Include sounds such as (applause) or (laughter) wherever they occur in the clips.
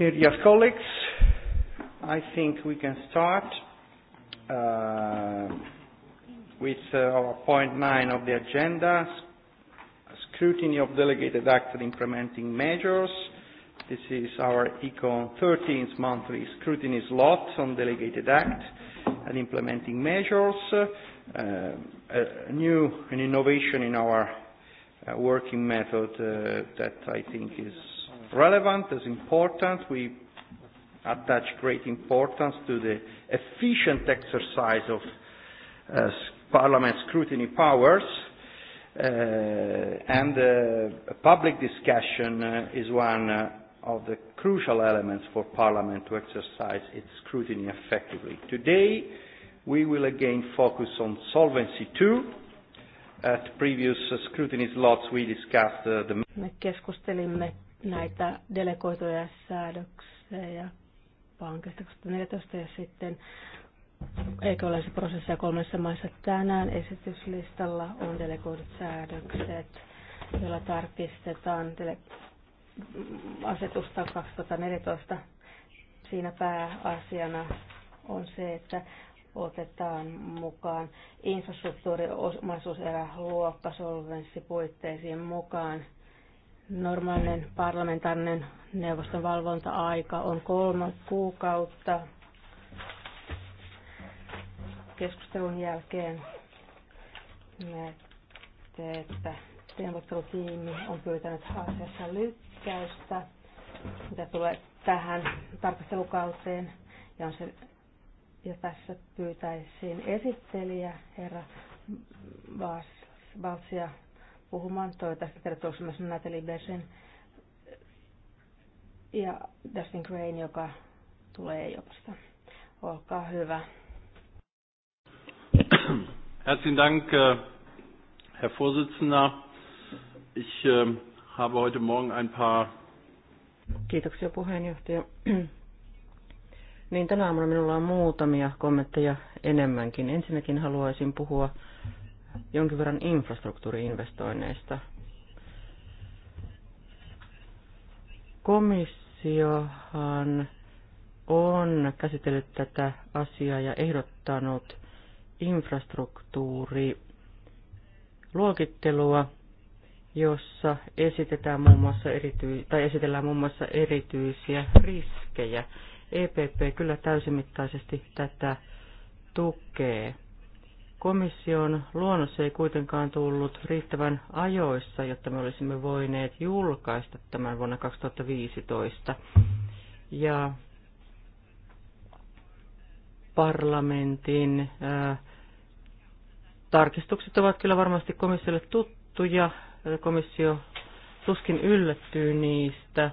Okay, Dear colleagues, I think we can start uh, with uh, our point nine of the agenda, scrutiny of delegated acts and implementing measures. This is our ECON 13th monthly scrutiny slot on delegated acts and implementing measures, uh, a new an innovation in our uh, working method uh, that I think is relevant, as important. We attach great importance to the efficient exercise of uh, Parliament scrutiny powers, uh, and uh, public discussion uh, is one uh, of the crucial elements for Parliament to exercise its scrutiny effectively. Today, we will again focus on Solvency II. At previous uh, scrutiny slots, we discussed uh, the... Me keskustelimme näitä delegoituja säädöksiä pankista 2014 ja sitten eikö ole se prosessia kolmessa maissa tänään. Esityslistalla on delegoidut säädökset, joilla tarkistetaan dele- asetusta 2014. Siinä pääasiana on se, että otetaan mukaan infrastruktuuriomaisuuserä solvenssipuitteisiin mukaan – Normaalinen parlamentaarinen neuvoston valvonta-aika on kolme kuukautta keskustelun jälkeen. Näette, että neuvottelutiimi on pyytänyt asiassa lykkäystä, mitä tulee tähän tarkastelukauteen. Ja, on se, ja tässä pyytäisiin esittelijä, herra Valsia puhumaan. Toivottavasti tervetuloa myös Natalie Bessin ja Dustin Crane, joka tulee EIOPasta. Olkaa hyvä. Herzlichen Dank, äh, Herr Vorsitzender. Ich ähm, habe heute Morgen ein paar... Kiitoksia puheenjohtaja. Niin tänä aamuna minulla on muutamia kommentteja enemmänkin. Ensinnäkin haluaisin puhua jonkin verran infrastruktuuriinvestoinneista. Komissiohan on käsitellyt tätä asiaa ja ehdottanut infrastruktuuriluokittelua, jossa esitetään muun muassa erityi tai esitellään muun muassa erityisiä riskejä. EPP kyllä täysimittaisesti tätä tukee. Komission luonnos ei kuitenkaan tullut riittävän ajoissa, jotta me olisimme voineet julkaista tämän vuonna 2015. Ja parlamentin ää, äh, tarkistukset ovat kyllä varmasti komissiolle tuttuja. Komissio tuskin yllättyy niistä.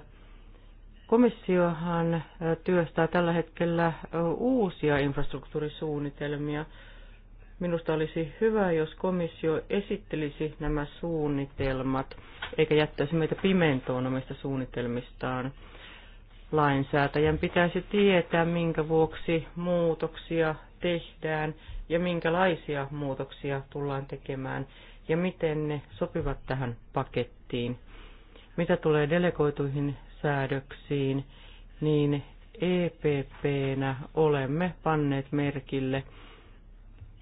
Komissiohan äh, työstää tällä hetkellä äh, uusia infrastruktuurisuunnitelmia Minusta olisi hyvä, jos komissio esittelisi nämä suunnitelmat, eikä jättäisi meitä pimentoon omista suunnitelmistaan. Lainsäätäjän pitäisi tietää, minkä vuoksi muutoksia tehdään ja minkälaisia muutoksia tullaan tekemään ja miten ne sopivat tähän pakettiin. Mitä tulee delegoituihin säädöksiin, niin EPPnä olemme panneet merkille –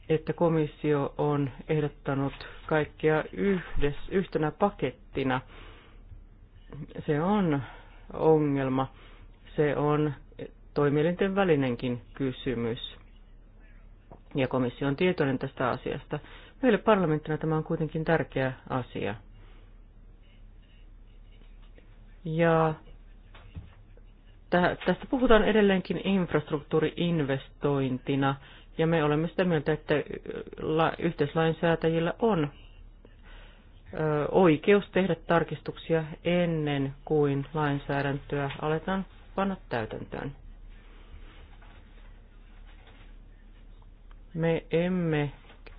että komissio on ehdottanut kaikkea yhdessä, yhtenä pakettina. Se on ongelma. Se on toimielinten välinenkin kysymys. Ja komissio on tietoinen tästä asiasta. Meille parlamenttina tämä on kuitenkin tärkeä asia. Ja tästä puhutaan edelleenkin infrastruktuuriinvestointina ja me olemme sitä mieltä, että yhteislainsäätäjillä on oikeus tehdä tarkistuksia ennen kuin lainsäädäntöä aletaan panna täytäntöön. Me emme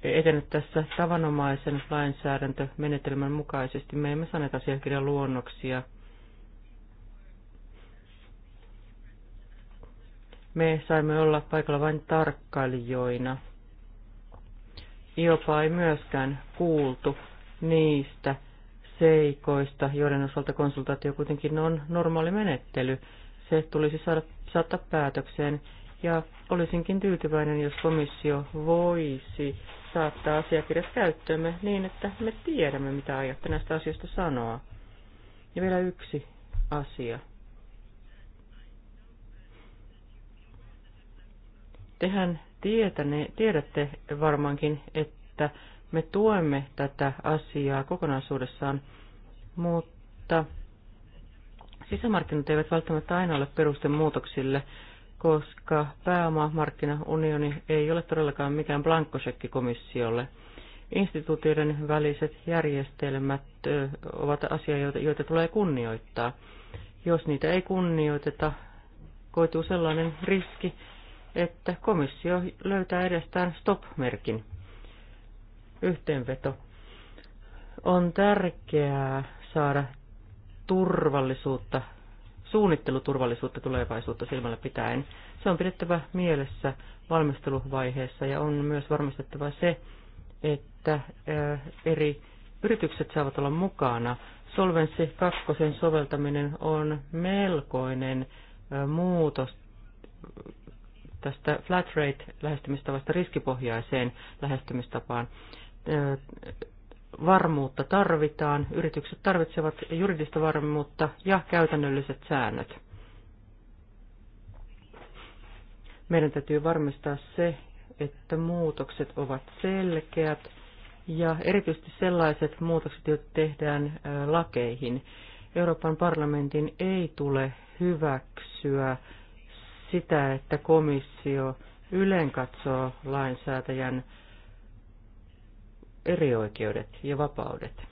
etene tässä tavanomaisen lainsäädäntömenetelmän mukaisesti. Me emme saaneet asiakirjan luonnoksia – Me saimme olla paikalla vain tarkkailijoina. Jopa ei myöskään kuultu niistä seikoista, joiden osalta konsultaatio kuitenkin on normaali menettely. Se tulisi saada, saattaa päätökseen ja olisinkin tyytyväinen, jos komissio voisi saattaa asiakirjat käyttöömme niin, että me tiedämme, mitä aiotte näistä asioista sanoa. Ja vielä yksi asia. Tehän tietäne, tiedätte varmaankin, että me tuemme tätä asiaa kokonaisuudessaan, mutta sisämarkkinat eivät välttämättä aina ole peruste muutoksille, koska pääomamarkkinaunioni ei ole todellakaan mikään blankkosekki komissiolle. Instituutioiden väliset järjestelmät ovat asia, joita, joita tulee kunnioittaa. Jos niitä ei kunnioiteta, koituu sellainen riski, että komissio löytää edestään stop-merkin. Yhteenveto. On tärkeää saada turvallisuutta, suunnitteluturvallisuutta tulevaisuutta silmällä pitäen. Se on pidettävä mielessä valmisteluvaiheessa ja on myös varmistettava se, että eh, eri yritykset saavat olla mukana. Solvenssi 2 soveltaminen on melkoinen eh, muutos tästä flat rate-lähestymistavasta riskipohjaiseen lähestymistapaan. Varmuutta tarvitaan, yritykset tarvitsevat juridista varmuutta ja käytännölliset säännöt. Meidän täytyy varmistaa se, että muutokset ovat selkeät ja erityisesti sellaiset muutokset, joita tehdään lakeihin. Euroopan parlamentin ei tule hyväksyä sitä, että komissio yleen katsoo lainsäätäjän erioikeudet ja vapaudet.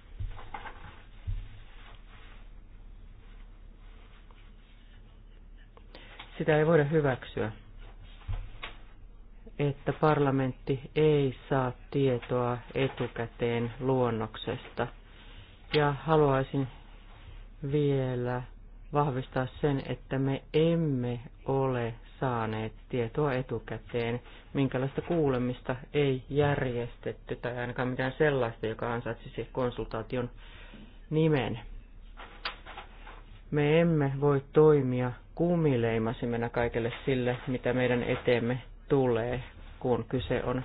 Sitä ei voida hyväksyä, että parlamentti ei saa tietoa etukäteen luonnoksesta. Ja haluaisin vielä vahvistaa sen, että me emme ole saaneet tietoa etukäteen, minkälaista kuulemista ei järjestetty tai ainakaan mitään sellaista, joka ansaitsisi konsultaation nimen. Me emme voi toimia kumileimasimena kaikelle sille, mitä meidän eteemme tulee, kun kyse on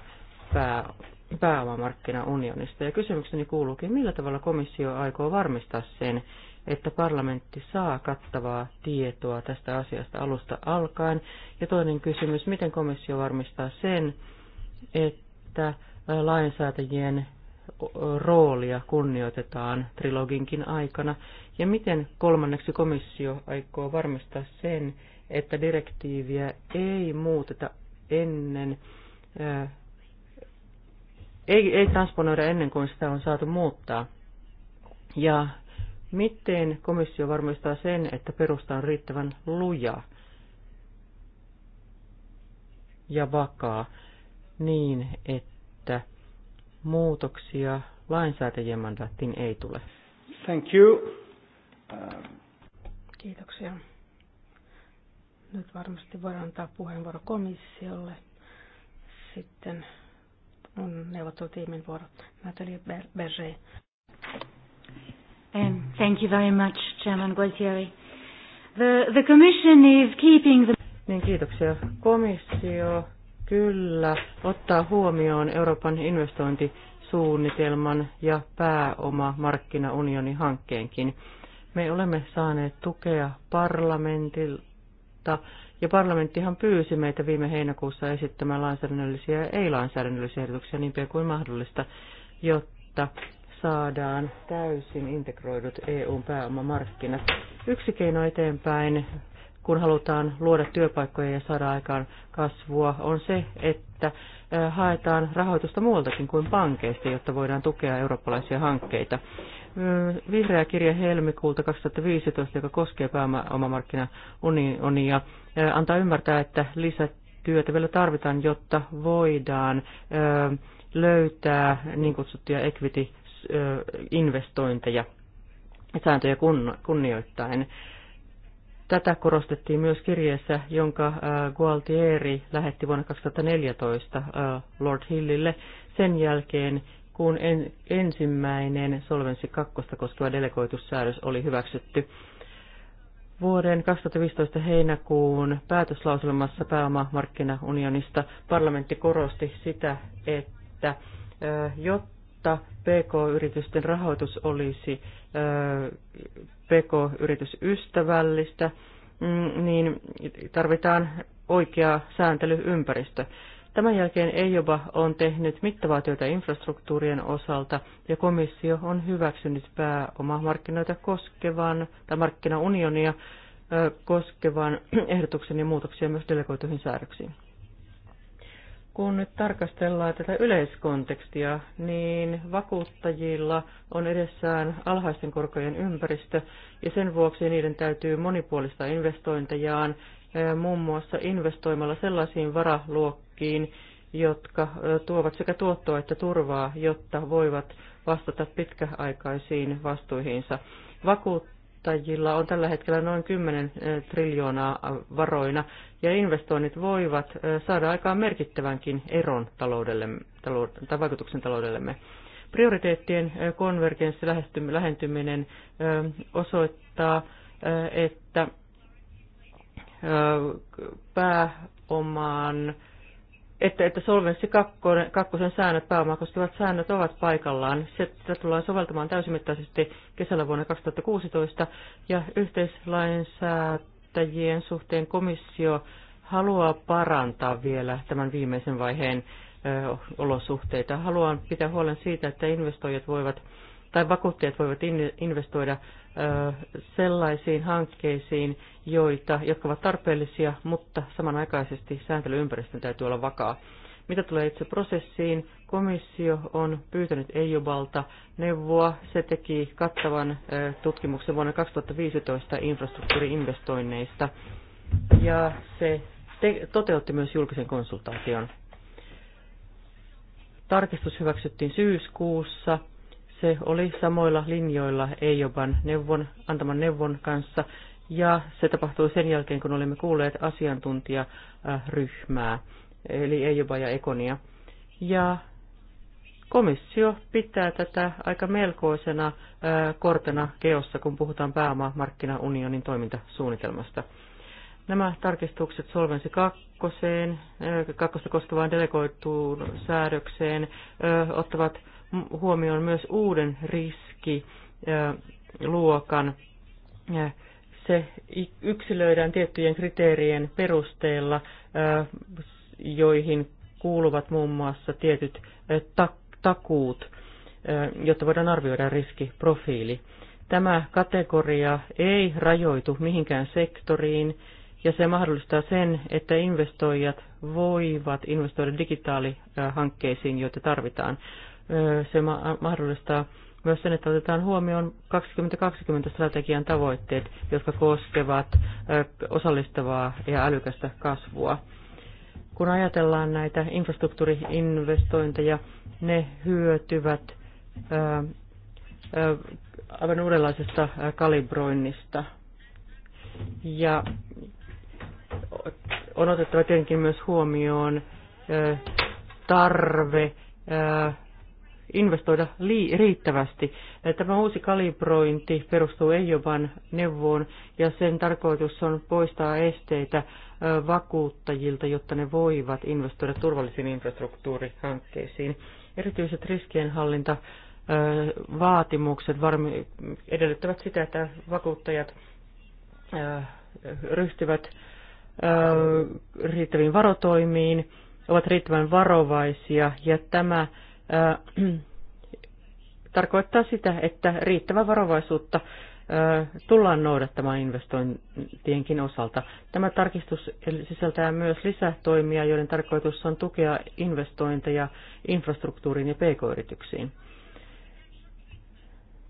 pää, pääomamarkkinaunionista. Ja kysymykseni kuuluukin, millä tavalla komissio aikoo varmistaa sen, että parlamentti saa kattavaa tietoa tästä asiasta alusta alkaen? Ja toinen kysymys, miten komissio varmistaa sen, että lainsäätäjien roolia kunnioitetaan triloginkin aikana? Ja miten kolmanneksi komissio aikoo varmistaa sen, että direktiiviä ei muuteta ennen, ää, ei, ei transponoida ennen kuin sitä on saatu muuttaa? Ja Miten komissio varmistaa sen, että perusta on riittävän luja ja vakaa niin, että muutoksia lainsäätäjien mandaattiin ei tule? Thank you. Kiitoksia. Nyt varmasti voidaan antaa puheenvuoro komissiolle. Sitten on neuvottelutiimin vuoro Natalia Berger. Um, thank you very much, Chairman Gualtieri. The, the Commission is keeping the... Niin, kiitoksia. Komissio kyllä ottaa huomioon Euroopan investointisuunnitelman ja pääoma markkinaunionin hankkeenkin. Me olemme saaneet tukea parlamentilta ja parlamenttihan pyysi meitä viime heinäkuussa esittämään lainsäädännöllisiä ja ei-lainsäädännöllisiä ehdotuksia niin pian kuin mahdollista, jotta saadaan täysin integroidut EUn pääomamarkkinat. Yksi keino eteenpäin, kun halutaan luoda työpaikkoja ja saada aikaan kasvua, on se, että haetaan rahoitusta muualtakin kuin pankeista, jotta voidaan tukea eurooppalaisia hankkeita. Vihreä kirja helmikuulta 2015, joka koskee pääomamarkkinaunionia, antaa ymmärtää, että lisätyötä vielä tarvitaan, jotta voidaan löytää niin kutsuttuja equity investointeja sääntöjä kunnioittain. Tätä korostettiin myös kirjeessä, jonka äh, Gualtieri lähetti vuonna 2014 äh, Lord Hillille sen jälkeen, kun ensimmäinen Solvency 2 koskeva delegoitussäädös oli hyväksytty. Vuoden 2015 heinäkuun päätöslauselmassa pääomamarkkinaunionista parlamentti korosti sitä, että äh, jotta jotta PK-yritysten rahoitus olisi PK-yritysystävällistä, mm, niin tarvitaan oikea sääntelyympäristö. Tämän jälkeen EIOBA on tehnyt mittavaa työtä infrastruktuurien osalta ja komissio on hyväksynyt pääomamarkkinoita koskevan tai markkinaunionia koskevan ehdotuksen ja muutoksia myös delegoituihin säädöksiin kun nyt tarkastellaan tätä yleiskontekstia, niin vakuuttajilla on edessään alhaisten korkojen ympäristö ja sen vuoksi niiden täytyy monipuolista investointejaan eh, muun muassa investoimalla sellaisiin varaluokkiin, jotka eh, tuovat sekä tuottoa että turvaa, jotta voivat vastata pitkäaikaisiin vastuihinsa. Vakuut sijoittajilla on tällä hetkellä noin 10 eh, triljoonaa eh, varoina, ja investoinnit voivat eh, saada aikaan merkittävänkin eron taloudellemme, talou, tai vaikutuksen taloudellemme. Prioriteettien konvergenssi lähentyminen osoittaa, että pääomaan että, että Solvenssi 2, säännöt, pääomaa koskevat säännöt ovat paikallaan. Sitä tullaan soveltamaan täysimittaisesti kesällä vuonna 2016 ja yhteislainsäätäjien suhteen komissio haluaa parantaa vielä tämän viimeisen vaiheen ö, olosuhteita. Haluan pitää huolen siitä, että investoijat voivat tai vakuuttajat voivat investoida ö, sellaisiin hankkeisiin, joita, jotka ovat tarpeellisia, mutta samanaikaisesti sääntelyympäristön täytyy olla vakaa. Mitä tulee itse prosessiin, komissio on pyytänyt EUBalta neuvoa. Se teki kattavan tutkimuksen vuonna 2015 infrastruktuuriinvestoinneista ja se te- toteutti myös julkisen konsultaation. Tarkistus hyväksyttiin syyskuussa. Se oli samoilla linjoilla EIOBan neuvon, antaman neuvon kanssa ja se tapahtui sen jälkeen, kun olimme kuulleet asiantuntijaryhmää, eli Ejuba ja Ekonia. Ja komissio pitää tätä aika melkoisena kortena keossa, kun puhutaan pääomamarkkinaunionin toimintasuunnitelmasta. Nämä tarkistukset Solvensi 2, kakkosta koskevaan delegoituun säädökseen ottavat huomioon myös uuden riskiluokan se yksilöidään tiettyjen kriteerien perusteella, joihin kuuluvat muun muassa tietyt takuut, jotta voidaan arvioida riskiprofiili. Tämä kategoria ei rajoitu mihinkään sektoriin ja se mahdollistaa sen, että investoijat voivat investoida digitaalihankkeisiin, joita tarvitaan. Se mahdollistaa myös sen, että otetaan huomioon 2020-strategian tavoitteet, jotka koskevat osallistavaa ja älykästä kasvua. Kun ajatellaan näitä infrastruktuuriinvestointeja, ne hyötyvät aivan uudenlaisesta kalibroinnista. Ja on otettava tietenkin myös huomioon tarve investoida lii- riittävästi. Tämä uusi kalibrointi perustuu Ejoban neuvoon ja sen tarkoitus on poistaa esteitä vakuuttajilta, jotta ne voivat investoida turvallisiin infrastruktuurihankkeisiin. Erityiset riskienhallinta vaatimukset edellyttävät sitä, että vakuuttajat ryhtyvät riittäviin varotoimiin, ovat riittävän varovaisia ja tämä (clears throat) tarkoittaa sitä, että riittävä varovaisuutta tullaan noudattamaan investointienkin osalta. Tämä tarkistus sisältää myös lisätoimia, joiden tarkoitus on tukea investointeja infrastruktuuriin ja pk-yrityksiin.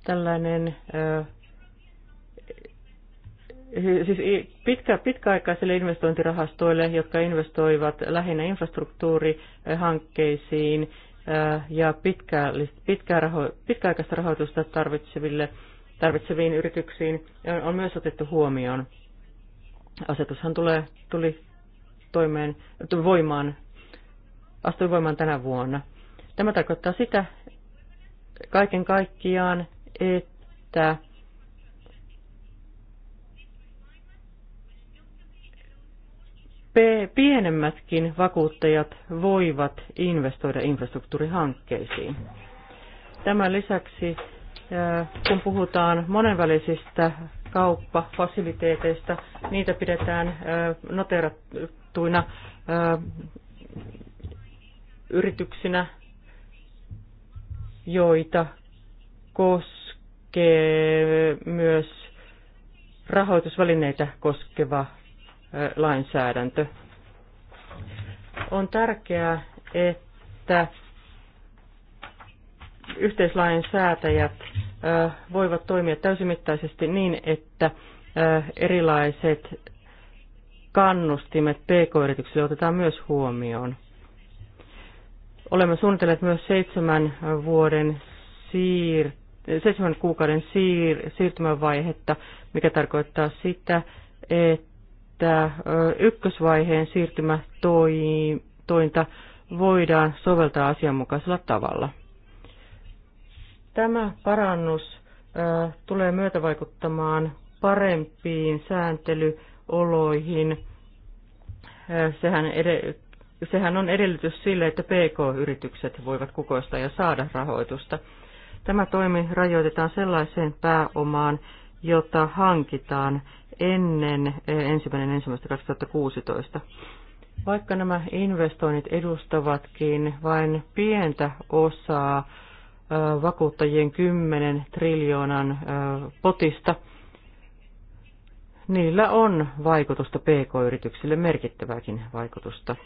Tällainen siis pitkä, pitkäaikaisille investointirahastoille, jotka investoivat lähinnä infrastruktuurihankkeisiin ja pitkää, pitkää raho, pitkäaikaista rahoitusta tarvitseville, tarvitseviin yrityksiin on myös otettu huomioon. Asetushan tulee, tuli toimeen, voimaan, astui voimaan tänä vuonna. Tämä tarkoittaa sitä kaiken kaikkiaan, että pienemmätkin vakuuttajat voivat investoida infrastruktuurihankkeisiin. Tämän lisäksi, kun puhutaan monenvälisistä kauppafasiliteeteista, niitä pidetään noterattuina yrityksinä, joita koskee myös rahoitusvälineitä koskeva lainsäädäntö. On tärkeää, että yhteislainsäätäjät voivat toimia täysimittaisesti niin, että erilaiset kannustimet pk-yrityksille otetaan myös huomioon. Olemme suunnitelleet myös seitsemän vuoden siir, seitsemän kuukauden siir, siirtymävaihetta, mikä tarkoittaa sitä, että että ykkösvaiheen siirtymätointa voidaan soveltaa asianmukaisella tavalla. Tämä parannus tulee myötävaikuttamaan parempiin sääntelyoloihin. Sehän, ed- sehän on edellytys sille, että PK-yritykset voivat kukoista ja saada rahoitusta. Tämä toimi rajoitetaan sellaiseen pääomaan, jota hankitaan ennen eh, ensimmäinen ensimmäistä 2016. Vaikka nämä investoinnit edustavatkin vain pientä osaa eh, vakuuttajien 10 triljoonan eh, potista, niillä on vaikutusta pk-yrityksille merkittävääkin vaikutusta.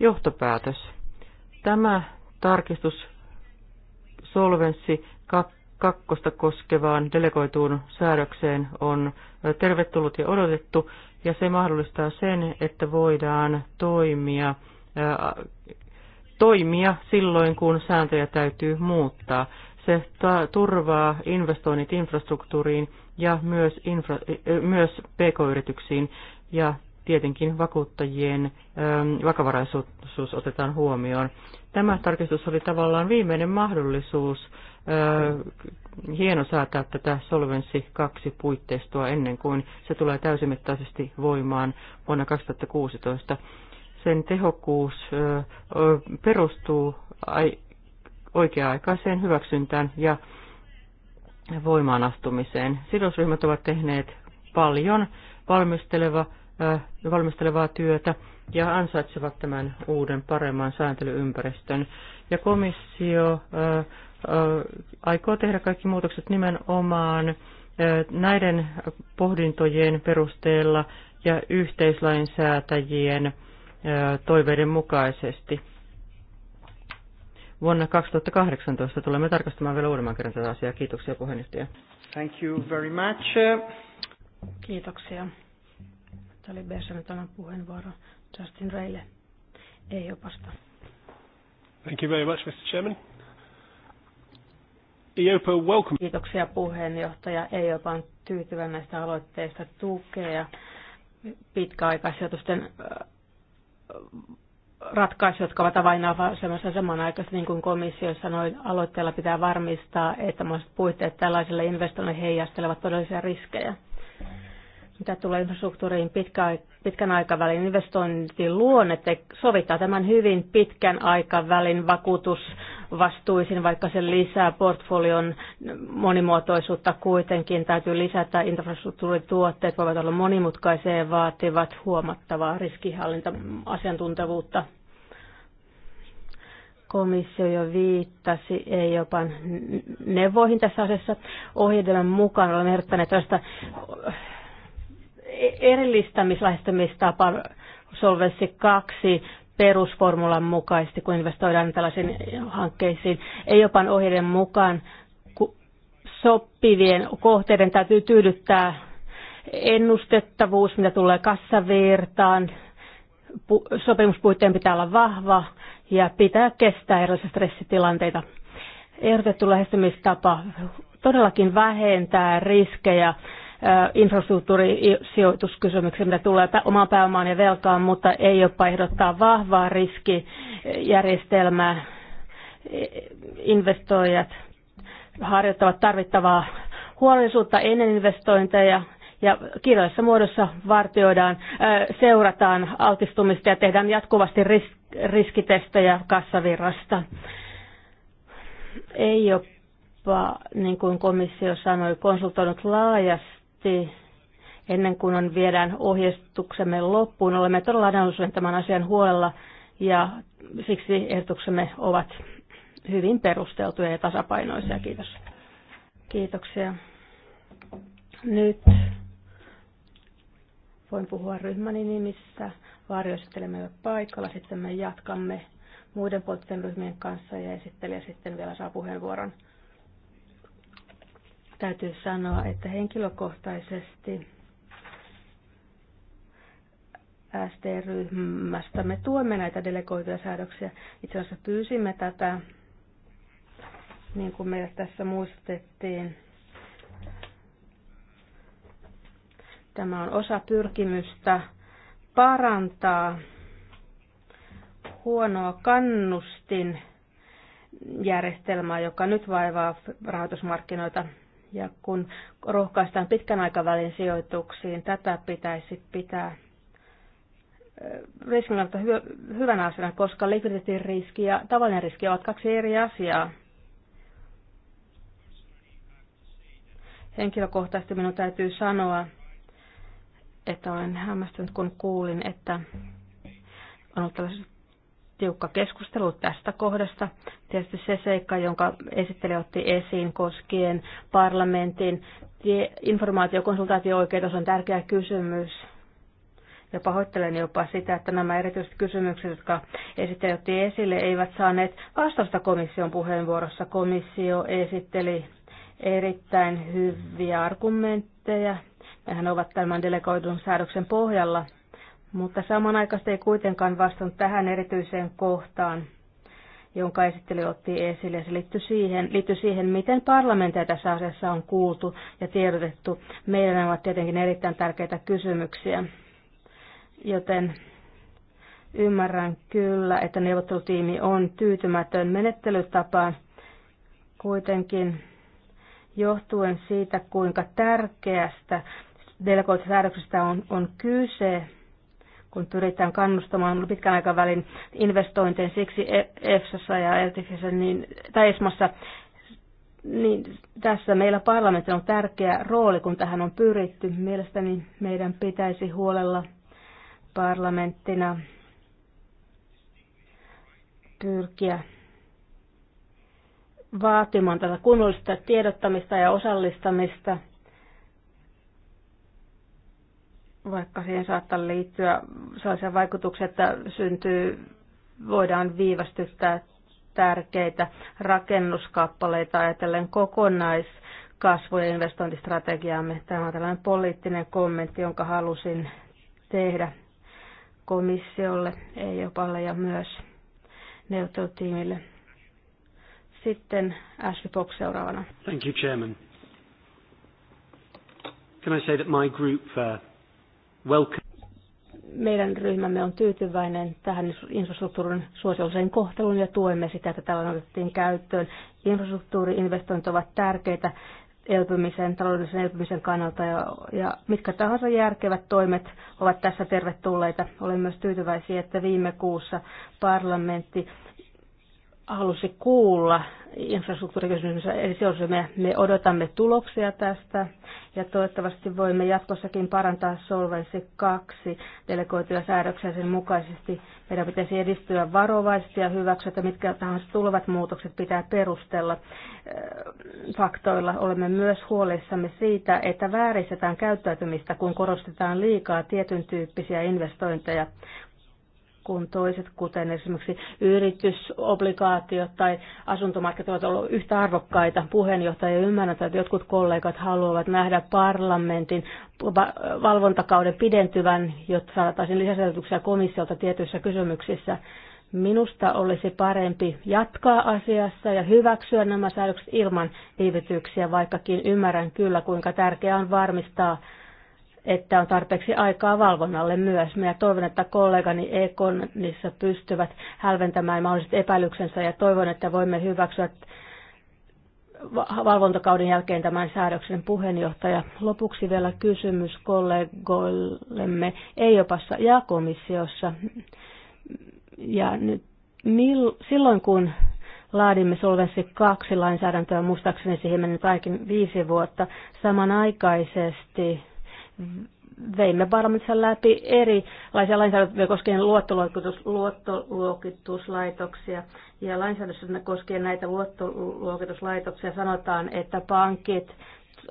Johtopäätös. Tämä tarkistus solvenssi kakkosta koskevaan delegoituun säädökseen on tervetullut ja odotettu, ja se mahdollistaa sen, että voidaan toimia, ää, äh, toimia silloin, kun sääntöjä täytyy muuttaa. Se ta- turvaa investoinnit infrastruktuuriin ja myös, infra- ää, äh, myös pk-yrityksiin ja tietenkin vakuuttajien ää, ähm, vakavaraisuus otetaan huomioon. Tämä tarkistus oli tavallaan viimeinen mahdollisuus hieno säätää tätä Solvenssi 2 puitteistoa ennen kuin se tulee täysimittaisesti voimaan vuonna 2016. Sen tehokkuus perustuu oikea-aikaiseen hyväksyntään ja voimaan astumiseen. Sidosryhmät ovat tehneet paljon valmisteleva, valmistelevaa työtä ja ansaitsevat tämän uuden paremman sääntelyympäristön. Ja komissio aikoo tehdä kaikki muutokset nimenomaan näiden pohdintojen perusteella ja yhteislainsäätäjien toiveiden mukaisesti. Vuonna 2018 tulemme tarkastamaan vielä uudemman kerran tätä asiaa. Kiitoksia puheenjohtaja. Thank you very much. Kiitoksia. Tämä oli Bersanin tämän puheenvuoro. Justin Reille EIOPasta. Thank you very much, Mr. Chairman. EIOPA, welcome. Kiitoksia puheenjohtaja. EIOPA on tyytyväinen näistä aloitteista tukea pitkäaikaisijoitusten ratkaisu, jotka ovat avainasemassa samanaikaisesti, niin kuin komissio sanoi, aloitteella pitää varmistaa, että puitteet tällaiselle investoinnille heijastelevat todellisia riskejä mitä tulee infrastruktuuriin pitkä, pitkän aikavälin että sovittaa tämän hyvin pitkän aikavälin vakuutusvastuisin, vaikka se lisää portfolion monimuotoisuutta kuitenkin. Täytyy lisätä infrastruktuurituotteet, voivat olla monimutkaisia ja vaativat huomattavaa riskihallinta-asiantuntevuutta. Komissio jo viittasi, ei jopa neuvoihin tässä asiassa. Ohjelman mukaan olemme ehdottaneet tällaista erillistämislähestymistapa Solvenssi 2 perusformulan mukaisesti, kun investoidaan tällaisiin hankkeisiin. jopa ohjeiden mukaan sopivien kohteiden täytyy tyydyttää ennustettavuus, mitä tulee kassavirtaan. Sopimuspuitteen pitää olla vahva ja pitää kestää erilaisia stressitilanteita. Ehdotettu lähestymistapa todellakin vähentää riskejä infrastruktuurisijoituskysymyksiä, mitä tulee omaan pääomaan ja velkaan, mutta ei jopa ehdottaa vahvaa riskijärjestelmää. E, investoijat harjoittavat tarvittavaa huolellisuutta ennen investointeja ja kirjallisessa muodossa vartioidaan, seurataan altistumista ja tehdään jatkuvasti riskitestejä kassavirrasta. Ei jopa, niin kuin komissio sanoi, konsultoinut laajasti lyhyesti ennen kuin on viedään ohjeistuksemme loppuun. Olemme todella analysoineet tämän asian huolella ja siksi ehdotuksemme ovat hyvin perusteltuja ja tasapainoisia. Kiitos. Kiitoksia. Nyt voin puhua ryhmäni nimissä. Varjoesittelemme jo paikalla. Sitten me jatkamme muiden poliittisten ryhmien kanssa ja esittelijä sitten vielä saa puheenvuoron. Täytyy sanoa, että henkilökohtaisesti ST-ryhmästä me tuemme näitä delegoituja säädöksiä. Itse asiassa pyysimme tätä, niin kuin meille tässä muistettiin. Tämä on osa pyrkimystä parantaa huonoa kannustin järjestelmää, joka nyt vaivaa rahoitusmarkkinoita ja kun rohkaistaan pitkän aikavälin sijoituksiin, tätä pitäisi pitää riskin kannalta hyvänä asiana, koska likviditeetin riski ja tavallinen riski ovat kaksi eri asiaa. Henkilökohtaisesti minun täytyy sanoa, että olen hämmästynyt, kun kuulin, että on ollut tällaiset tiukka keskustelu tästä kohdasta. Tietysti se seikka, jonka esittelijä otti esiin koskien parlamentin informaatiokonsultaatio-oikeutus on tärkeä kysymys. Ja pahoittelen jopa sitä, että nämä erityiset kysymykset, jotka esittelijä otti esille, eivät saaneet vastausta komission puheenvuorossa. Komissio esitteli erittäin hyviä argumentteja. Nehän ovat tämän delegoidun säädöksen pohjalla – mutta samanaikaisesti ei kuitenkaan vastannut tähän erityiseen kohtaan, jonka esittely otti esille. Se liittyy siihen, liittyy siihen, miten parlamentteja tässä asiassa on kuultu ja tiedotettu. Meidän ovat tietenkin erittäin tärkeitä kysymyksiä, joten ymmärrän kyllä, että neuvottelutiimi on tyytymätön menettelytapaan kuitenkin johtuen siitä, kuinka tärkeästä delegoitusäädöksestä on, on kyse, kun pyritään kannustamaan pitkän aikavälin investointeja siksi e- EFSassa ja ELTIFissä, niin, tai ESMassa, niin tässä meillä parlamentissa on tärkeä rooli, kun tähän on pyritty. Mielestäni meidän pitäisi huolella parlamenttina pyrkiä vaatimaan tätä kunnollista tiedottamista ja osallistamista – vaikka siihen saattaa liittyä sellaisia vaikutuksia, että syntyy, voidaan viivästyttää tärkeitä rakennuskappaleita ajatellen kokonaiskasvu- ja investointistrategiaamme. Tämä on tällainen poliittinen kommentti, jonka halusin tehdä komissiolle, ei EIOPalle ja myös neuvottelutiimille. Sitten Ashley Fox seuraavana. Thank you, Chairman. Can I say that my group uh, welcome. Meidän ryhmämme on tyytyväinen tähän infrastruktuurin suosiolliseen kohteluun ja tuemme sitä, että tällä otettiin käyttöön. Infrastruktuuriinvestoinnit ovat tärkeitä elpymisen, taloudellisen elpymisen kannalta ja, ja mitkä tahansa järkevät toimet ovat tässä tervetulleita. Olen myös tyytyväisiä, että viime kuussa parlamentti halusi kuulla infrastruktuurikysymyksessä on se, Me odotamme tuloksia tästä ja toivottavasti voimme jatkossakin parantaa Solvenssi 2 delegoituja säädöksiä sen mukaisesti. Meidän pitäisi edistyä varovaisesti ja hyväksyä, että mitkä tahansa tulevat muutokset pitää perustella eh, faktoilla. Olemme myös huolissamme siitä, että vääristetään käyttäytymistä, kun korostetaan liikaa tietyn tyyppisiä investointeja kun toiset, kuten esimerkiksi yritysobligaatiot tai asuntomarkkinat ovat olleet yhtä arvokkaita. Puheenjohtaja ymmärrät, että jotkut kollegat haluavat nähdä parlamentin valvontakauden pidentyvän, jotta saataisiin lisäselityksiä komissiolta tietyissä kysymyksissä. Minusta olisi parempi jatkaa asiassa ja hyväksyä nämä säädökset ilman viivytyksiä, vaikkakin ymmärrän kyllä, kuinka tärkeää on varmistaa, että on tarpeeksi aikaa valvonnalle myös. Minä toivon, että kollegani Ekonissa pystyvät hälventämään mahdolliset epäilyksensä ja toivon, että voimme hyväksyä valvontakauden jälkeen tämän säädöksen puheenjohtaja. Lopuksi vielä kysymys kollegoillemme EIOPassa ja komissiossa. Ja nyt, mil, silloin kun laadimme Solvenssi 2 lainsäädäntöä, muistaakseni siihen meni kaikin viisi vuotta, samanaikaisesti veimme parlamentissa läpi erilaisia lainsäädäntöjä koskien luottoluokituslaitoksia. Ja lainsäädännössä koskien näitä luottoluokituslaitoksia sanotaan, että pankit,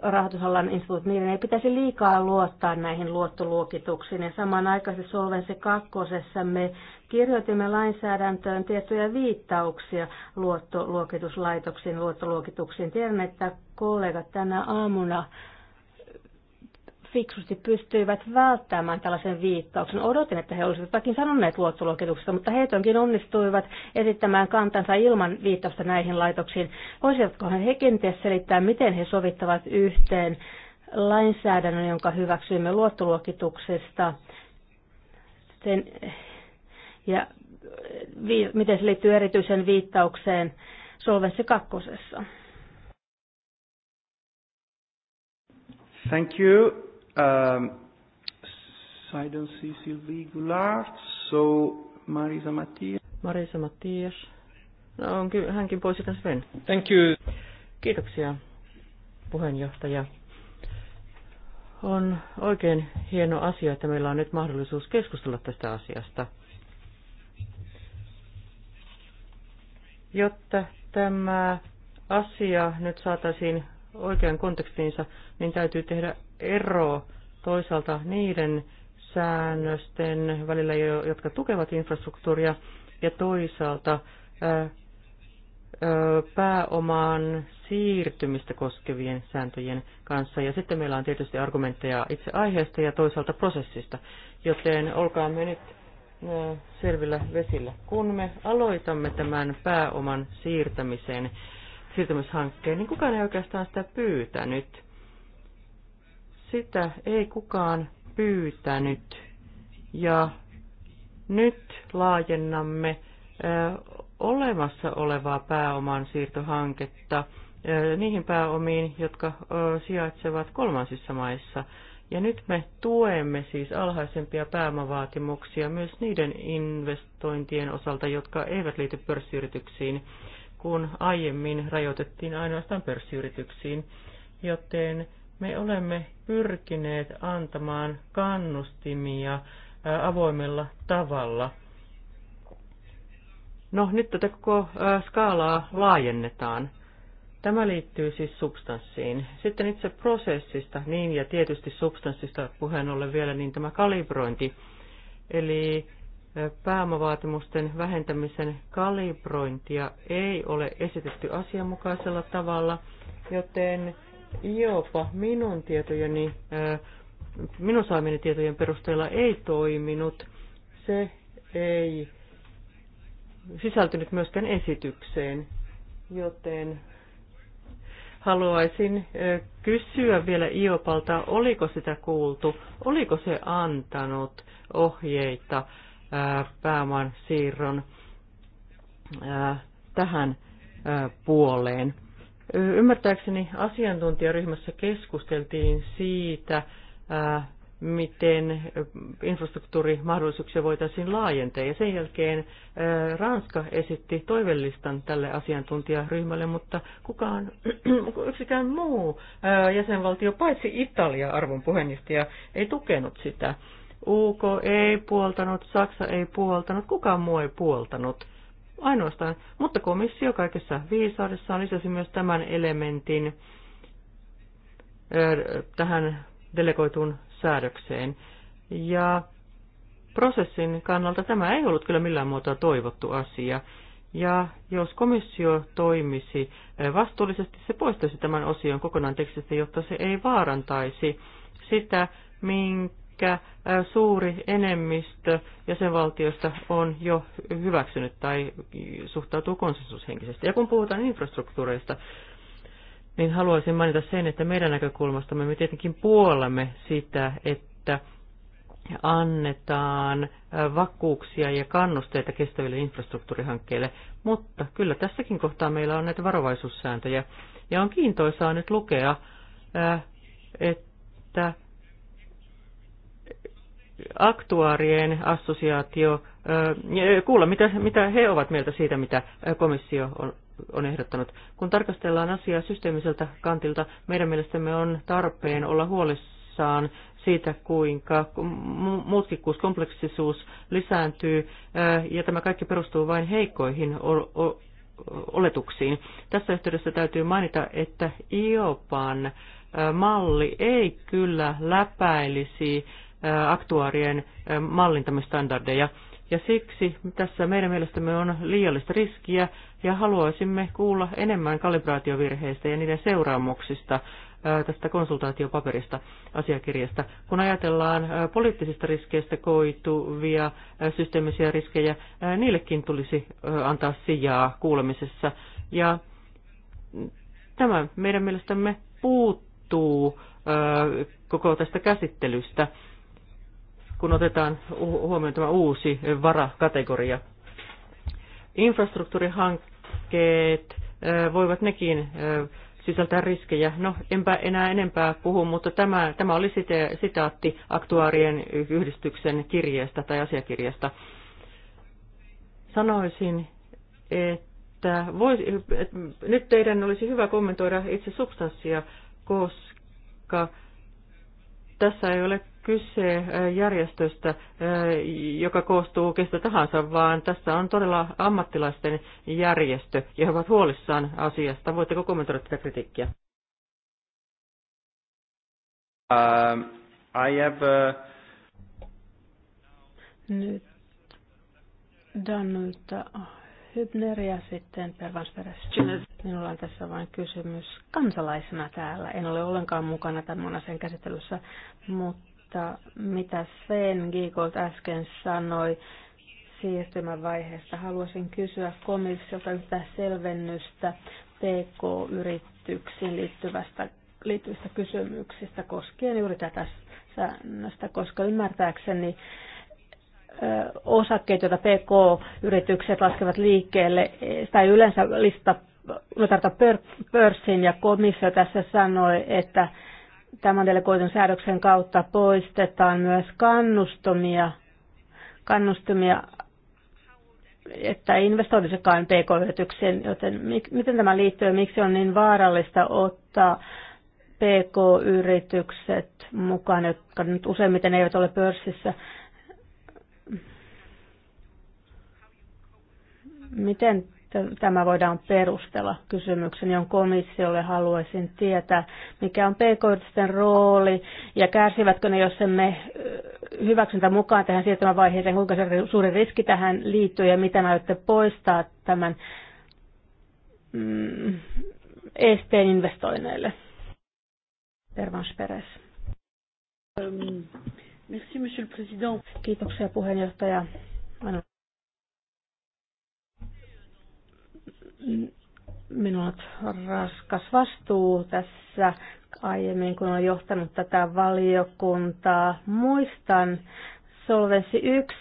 rahoitusalan instituutit, niiden ei pitäisi liikaa luottaa näihin luottoluokituksiin. Ja samanaikaisesti Solvensi kakkosessa me kirjoitimme lainsäädäntöön tiettyjä viittauksia luottoluokituslaitoksiin, luottoluokituksiin. Tiedän, että kollegat tänä aamuna fiksusti pystyivät välttämään tällaisen viittauksen. Odotin, että he olisivat jotakin sanoneet luottoluokituksesta, mutta he onkin onnistuivat esittämään kantansa ilman viittausta näihin laitoksiin. Voisivatko he kenties selittää, miten he sovittavat yhteen lainsäädännön, jonka hyväksyimme luottoluokituksesta, sen, ja vi, miten se liittyy erityisen viittaukseen Solvenssi kakkosessa? Thank you. Um, so I don't see Sylvie Goulart, so Marisa Mathias. Marisa Mathias. No, onkin, hänkin pois sitten Sven. Thank you. Kiitoksia, puheenjohtaja. On oikein hieno asia, että meillä on nyt mahdollisuus keskustella tästä asiasta. Jotta tämä asia nyt saataisiin oikean kontekstiinsa, niin täytyy tehdä ero toisaalta niiden säännösten välillä, jotka tukevat infrastruktuuria, ja toisaalta pääomaan siirtymistä koskevien sääntöjen kanssa. Ja sitten meillä on tietysti argumentteja itse aiheesta ja toisaalta prosessista, joten olkaamme nyt selvillä vesillä. Kun me aloitamme tämän pääoman siirtämisen, siirtämishankkeen, niin kukaan ei oikeastaan sitä pyytänyt. Sitä ei kukaan pyytänyt. Ja nyt laajennamme olemassa olevaa pääoman siirtohanketta niihin pääomiin, jotka sijaitsevat kolmansissa maissa. Ja nyt me tuemme siis alhaisempia pääomavaatimuksia myös niiden investointien osalta, jotka eivät liity pörssiyrityksiin, kun aiemmin rajoitettiin ainoastaan pörssiyrityksiin, joten me olemme pyrkineet antamaan kannustimia avoimella tavalla. No, nyt tätä koko skaalaa laajennetaan. Tämä liittyy siis substanssiin. Sitten itse prosessista, niin ja tietysti substanssista puheen ollen vielä, niin tämä kalibrointi, eli pääomavaatimusten vähentämisen kalibrointia ei ole esitetty asianmukaisella tavalla, joten Jopa minun tietojeni, äh, minun saamieni tietojen perusteella ei toiminut. Se ei sisältynyt myöskään esitykseen, joten haluaisin äh, kysyä vielä Iopalta, oliko sitä kuultu, oliko se antanut ohjeita äh, pääoman siirron tähän puoleen. Ymmärtääkseni asiantuntijaryhmässä keskusteltiin siitä, miten infrastruktuurimahdollisuuksia voitaisiin laajentaa. Ja sen jälkeen Ranska esitti toivellistan tälle asiantuntijaryhmälle, mutta kukaan, (clears throat) yksikään muu jäsenvaltio, paitsi Italia arvon puheenjohtaja, ei tukenut sitä. UK e ei puoltanut, Saksa ei puoltanut, kukaan muu ei puoltanut ainoastaan, mutta komissio kaikessa viisaudessaan lisäsi myös tämän elementin tähän delegoituun säädökseen. Ja prosessin kannalta tämä ei ollut kyllä millään muotoa toivottu asia. Ja jos komissio toimisi vastuullisesti, se poistaisi tämän osion kokonaan tekstistä, jotta se ei vaarantaisi sitä, minkä suuri enemmistö jäsenvaltioista on jo hyväksynyt tai suhtautuu konsensushenkisesti. Ja kun puhutaan infrastruktuureista, niin haluaisin mainita sen, että meidän näkökulmastamme me tietenkin puolamme sitä, että annetaan vakuuksia ja kannusteita kestäville infrastruktuurihankkeille, mutta kyllä tässäkin kohtaa meillä on näitä varovaisuussääntöjä. Ja on kiintoisaa nyt lukea, että aktuaarien assosiaatio, kuulla mitä, mitä he ovat mieltä siitä, mitä komissio on, on ehdottanut. Kun tarkastellaan asiaa systeemiseltä kantilta, meidän mielestämme on tarpeen olla huolissaan siitä, kuinka mutkikkuus, kompleksisuus lisääntyy, ja tämä kaikki perustuu vain heikkoihin oletuksiin. Tässä yhteydessä täytyy mainita, että IOPAN malli ei kyllä läpäilisi aktuaarien mallintamistandardeja. Ja siksi tässä meidän mielestämme on liiallista riskiä ja haluaisimme kuulla enemmän kalibraatiovirheistä ja niiden seuraamuksista tästä konsultaatiopaperista, asiakirjasta. Kun ajatellaan poliittisista riskeistä koituvia systeemisiä riskejä, niillekin tulisi antaa sijaa kuulemisessa. Ja tämä meidän mielestämme puuttuu koko tästä käsittelystä kun otetaan huomioon tämä uusi varakategoria. Infrastruktuurihankkeet voivat nekin sisältää riskejä. No, enpä enää enempää puhu, mutta tämä, tämä oli site, sitaatti aktuaarien yhdistyksen kirjeestä tai asiakirjasta. Sanoisin, että, vois, että nyt teidän olisi hyvä kommentoida itse substanssia, koska tässä ei ole kyse järjestöstä, joka koostuu kestä tahansa, vaan tässä on todella ammattilaisten järjestö, ja he ovat huolissaan asiasta. Voitteko kommentoida tätä kritiikkiä? Uh, I have, uh... Nyt Danuta Hübner ja sitten Pervansperäs. Minulla on tässä vain kysymys kansalaisena täällä. En ole ollenkaan mukana tämän asian käsittelyssä, mutta toistaa, mitä Sven Giegold äsken sanoi siirtymävaiheesta. Haluaisin kysyä komissiolta yhtä selvennystä PK-yrityksiin liittyvästä, liittyvistä kysymyksistä koskien juuri tätä säännöstä, koska ymmärtääkseni osakkeet, joita PK-yritykset laskevat liikkeelle, sitä ei yleensä lista notarta pörssiin ja komissio tässä sanoi, että tämän delegoitun säädöksen kautta poistetaan myös kannustumia, kannustumia että investoidisikaan pk-yrityksiin, joten miten tämä liittyy ja miksi on niin vaarallista ottaa pk-yritykset mukaan, jotka nyt useimmiten eivät ole pörssissä. Miten tämä voidaan perustella. kysymyksen, jonka komissiolle, haluaisin tietää, mikä on pk rooli ja kärsivätkö ne, jos emme hyväksyntä mukaan tähän siirtymävaiheeseen, kuinka suuri riski tähän liittyy ja mitä näytte poistaa tämän mm, esteen investoinneille. Tervans Peres. Merci, monsieur le président. Kiitoksia puheenjohtaja. minulla on raskas vastuu tässä aiemmin, kun olen johtanut tätä valiokuntaa. Muistan Solvensi 1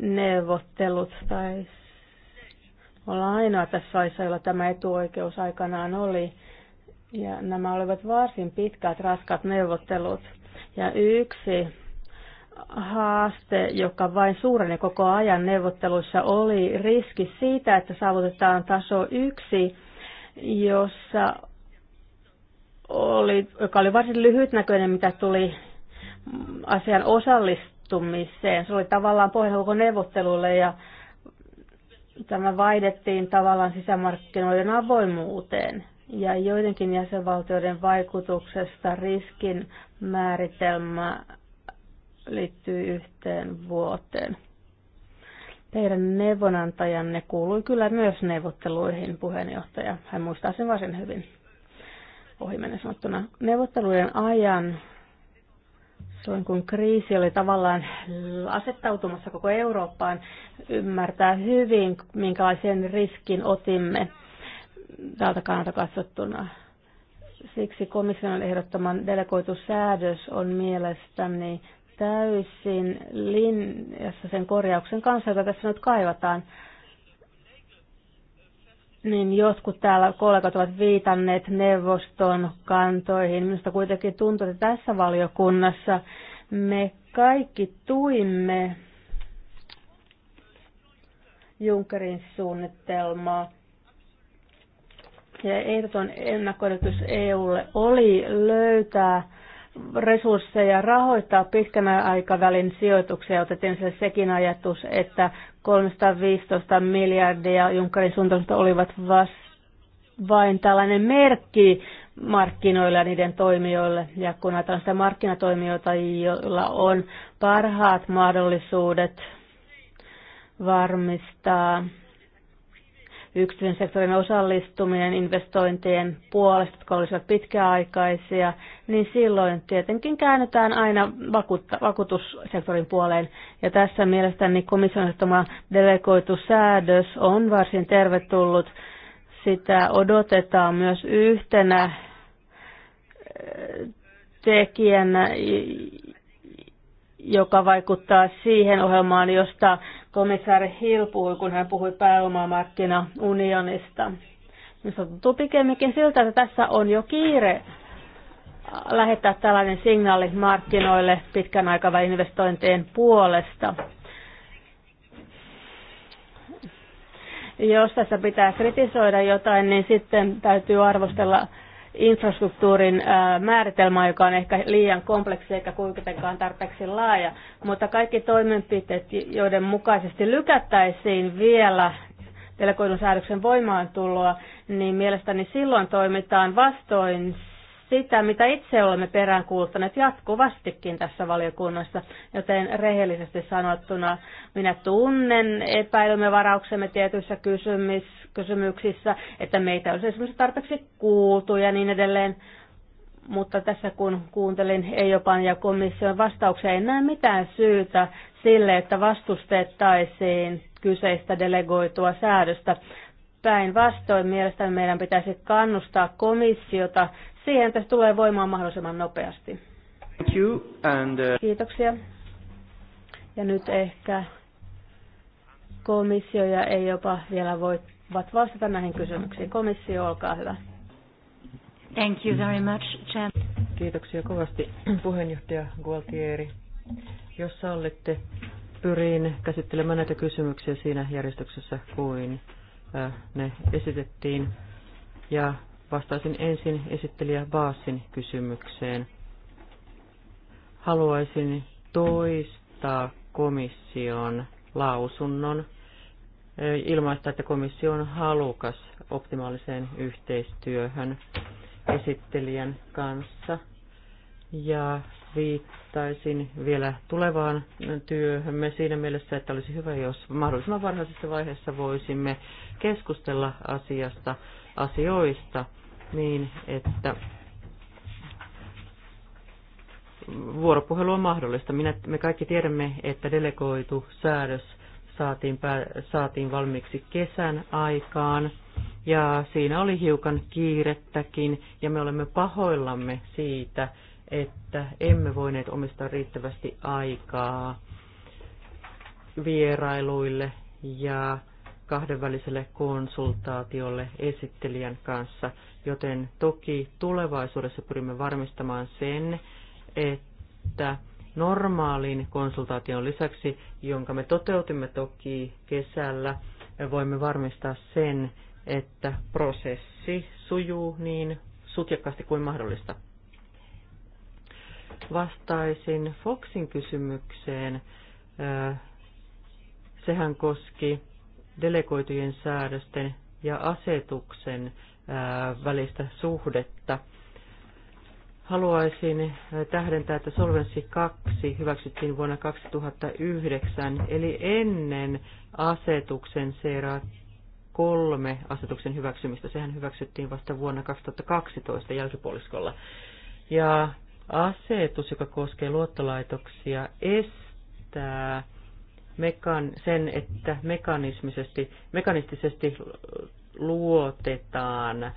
neuvottelut, tai ollaan ainoa tässä salissa, jolla tämä etuoikeus aikanaan oli. Ja nämä olivat varsin pitkät, raskat neuvottelut. Ja yksi haaste, joka vain suureni koko ajan neuvotteluissa oli riski siitä, että saavutetaan taso yksi, jossa oli, joka oli varsin lyhytnäköinen, mitä tuli asian osallistumiseen. Se oli tavallaan pohjahuko neuvottelulle ja tämä vaihdettiin tavallaan sisämarkkinoiden avoimuuteen ja joidenkin jäsenvaltioiden vaikutuksesta riskin määritelmä liittyy yhteen vuoteen. Teidän neuvonantajanne kuului kyllä myös neuvotteluihin, puheenjohtaja. Hän muistaa sen varsin hyvin ohimennen sanottuna. Neuvottelujen ajan, silloin kun kriisi oli tavallaan asettautumassa koko Eurooppaan, ymmärtää hyvin, minkälaisen riskin otimme tältä kannalta katsottuna. Siksi komission ehdottoman delegoitu säädös on mielestäni täysin linjassa sen korjauksen kanssa, jota tässä nyt kaivataan. Niin jotkut täällä kollegat ovat viitanneet neuvoston kantoihin. Minusta kuitenkin tuntuu, että tässä valiokunnassa me kaikki tuimme Junckerin suunnitelmaa. Ja ehdoton ennakkoehdotus EUlle oli löytää resursseja rahoittaa pitkän aikavälin sijoituksia. Otettiin se sekin ajatus, että 315 miljardia Junckerin suuntaan olivat vas- vain tällainen merkki markkinoille ja niiden toimijoille. Ja kun ajatellaan sitä markkinatoimijoita, joilla on parhaat mahdollisuudet varmistaa yksityisen sektorin osallistuminen investointien puolesta, jotka olisivat pitkäaikaisia, niin silloin tietenkin käännetään aina vakuutta, vakuutussektorin puoleen. Ja tässä mielestäni komission delegoitu säädös on varsin tervetullut. Sitä odotetaan myös yhtenä eh, tekijänä, joka vaikuttaa siihen ohjelmaan, josta komissaari Hill puhui, kun hän puhui pääomamarkkinaunionista. Minusta niin tuntuu pikemminkin siltä, että tässä on jo kiire lähettää tällainen signaali markkinoille pitkän aikavälin investointien puolesta. Jos tässä pitää kritisoida jotain, niin sitten täytyy arvostella infrastruktuurin määritelmä, joka on ehkä liian kompleksi eikä kuitenkaan tarpeeksi laaja. Mutta kaikki toimenpiteet, joiden mukaisesti lykättäisiin vielä delegoidun säädöksen voimaantuloa, niin mielestäni silloin toimitaan vastoin sitä, mitä itse olemme peräänkuuluttaneet jatkuvastikin tässä valiokunnassa, joten rehellisesti sanottuna minä tunnen epäilymme varauksemme tietyissä kysymys- kysymyksissä, että meitä olisi esimerkiksi tarpeeksi kuultu ja niin edelleen. Mutta tässä kun kuuntelin EIOPAN ja komission vastauksia, en näe mitään syytä sille, että vastustettaisiin kyseistä delegoitua säädöstä. Päinvastoin mielestäni meidän pitäisi kannustaa komissiota siihen, että se tulee voimaan mahdollisimman nopeasti. Thank you and, uh... Kiitoksia. Ja nyt ehkä komissio ja ei jopa vielä voi vastata näihin kysymyksiin. Komissio, olkaa hyvä. Thank you very much, Chair. Kiitoksia kovasti puheenjohtaja Gualtieri. Jos sallitte, pyrin käsittelemään näitä kysymyksiä siinä järjestyksessä kuin äh, ne esitettiin. Ja Vastaisin ensin esittelijä Baasin kysymykseen. Haluaisin toistaa komission lausunnon ilmaista, että komissio on halukas optimaaliseen yhteistyöhön esittelijän kanssa. Ja viittaisin vielä tulevaan työhömme siinä mielessä, että olisi hyvä, jos mahdollisimman varhaisessa vaiheessa voisimme keskustella asiasta, asioista – niin, että vuoropuhelu on mahdollista. Minä, me kaikki tiedämme, että delegoitu säädös saatiin, pää, saatiin valmiiksi kesän aikaan ja siinä oli hiukan kiirettäkin ja me olemme pahoillamme siitä, että emme voineet omistaa riittävästi aikaa vierailuille ja kahdenväliselle konsultaatiolle esittelijän kanssa joten toki tulevaisuudessa pyrimme varmistamaan sen, että normaalin konsultaation lisäksi, jonka me toteutimme toki kesällä, voimme varmistaa sen, että prosessi sujuu niin sutjakkaasti kuin mahdollista. Vastaisin Foxin kysymykseen. Äh, sehän koski delegoitujen säädösten ja asetuksen välistä suhdetta. Haluaisin tähdentää, että Solvenssi 2 hyväksyttiin vuonna 2009, eli ennen asetuksen CERA 3 asetuksen hyväksymistä. Sehän hyväksyttiin vasta vuonna 2012 jälkipuoliskolla. Ja asetus, joka koskee luottolaitoksia, estää mekan, sen, että mekanismisesti, mekanistisesti luotetaan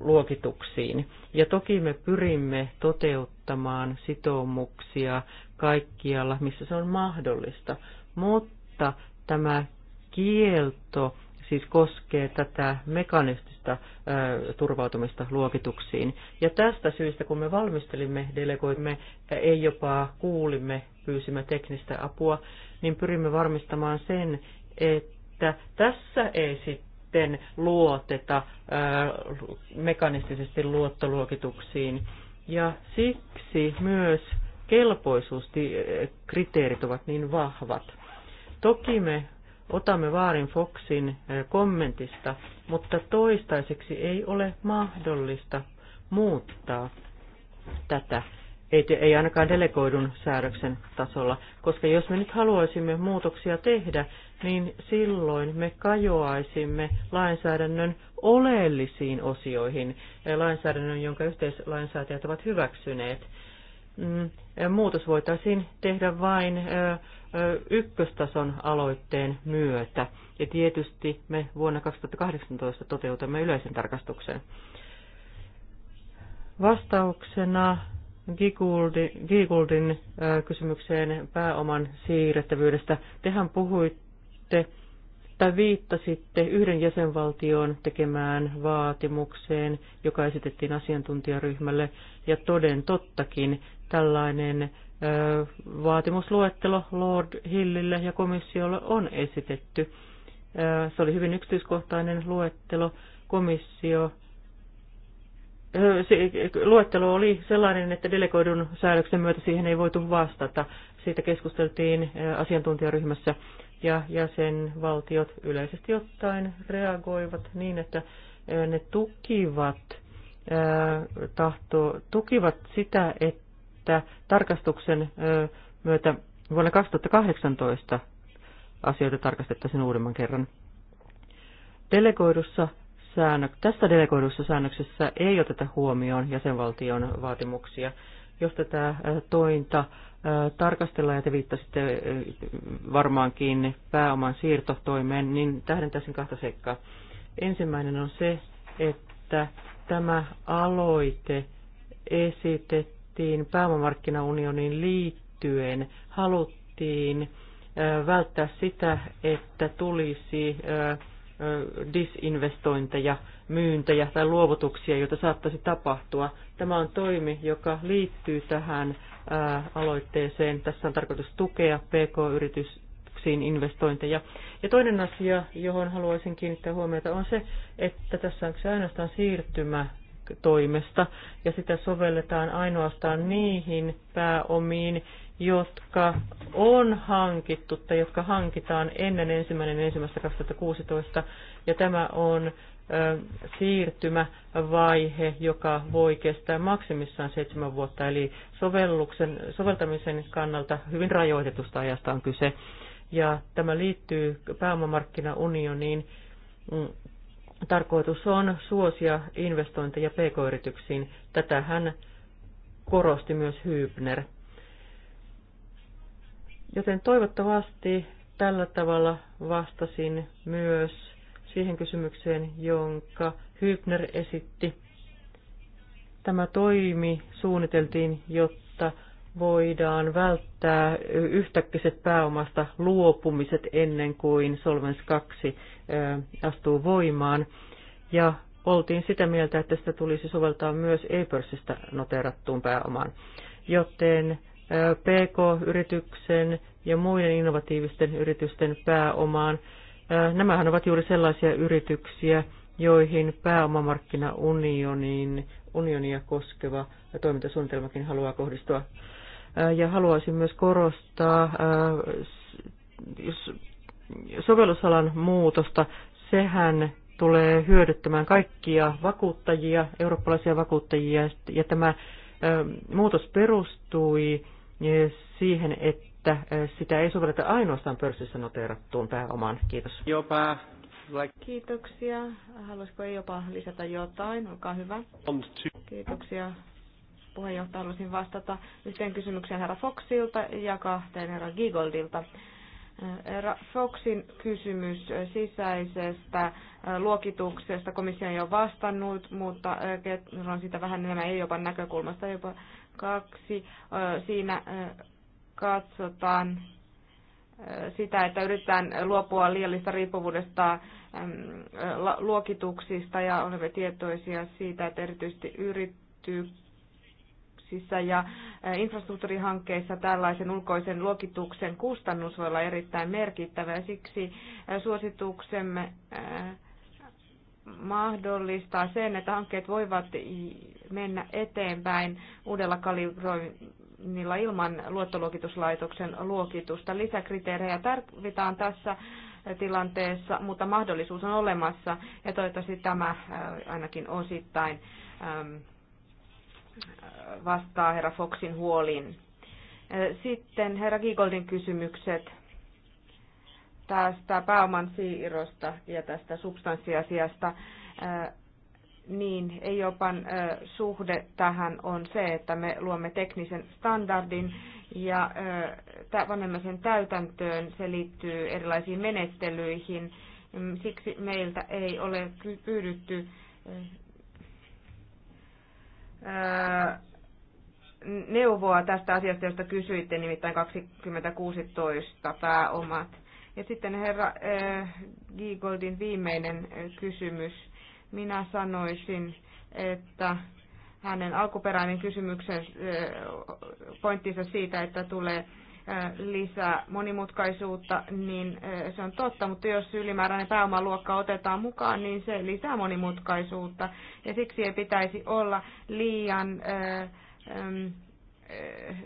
luokituksiin. Ja toki me pyrimme toteuttamaan sitoumuksia kaikkialla, missä se on mahdollista, mutta tämä kielto siis koskee tätä mekanistista turvautumista luokituksiin. Ja tästä syystä, kun me valmistelimme, delegoimme, ei jopa kuulimme, pyysimme teknistä apua, niin pyrimme varmistamaan sen, että että tässä ei sitten luoteta mekanistisesti luottoluokituksiin. Ja siksi myös kelpoisuuskriteerit ovat niin vahvat. Toki me otamme vaarin Foxin kommentista, mutta toistaiseksi ei ole mahdollista muuttaa tätä ei, te, ei ainakaan delegoidun säädöksen tasolla, koska jos me nyt haluaisimme muutoksia tehdä, niin silloin me kajoaisimme lainsäädännön oleellisiin osioihin, eh, lainsäädännön, jonka yhteislainsäätäjät ovat hyväksyneet. Mm, eh, muutos voitaisiin tehdä vain eh, ykköstason aloitteen myötä, ja tietysti me vuonna 2018 toteutamme yleisen tarkastuksen. Vastauksena Giegoldin kysymykseen pääoman siirrettävyydestä. Tehän puhuitte tai viittasitte yhden jäsenvaltion tekemään vaatimukseen, joka esitettiin asiantuntijaryhmälle, ja toden tottakin tällainen vaatimusluettelo Lord Hillille ja komissiolle on esitetty. se oli hyvin yksityiskohtainen luettelo. Komissio se luettelo oli sellainen, että delegoidun säädöksen myötä siihen ei voitu vastata. Siitä keskusteltiin asiantuntijaryhmässä ja jäsenvaltiot yleisesti ottaen reagoivat niin, että ne tukivat, tahto, tukivat sitä, että tarkastuksen myötä vuonna 2018 asioita tarkastettaisiin uudemman kerran. Delegoidussa säännök- tässä delegoidussa säännöksessä ei oteta huomioon jäsenvaltion vaatimuksia. Jos tätä tointa tarkastellaan, ja te viittasitte varmaankin pääoman siirtotoimeen, niin tähdentäisin kahta seikkaa. Ensimmäinen on se, että tämä aloite esitettiin pääomamarkkinaunioniin liittyen. Haluttiin välttää sitä, että tulisi disinvestointeja, myyntejä tai luovutuksia, joita saattaisi tapahtua. Tämä on toimi, joka liittyy tähän aloitteeseen. Tässä on tarkoitus tukea PK-yrityksiin investointeja. Ja toinen asia, johon haluaisin kiinnittää huomiota, on se, että tässä on se ainoastaan siirtymä toimesta ja sitä sovelletaan ainoastaan niihin pääomiin, jotka on hankittu tai jotka hankitaan ennen ensimmäinen ensimmäistä 2016 ja tämä on siirtymävaihe, joka voi kestää maksimissaan seitsemän vuotta, eli sovelluksen, soveltamisen kannalta hyvin rajoitetusta ajasta on kyse. Ja tämä liittyy pääomamarkkinaunioniin. Mm, tarkoitus on suosia investointeja pk-yrityksiin. Tätähän korosti myös Hybner Joten toivottavasti tällä tavalla vastasin myös siihen kysymykseen, jonka Hübner esitti. Tämä toimi suunniteltiin, jotta voidaan välttää yhtäkkiset pääomasta luopumiset ennen kuin Solvens 2 astuu voimaan. Ja oltiin sitä mieltä, että sitä tulisi soveltaa myös e-pörssistä noteerattuun pääomaan. Joten PK-yrityksen ja muiden innovatiivisten yritysten pääomaan. Nämähän ovat juuri sellaisia yrityksiä, joihin pääomamarkkinaunionin unionia koskeva toimintasuunnitelmakin haluaa kohdistua. Ja haluaisin myös korostaa sovellusalan muutosta. Sehän tulee hyödyttämään kaikkia vakuuttajia, eurooppalaisia vakuuttajia, ja tämä muutos perustui siihen, että sitä ei sovelleta ainoastaan pörssissä noteerattuun pääomaan. Kiitos. Jopa. Kiitoksia. Haluaisiko jopa lisätä jotain? Olkaa hyvä. Kiitoksia. Puheenjohtaja, haluaisin vastata yhteen kysymykseen herra Foxilta ja kahteen herra Gigoldilta. Era Foxin kysymys sisäisestä luokituksesta. Komissio ei ole vastannut, mutta kerron sitä vähän enemmän niin ei jopa näkökulmasta. Jopa kaksi. Siinä katsotaan sitä, että yritetään luopua liiallista riippuvuudesta luokituksista ja olemme tietoisia siitä, että erityisesti yritykset yrityksissä ja infrastruktuurihankkeissa tällaisen ulkoisen luokituksen kustannus voi olla erittäin merkittävä. Siksi suosituksemme mahdollistaa sen, että hankkeet voivat mennä eteenpäin uudella kalibroinnilla ilman luottoluokituslaitoksen luokitusta. Lisäkriteerejä tarvitaan tässä tilanteessa, mutta mahdollisuus on olemassa ja toivottavasti tämä ainakin osittain vastaa herra Foxin huoliin. Sitten herra Giegoldin kysymykset tästä pääoman siirrosta ja tästä substanssiasiasta. Niin, ei jopa suhde tähän on se, että me luomme teknisen standardin ja panemme sen täytäntöön. Se liittyy erilaisiin menettelyihin. Mm, siksi meiltä ei ole pyydytty neuvoa tästä asiasta, josta kysyitte, nimittäin 2016 pääomat. Ja sitten herra äh, Giegoldin viimeinen eh, kysymys. Minä sanoisin, että hänen alkuperäinen kysymyksen eh, pointtinsa siitä, että tulee lisää monimutkaisuutta, niin se on totta, mutta jos ylimääräinen pääomaluokka otetaan mukaan, niin se lisää monimutkaisuutta ja siksi ei pitäisi olla liian äh, Eh,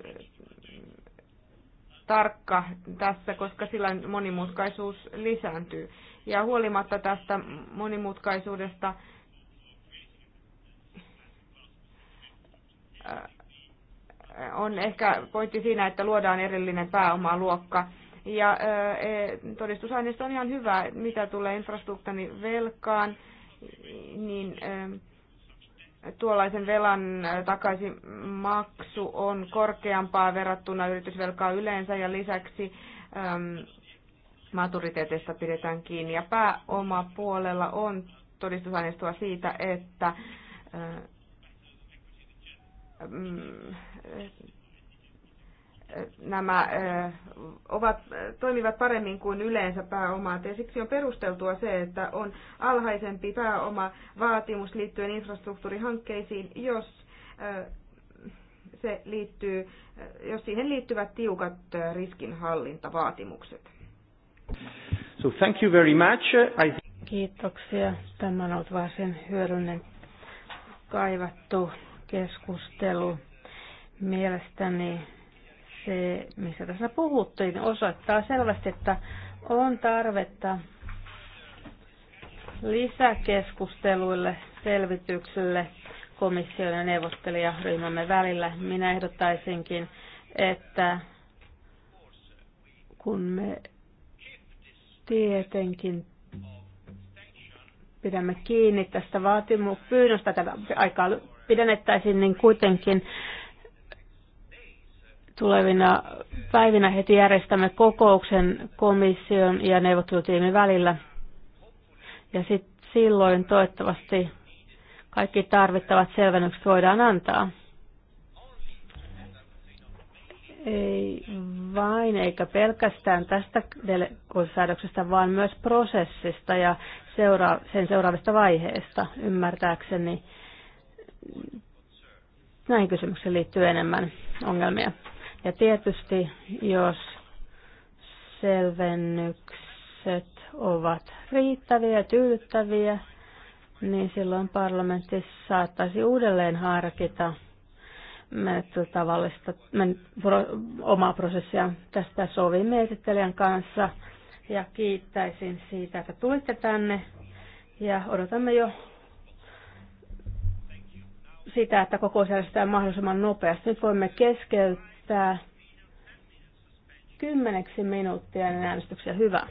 tarkka tässä, koska sillä monimutkaisuus lisääntyy. Ja huolimatta tästä monimutkaisuudesta eh, on ehkä pointti siinä, että luodaan erillinen pääomaluokka. Ja eh, todistusaineisto on ihan hyvä, mitä tulee infrastruktuurin velkaan, niin tuollaisen velan takaisinmaksu on korkeampaa verrattuna yritysvelkaa yleensä ja lisäksi äm, maturiteetista pidetään kiinni. Ja pääomapuolella on todistusaineistoa siitä, että äh, nämä ovat, toimivat paremmin kuin yleensä pääomaat. Ja siksi on perusteltua se, että on alhaisempi pääoma vaatimus liittyen infrastruktuurihankkeisiin, jos se liittyy, jos siihen liittyvät tiukat riskinhallintavaatimukset. So thank you very much. I... Kiitoksia. Tämä on ollut varsin hyödyllinen kaivattu keskustelu. Mielestäni se, missä tässä puhuttiin, osoittaa selvästi, että on tarvetta lisäkeskusteluille, selvityksille komission ja neuvottelijaryhmämme välillä. Minä ehdottaisinkin, että kun me tietenkin pidämme kiinni tästä vaatimuspyynnöstä, tätä aikaa pidennettäisiin, niin kuitenkin Tulevina päivinä heti järjestämme kokouksen komission ja neuvottelutiimin välillä. Ja sitten silloin toivottavasti kaikki tarvittavat selvennykset voidaan antaa. Ei vain eikä pelkästään tästä delegointisäädöksestä, vaan myös prosessista ja seura- sen seuraavista vaiheista, ymmärtääkseni. Näihin kysymyksiin liittyy enemmän ongelmia. Ja tietysti jos selvennykset ovat riittäviä ja tyydyttäviä, niin silloin parlamentti saattaisi uudelleen harkita tavallista omaa prosessia. Tästä sovimme esittelijän kanssa ja kiittäisin siitä, että tulitte tänne ja odotamme jo sitä, että koko järjestetään mahdollisimman nopeasti. Nyt voimme keskeyttää kestää kymmeneksi minuuttia ennen niin äänestyksiä. Hyvä.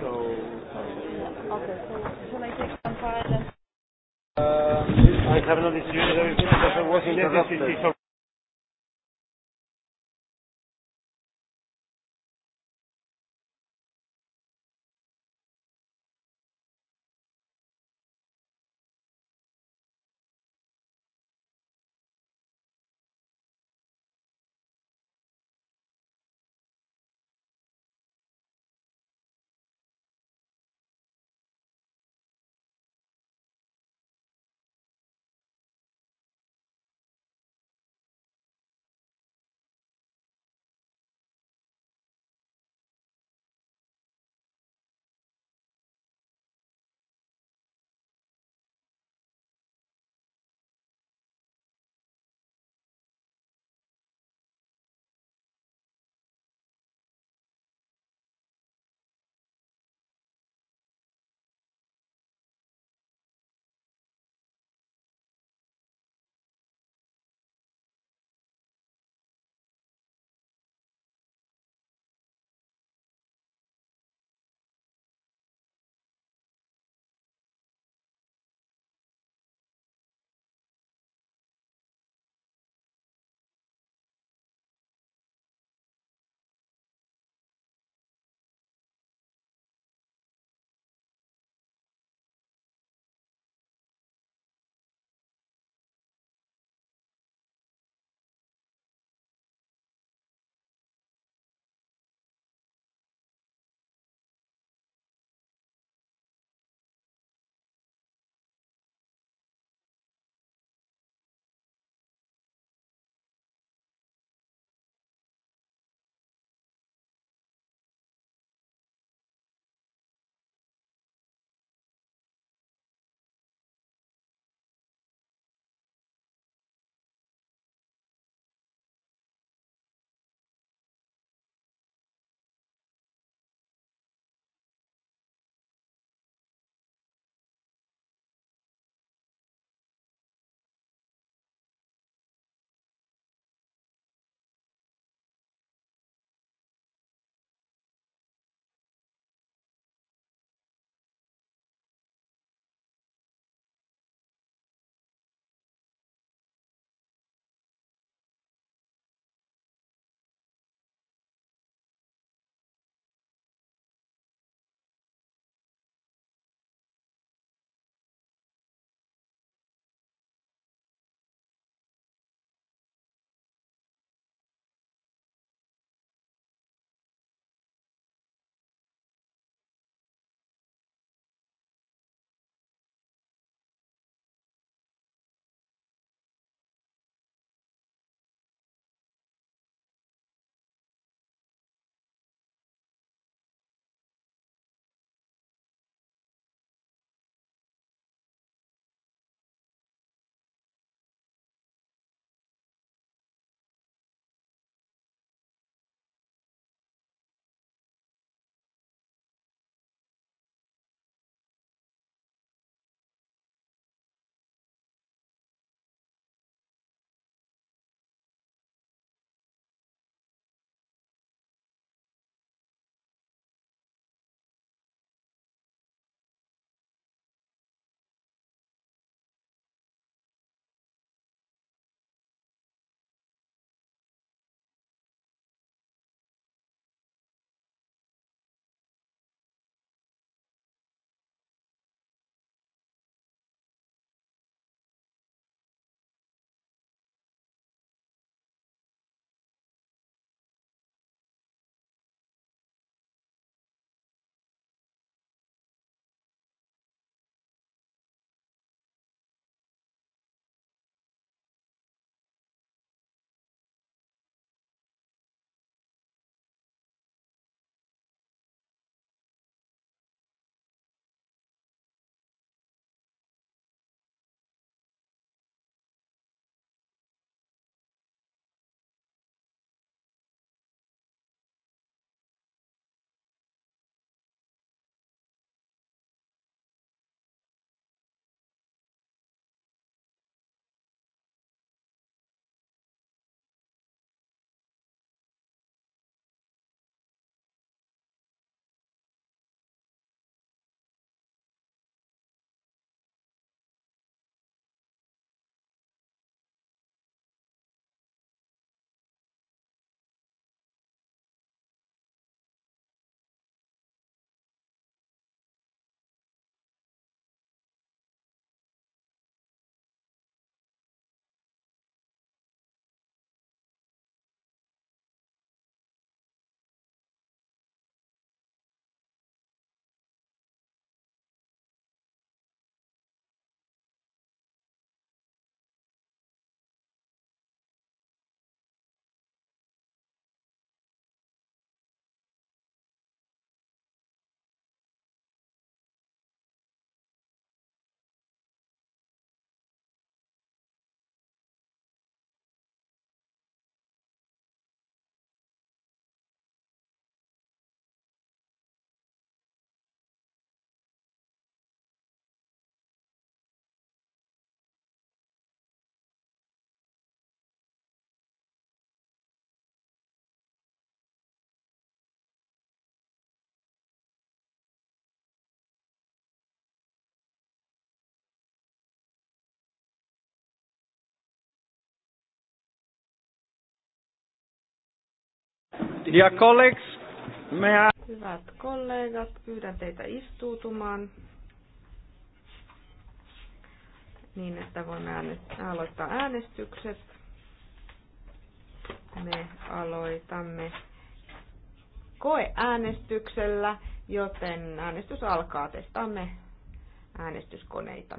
So. Okay. So can I take some time? Uh, um, I have not distributed everything because I was in the Dear colleagues, I... Hyvät kollegat, pyydän teitä istuutumaan niin, että voimme aloittaa äänestykset. Me aloitamme koeäänestyksellä, joten äänestys alkaa. Testaamme äänestyskoneita.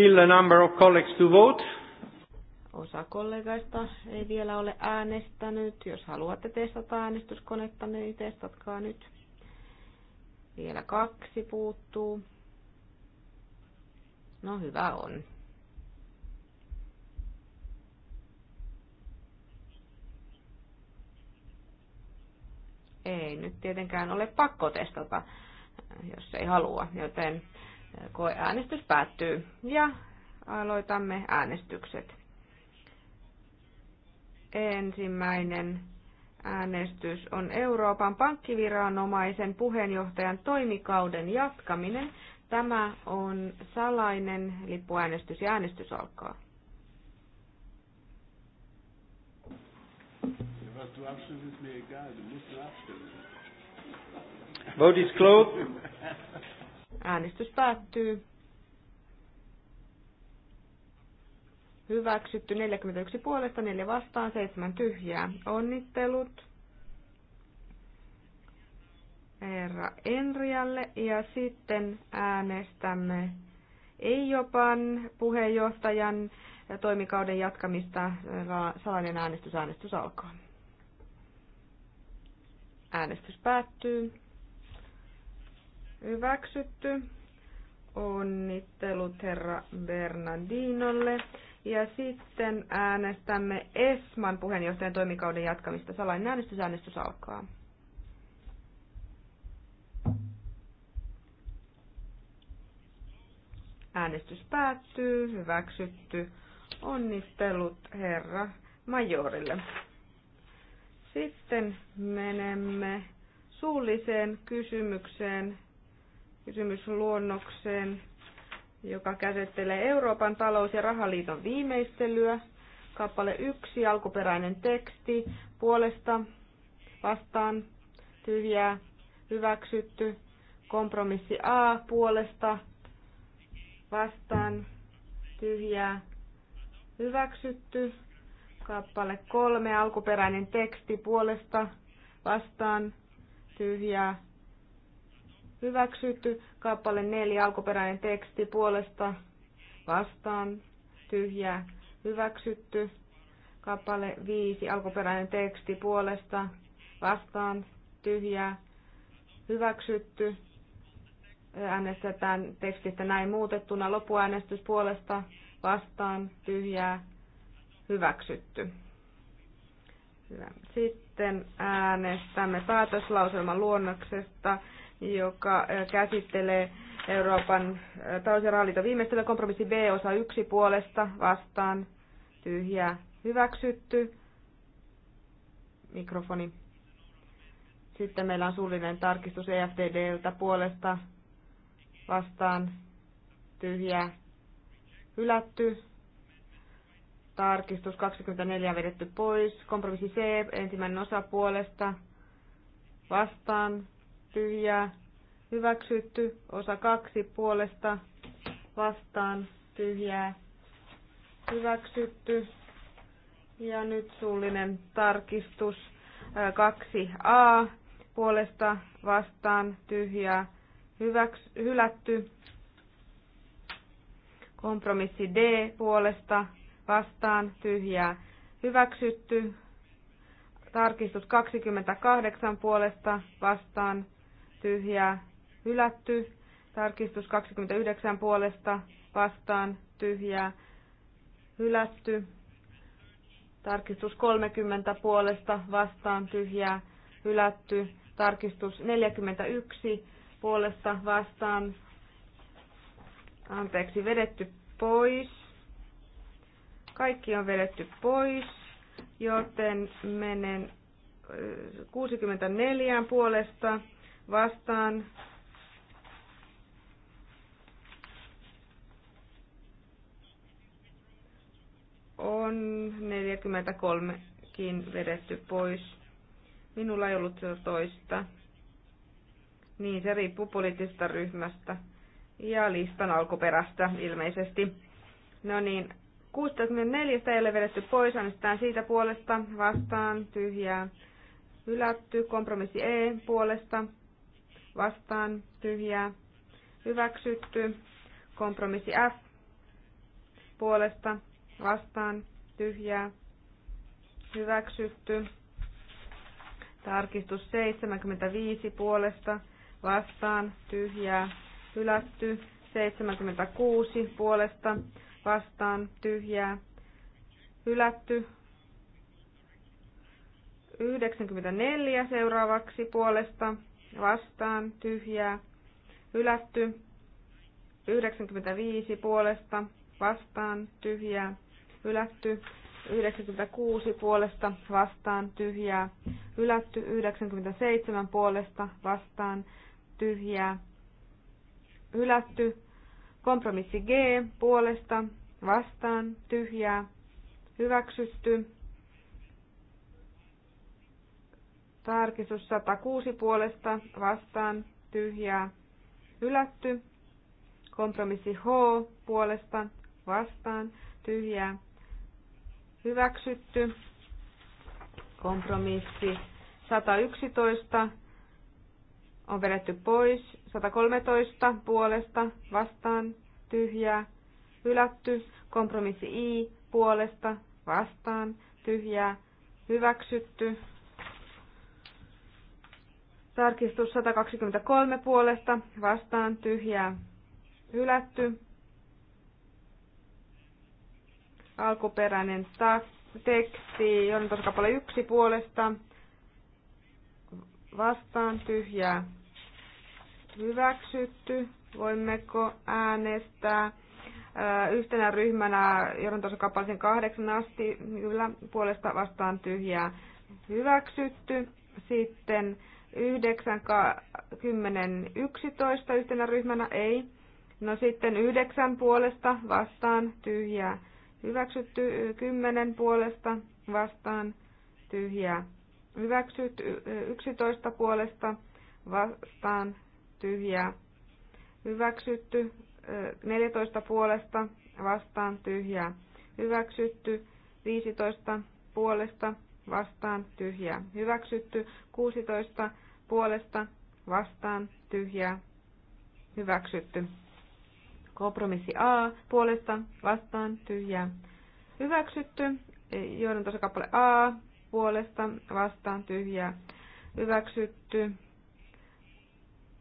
still a number of colleagues to vote. Osa kollegaista ei vielä ole äänestänyt. Jos haluatte testata äänestyskonetta, niin testatkaa nyt. Vielä kaksi puuttuu. No hyvä on. Ei nyt tietenkään ole pakko testata, jos ei halua, joten Koeäänestys päättyy ja aloitamme äänestykset. Ensimmäinen äänestys on Euroopan pankkiviranomaisen puheenjohtajan toimikauden jatkaminen. Tämä on salainen lippuäänestys ja äänestys alkaa. Vote is closed. Äänestys päättyy. Hyväksytty 41 puolesta, 4 vastaan, 7 tyhjää. Onnittelut herra Enrialle ja sitten äänestämme Eijopan puheenjohtajan toimikauden jatkamista. Salainen äänestys, äänestys alkaa. Äänestys päättyy hyväksytty. Onnittelut herra Bernardinolle. Ja sitten äänestämme ESMAn puheenjohtajan toimikauden jatkamista. Salainen äänestys, äänestys alkaa. Äänestys päättyy, hyväksytty. Onnittelut herra majorille. Sitten menemme suulliseen kysymykseen kysymys luonnokseen, joka käsittelee Euroopan talous- ja rahaliiton viimeistelyä. Kappale 1, alkuperäinen teksti, puolesta, vastaan, tyhjää, hyväksytty. Kompromissi A, puolesta, vastaan, tyhjää, hyväksytty. Kappale 3, alkuperäinen teksti, puolesta, vastaan, tyhjää, hyväksytty. Kappale 4, alkuperäinen teksti puolesta vastaan tyhjä hyväksytty. Kappale 5, alkuperäinen teksti puolesta vastaan tyhjä hyväksytty. Äänestetään tekstistä näin muutettuna. Lopuäänestys puolesta vastaan tyhjää hyväksytty. Hyvä. Sitten äänestämme päätöslauselman luonnoksesta joka käsittelee Euroopan talous- rahaliiton viimeistelyä. Kompromissi B osa 1 puolesta vastaan tyhjä hyväksytty. Mikrofoni. Sitten meillä on suullinen tarkistus EFTDltä puolesta vastaan tyhjä hylätty. Tarkistus 24 vedetty pois. Kompromissi C, ensimmäinen osa puolesta vastaan tyhjää hyväksytty. Osa kaksi puolesta vastaan tyhjää hyväksytty. Ja nyt suullinen tarkistus 2a puolesta vastaan tyhjää hyväks, hylätty. Kompromissi D puolesta vastaan tyhjää hyväksytty. Tarkistus 28 puolesta vastaan tyhjää, hylätty. Tarkistus 29 puolesta vastaan, tyhjää, hylätty. Tarkistus 30 puolesta vastaan, tyhjää, hylätty. Tarkistus 41 puolesta vastaan, anteeksi, vedetty pois. Kaikki on vedetty pois, joten menen 64 puolesta vastaan. On 43kin vedetty pois. Minulla ei ollut sitä toista. Niin, se riippuu poliittisesta ryhmästä ja listan alkuperästä ilmeisesti. No niin, 64 ei ole vedetty pois, annetaan siitä puolesta vastaan, tyhjää, hylätty, kompromissi E puolesta vastaan tyhjää hyväksytty. Kompromissi F puolesta vastaan tyhjää hyväksytty. Tarkistus 75 puolesta vastaan tyhjää hylätty. 76 puolesta vastaan tyhjää hylätty. 94 seuraavaksi puolesta vastaan, tyhjää, hylätty. 95 puolesta, vastaan, tyhjää, hylätty. 96 puolesta, vastaan, tyhjää, hylätty. 97 puolesta, vastaan, tyhjää, hylätty. Kompromissi G puolesta, vastaan, tyhjää, hyväksytty. Tarkistus 106 puolesta vastaan tyhjää hylätty. Kompromissi H puolesta vastaan tyhjää hyväksytty. Kompromissi 111 on vedetty pois. 113 puolesta vastaan tyhjää hylätty. Kompromissi I puolesta vastaan tyhjää hyväksytty. Tarkistus 123 puolesta vastaan tyhjää hylätty. Alkuperäinen ta- teksti, Jontos kappale 1 puolesta vastaan tyhjää hyväksytty. Voimmeko äänestää äh, yhtenä ryhmänä Jontos kappaleen kahdeksan asti, kyllä puolesta vastaan tyhjää hyväksytty. Sitten 9, 10, 11 yhtenä ryhmänä ei. No sitten 9 puolesta vastaan tyhjää. Hyväksytty 10 puolesta vastaan tyhjää. Hyväksytty 11 puolesta vastaan tyhjää. Hyväksytty 14 puolesta vastaan tyhjää. Hyväksytty 15 puolesta vastaan, tyhjä hyväksytty. 16 puolesta, vastaan, tyhjä hyväksytty. Kompromissi A, puolesta, vastaan, tyhjä hyväksytty. Johdon kappale A, puolesta, vastaan, tyhjä hyväksytty.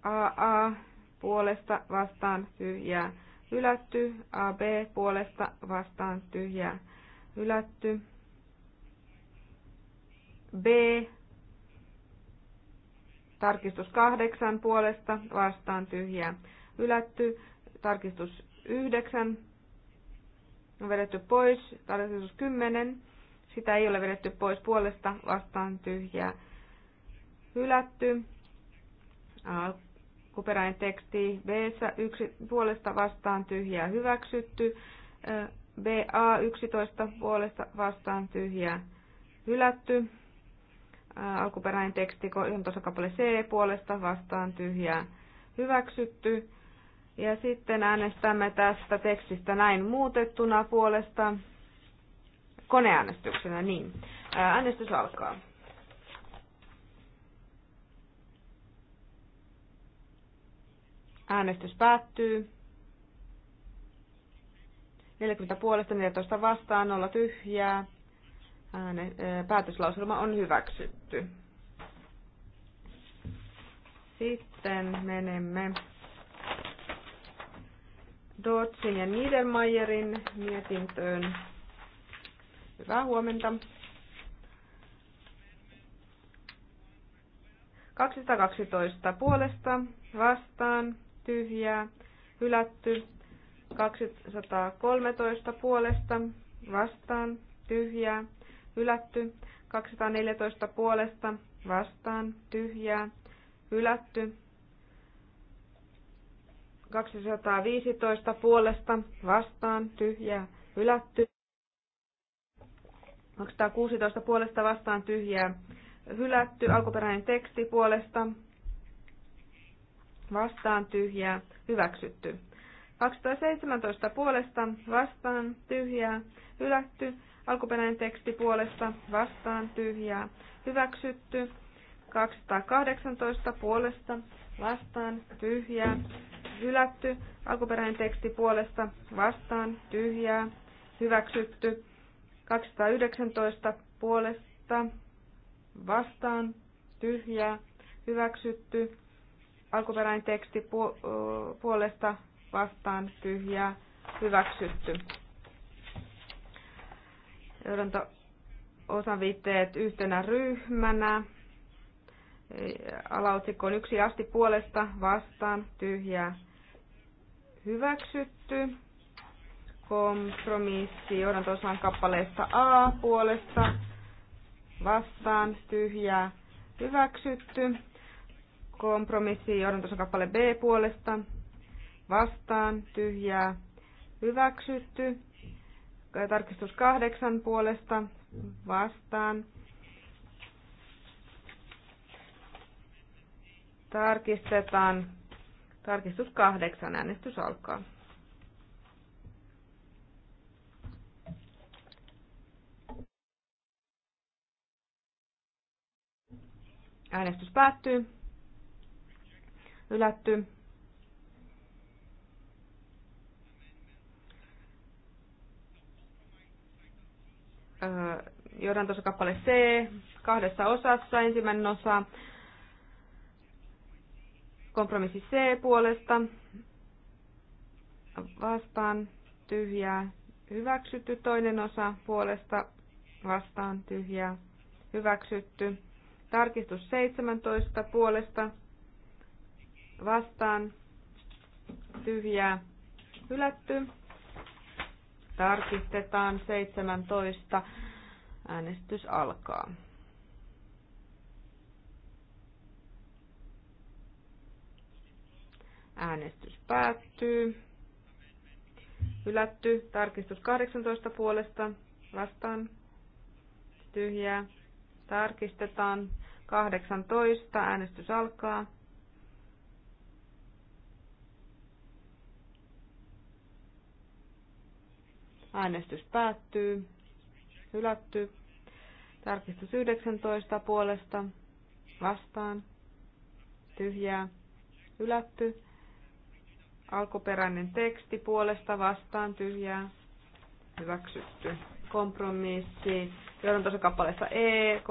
AA, puolesta, vastaan, tyhjä, hylätty. AB, puolesta, vastaan, tyhjä hylätty. B. Tarkistus kahdeksan puolesta vastaan tyhjää ylätty. Tarkistus yhdeksän on vedetty pois. Tarkistus kymmenen. Sitä ei ole vedetty pois puolesta vastaan tyhjää ylätty. Alkuperäinen teksti b yksi puolesta vastaan tyhjää hyväksytty. BA 11 puolesta vastaan tyhjää hylätty alkuperäinen teksti tuossa kappale C puolesta vastaan tyhjää hyväksytty. Ja sitten äänestämme tästä tekstistä näin muutettuna puolesta koneäänestyksenä, niin. Äänestys alkaa. Äänestys päättyy. 40 puolesta, 14 vastaan, 0 tyhjää. Ääne, päätöslauselma on hyväksytty. Sitten menemme Dotsin ja Niedermayerin mietintöön. Hyvää huomenta. 212 puolesta vastaan tyhjää hylätty. 213 puolesta vastaan tyhjää hylätty. 214 puolesta vastaan tyhjää hylätty. 215 puolesta vastaan tyhjää hylätty. 216 puolesta vastaan tyhjää hylätty. Alkuperäinen teksti puolesta vastaan tyhjää hyväksytty. 217 puolesta vastaan tyhjää hylätty. Alkuperäinen teksti puolesta vastaan tyhjää hyväksytty. 218 puolesta vastaan tyhjää hylätty. Alkuperäinen teksti puolesta vastaan tyhjää hyväksytty. 219 puolesta vastaan tyhjää hyväksytty. Alkuperäinen teksti puolesta vastaan tyhjää hyväksytty osaviitteet yhtenä ryhmänä. on yksi asti puolesta vastaan tyhjää hyväksytty. Kompromissi johdantosan kappaleesta A puolesta vastaan tyhjää hyväksytty. Kompromissi johdantosan kappale B puolesta vastaan tyhjää hyväksytty tarkistus kahdeksan puolesta vastaan. Tarkistetaan. Tarkistus kahdeksan. Äänestys alkaa. Äänestys päättyy. Ylätty. tuossa kappale C kahdessa osassa. Ensimmäinen osa kompromissi C puolesta vastaan tyhjää hyväksytty. Toinen osa puolesta vastaan tyhjää hyväksytty. Tarkistus 17 puolesta vastaan tyhjää hylätty. Tarkistetaan 17. Äänestys alkaa. Äänestys päättyy. Hylätty. Tarkistus 18 puolesta. Vastaan. Tyhjää. Tarkistetaan 18. Äänestys alkaa. Äänestys päättyy. Hylätty. Tarkistus 19 puolesta. Vastaan. Tyhjää. Hylätty. Alkuperäinen teksti puolesta vastaan tyhjää. Hyväksytty. Kompromissi. Joudun tuossa kappaleessa e, e.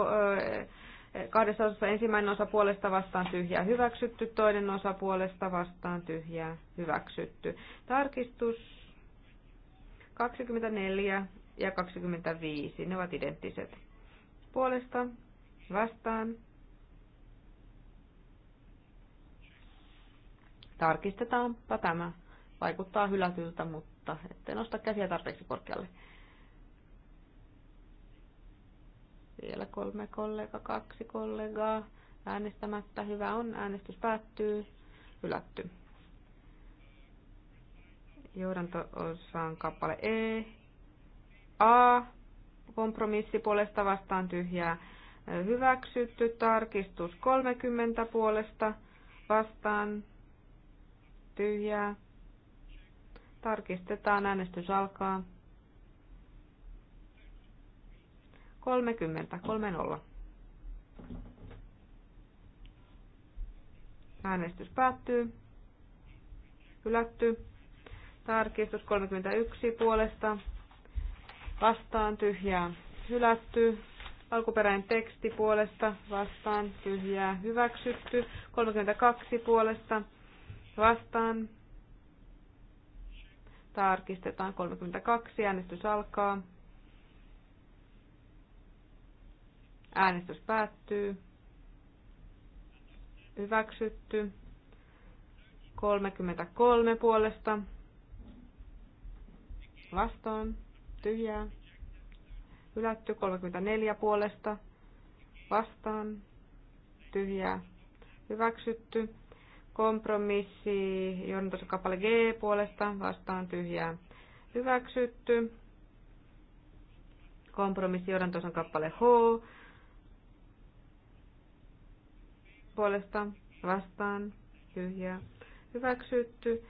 Kahdessa osassa ensimmäinen osa puolesta vastaan tyhjää hyväksytty, toinen osa puolesta vastaan tyhjää hyväksytty. Tarkistus 24 ja 25, ne ovat identtiset. Puolesta, vastaan. Tarkistetaanpa tämä. Vaikuttaa hylätyltä, mutta ettei nosta käsiä tarpeeksi korkealle. Vielä kolme kollega, kaksi kollegaa. Äänestämättä hyvä on. Äänestys päättyy. Hylätty johdanto kappale E, A, kompromissi puolesta vastaan tyhjää hyväksytty, tarkistus 30 puolesta vastaan tyhjää. Tarkistetaan, äänestys alkaa. 30, 30. Äänestys päättyy. Hylätty. Tarkistus 31 puolesta. Vastaan tyhjää hylätty. Alkuperäinen teksti puolesta vastaan tyhjää hyväksytty. 32 puolesta vastaan. Tarkistetaan 32. Äänestys alkaa. Äänestys päättyy. Hyväksytty. 33 puolesta vastaan, tyhjää, hylätty 34 puolesta, vastaan, tyhjää, hyväksytty, kompromissi, johdantossa kappale G puolesta, vastaan, tyhjää, hyväksytty, kompromissi, johdantossa kappale H puolesta, vastaan, tyhjää, hyväksytty,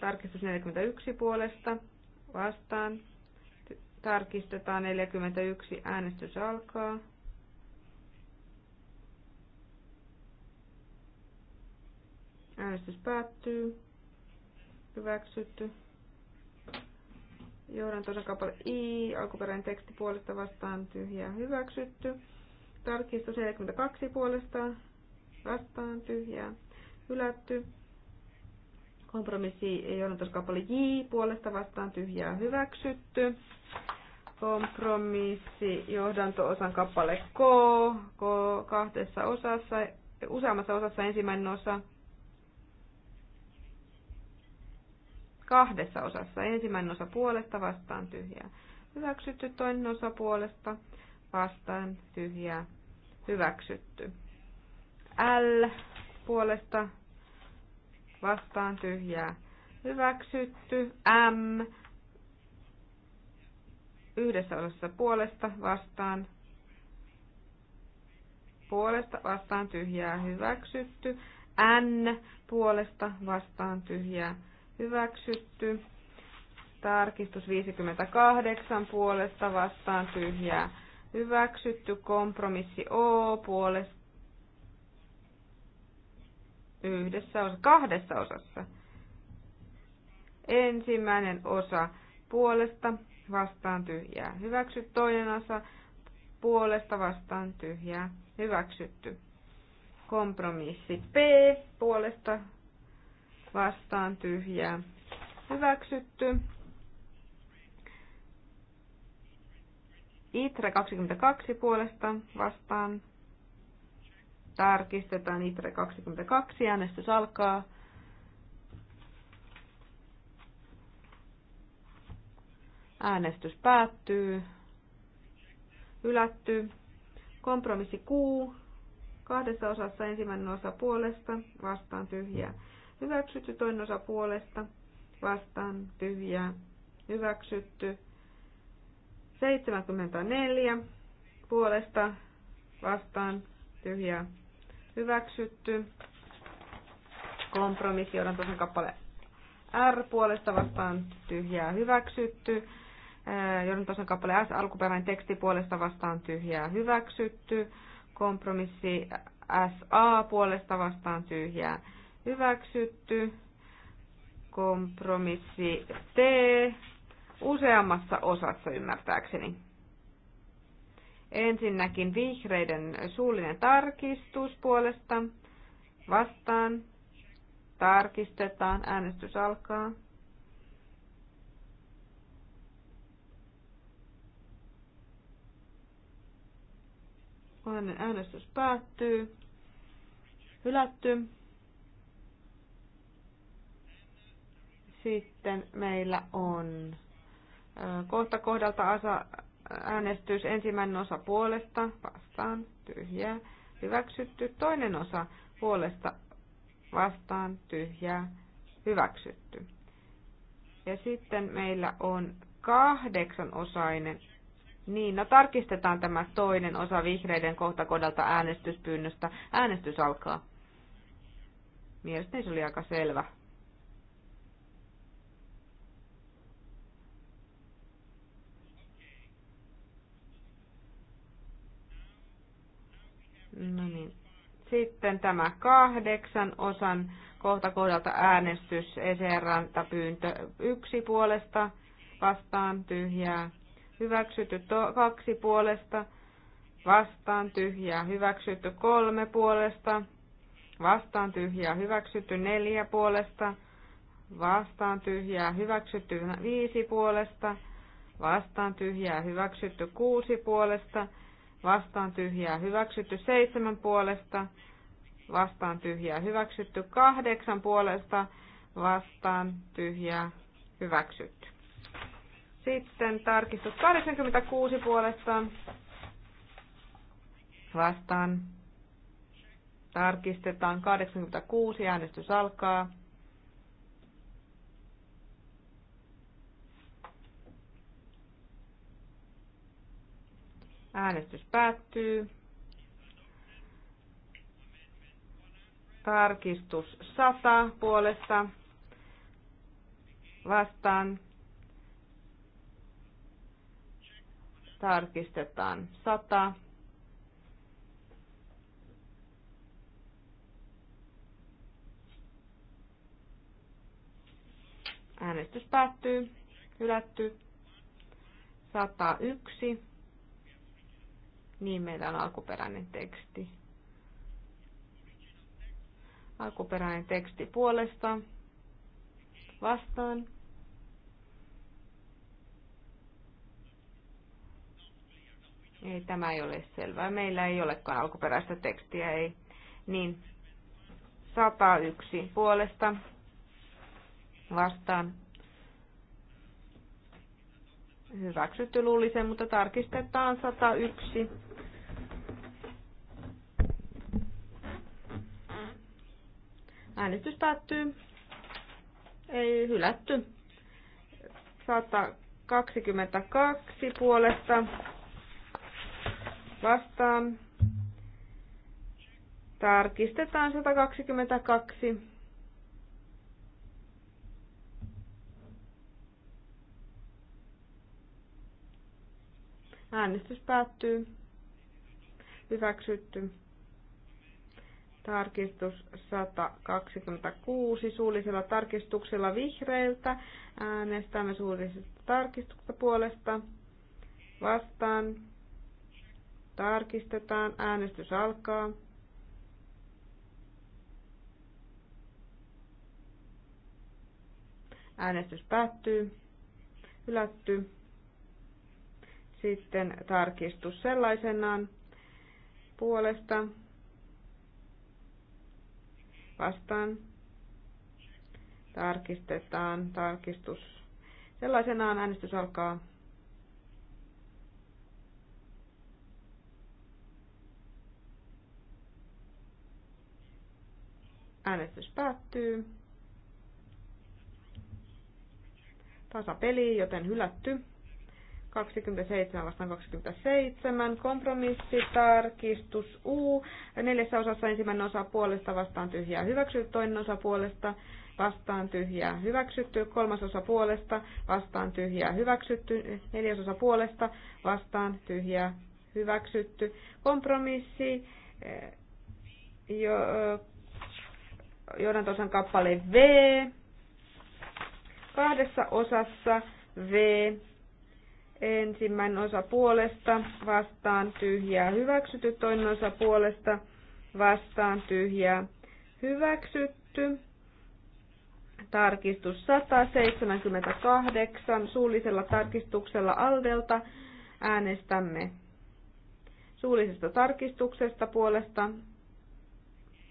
tarkistus 41 puolesta, vastaan. Tarkistetaan 41. Äänestys alkaa. Äänestys päättyy. Hyväksytty. Johdan tuossa kappale I, alkuperäinen teksti puolesta vastaan tyhjää hyväksytty. Tarkistus 42 puolesta vastaan tyhjää hylätty. Kompromissi kappale J puolesta vastaan tyhjää hyväksytty. Kompromissi johdanto-osan kappale K, K kahdessa osassa, useammassa osassa ensimmäinen osa. Kahdessa osassa ensimmäinen osa puolesta vastaan tyhjää. Hyväksytty toinen osa puolesta vastaan tyhjää. Hyväksytty. L puolesta vastaan tyhjää hyväksytty. M yhdessä olossa puolesta vastaan puolesta vastaan tyhjää hyväksytty. N puolesta vastaan tyhjää hyväksytty. Tarkistus 58 puolesta vastaan tyhjää hyväksytty. Kompromissi O puolesta yhdessä osassa, kahdessa osassa. Ensimmäinen osa puolesta vastaan tyhjää hyväksy, toinen osa puolesta vastaan tyhjää hyväksytty. Kompromissi P puolesta vastaan tyhjää hyväksytty. Itre 22 puolesta vastaan tarkistetaan ITRE 22, äänestys alkaa. Äänestys päättyy. Ylätty. Kompromissi Q. Kahdessa osassa ensimmäinen osa puolesta, vastaan tyhjää. Hyväksytty toinen osa puolesta, vastaan tyhjää. Hyväksytty. 74 puolesta, vastaan tyhjää hyväksytty. Kompromissi on tosen kappale R puolesta vastaan tyhjää hyväksytty. Äh, Johdon kappale S alkuperäinen teksti puolesta vastaan tyhjää hyväksytty. Kompromissi SA puolesta vastaan tyhjää hyväksytty. Kompromissi T useammassa osassa ymmärtääkseni. Ensinnäkin vihreiden suullinen tarkistus puolesta vastaan. Tarkistetaan. Äänestys alkaa. Kokonainen äänestys päättyy. Hylätty. Sitten meillä on kohta kohdalta asa, äänestys ensimmäinen osa puolesta, vastaan, tyhjää, hyväksytty. Toinen osa puolesta, vastaan, tyhjää, hyväksytty. Ja sitten meillä on osainen. Niin, no tarkistetaan tämä toinen osa vihreiden kohtakodalta äänestyspyynnöstä. Äänestys alkaa. Mielestäni se oli aika selvä. No niin. Sitten tämä kahdeksan osan kohta kohdalta äänestys Eseranta pyyntö yksi puolesta vastaan tyhjää. Hyväksytty to- kaksi puolesta vastaan tyhjää. Hyväksytty kolme puolesta vastaan tyhjää. Hyväksytty neljä puolesta vastaan tyhjää. Hyväksytty viisi puolesta vastaan tyhjää. Hyväksytty kuusi puolesta vastaan tyhjää hyväksytty seitsemän puolesta, vastaan tyhjää hyväksytty kahdeksan puolesta, vastaan tyhjää hyväksytty. Sitten tarkistus 86 puolesta, vastaan tarkistetaan 86, äänestys alkaa. Äänestys päättyy. Tarkistus 100 puolesta vastaan. Tarkistetaan 100. Äänestys päättyy. Hylätty. 101 niin meillä on alkuperäinen teksti. Alkuperäinen teksti puolesta vastaan. Ei, tämä ei ole selvää. Meillä ei olekaan alkuperäistä tekstiä, ei. Niin, 101 puolesta vastaan. Hyväksytty luulisen, mutta tarkistetaan 101. Äänestys päättyy. Ei hylätty. 122 puolesta vastaan. Tarkistetaan 122. Äänestys päättyy. Hyväksytty tarkistus 126 suullisella tarkistuksella vihreiltä. Äänestämme suullisesta tarkistuksesta puolesta. Vastaan. Tarkistetaan. Äänestys alkaa. Äänestys päättyy. Hylätty. Sitten tarkistus sellaisenaan puolesta vastaan. Tarkistetaan tarkistus. Sellaisenaan äänestys alkaa. Äänestys päättyy. Tasapeli, joten hylätty. 27 vastaan 27. kompromissi tarkistus U. Neljässä osassa ensimmäinen osa puolesta vastaan tyhjää hyväksytty, toinen osa puolesta vastaan tyhjää hyväksytty, kolmas osa puolesta vastaan tyhjää hyväksytty, neljäs osa puolesta vastaan tyhjää hyväksytty. Kompromissi eh, jo, johdantosan kappale V. Kahdessa osassa V Ensimmäinen osa puolesta vastaan tyhjää hyväksytty, toinen osa puolesta vastaan tyhjää hyväksytty. Tarkistus 178 suullisella tarkistuksella Aldelta äänestämme suullisesta tarkistuksesta puolesta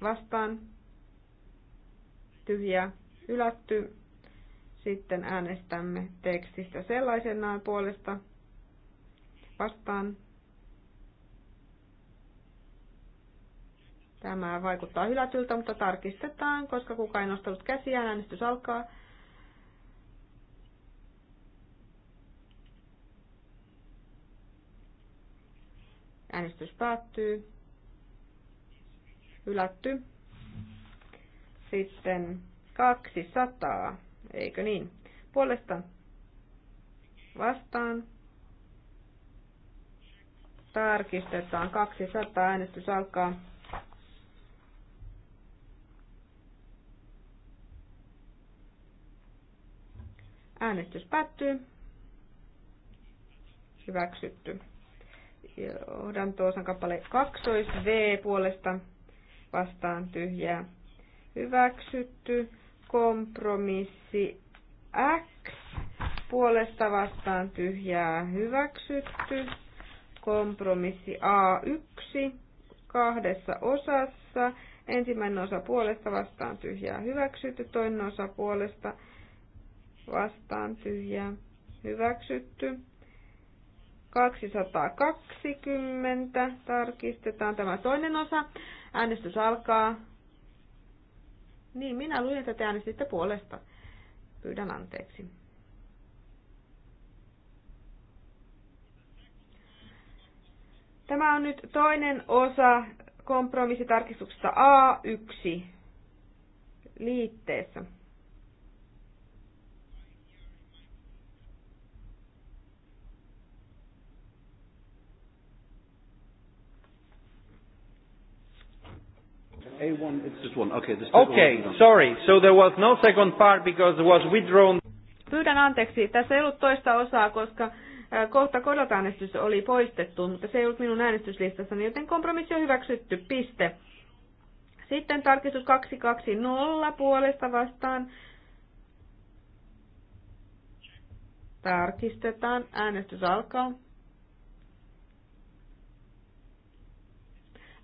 vastaan tyhjää ylätty sitten äänestämme tekstistä sellaisenaan puolesta vastaan. Tämä vaikuttaa hylätyltä, mutta tarkistetaan, koska kukaan ei nostanut käsiään. Äänestys alkaa. Äänestys päättyy. Hylätty. Sitten 200. Eikö niin? Puolesta vastaan. Tarkistetaan 200. Äänestys alkaa. Äänestys päättyy. Hyväksytty. Johdantoosan kappale 12 V puolesta vastaan tyhjää. Hyväksytty kompromissi X puolesta vastaan tyhjää hyväksytty. Kompromissi A1 kahdessa osassa. Ensimmäinen osa puolesta vastaan tyhjää hyväksytty, toinen osa puolesta vastaan tyhjää hyväksytty. 220 tarkistetaan tämä toinen osa. Äänestys alkaa. Niin, minä luin, tätä te sitten puolesta. Pyydän anteeksi. Tämä on nyt toinen osa kompromissitarkistuksesta A1 liitteessä. A1, it's just one. Okay, this okay sorry. So there was no second part because it was withdrawn. Pyydän anteeksi. Tässä ei ollut toista osaa, koska kohta kodotäänestys oli poistettu, mutta se ei ollut minun äänestyslistassani, joten kompromissi on hyväksytty. Piste. Sitten tarkistus 220 puolesta vastaan. Tarkistetaan. Äänestys alkaa.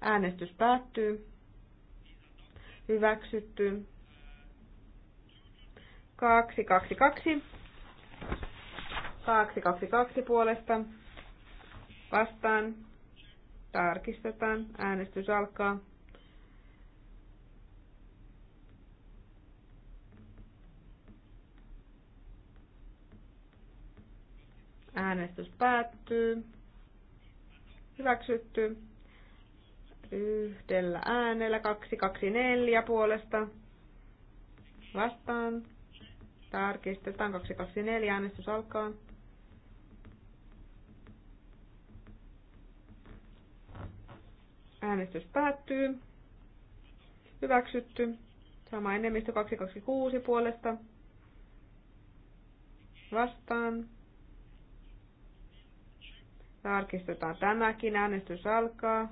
Äänestys päättyy hyväksytty. 222. 222 puolesta vastaan. Tarkistetaan. Äänestys alkaa. Äänestys päättyy. Hyväksytty yhdellä äänellä kaksi kaksi neljä puolesta vastaan. Tarkistetaan kaksi neljä, äänestys alkaa. Äänestys päättyy. Hyväksytty. Sama enemmistö 226 puolesta. Vastaan. Tarkistetaan tämäkin. Äänestys alkaa.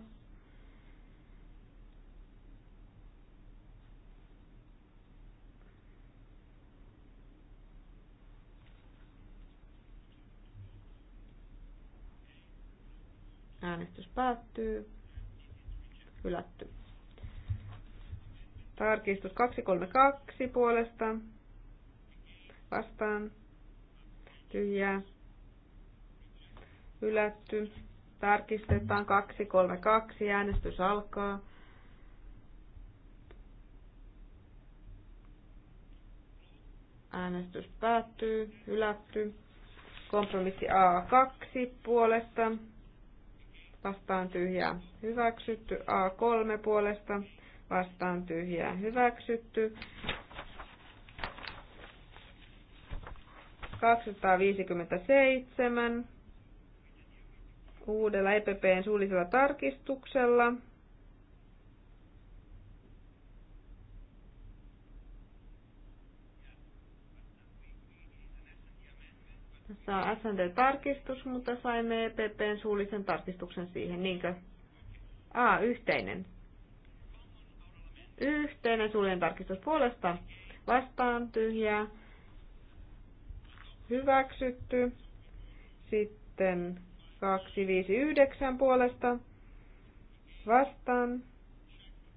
Äänestys päättyy. Hylätty. Tarkistus 232 puolesta. Vastaan. Tyhjää. Hylätty. Tarkistetaan 232. Äänestys alkaa. Äänestys päättyy. Hylätty. Kompromissi A2 puolesta vastaan tyhjää hyväksytty. A3 puolesta vastaan tyhjää hyväksytty. 257 uudella EPPn suullisella tarkistuksella. saa SND-tarkistus, mutta saimme EPPn suullisen tarkistuksen siihen, niinkö? A, yhteinen. Yhteinen suullinen tarkistus puolesta. Vastaan tyhjää. Hyväksytty. Sitten 259 puolesta. Vastaan.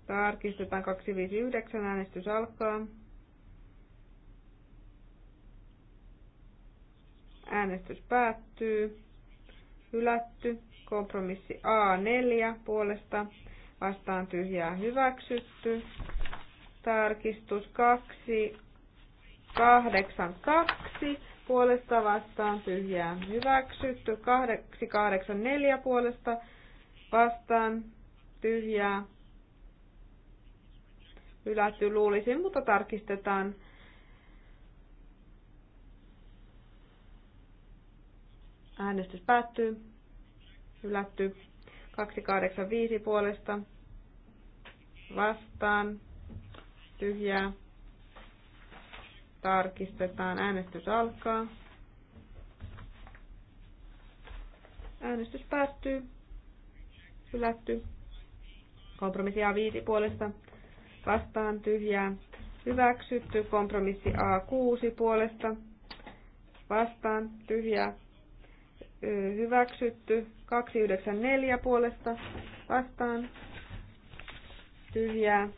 Tarkistetaan 259. Äänestys alkaa. Äänestys päättyy. Hylätty. Kompromissi A4 puolesta vastaan tyhjää hyväksytty. Tarkistus 2, 8, 2 puolesta vastaan tyhjää hyväksytty. 284 8, 4 puolesta vastaan tyhjää hylätty luulisin, mutta tarkistetaan Äänestys päättyy. Hylätty. 285 puolesta. Vastaan. Tyhjää. Tarkistetaan. Äänestys alkaa. Äänestys päättyy. Hylätty. Kompromissi A5 puolesta. Vastaan tyhjää. Hyväksytty. Kompromissi A6 puolesta. Vastaan tyhjää hyväksytty. 294 puolesta vastaan tyhjää.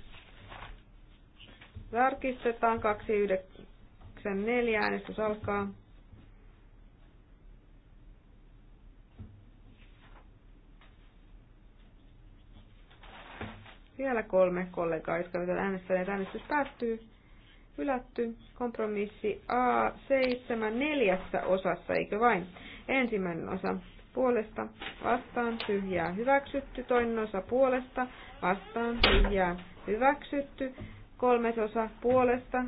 Tarkistetaan 294 äänestys alkaa. Vielä kolme kollegaa, jotka ovat äänestäneet. Äänestys päättyy. Hylätty. Kompromissi A7 neljässä osassa, eikö vain? Ensimmäinen osa puolesta vastaan tyhjää hyväksytty, toinen osa puolesta vastaan tyhjää hyväksytty, kolmas osa puolesta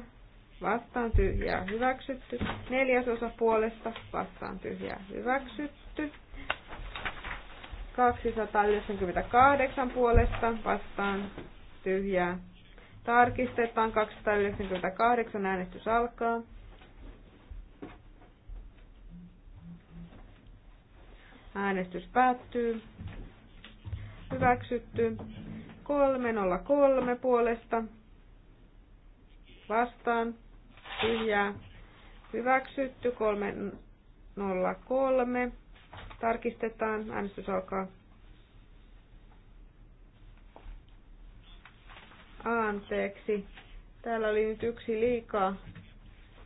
vastaan tyhjää hyväksytty, neljäs osa puolesta vastaan tyhjää hyväksytty. 298 puolesta vastaan tyhjää. Tarkistetaan 298 äänestys alkaa. Äänestys päättyy. Hyväksytty. 303 puolesta. Vastaan. Tyhjää. Hyväksytty. 303. Tarkistetaan. Äänestys alkaa. Anteeksi. Täällä oli nyt yksi liikaa.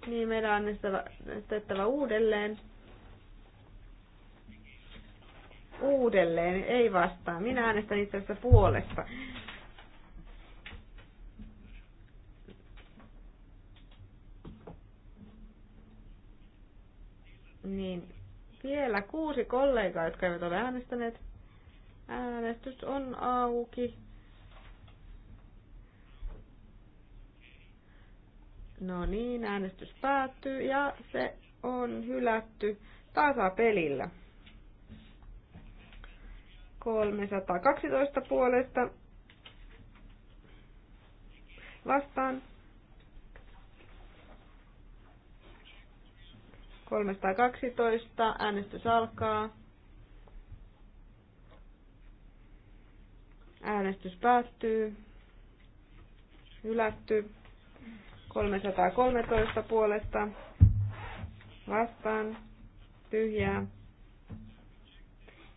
Niin meidän on äänestettävä uudelleen uudelleen, ei vastaan. Minä äänestän itse asiassa puolesta. Niin, vielä kuusi kollegaa, jotka eivät ole äänestäneet. Äänestys on auki. No niin, äänestys päättyy ja se on hylätty tasapelillä. pelillä. 312 puolesta vastaan. 312, äänestys alkaa. Äänestys päättyy. Hylätty. 313 puolesta vastaan. Tyhjää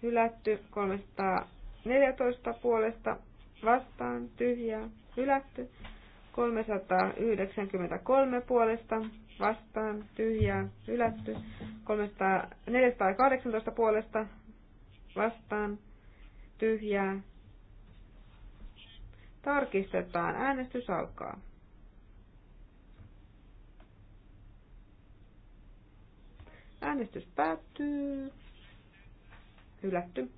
hylätty 314 puolesta vastaan tyhjää hylätty 393 puolesta vastaan tyhjää hylätty 418 puolesta vastaan tyhjää tarkistetaan äänestys alkaa Äänestys päättyy hylätty.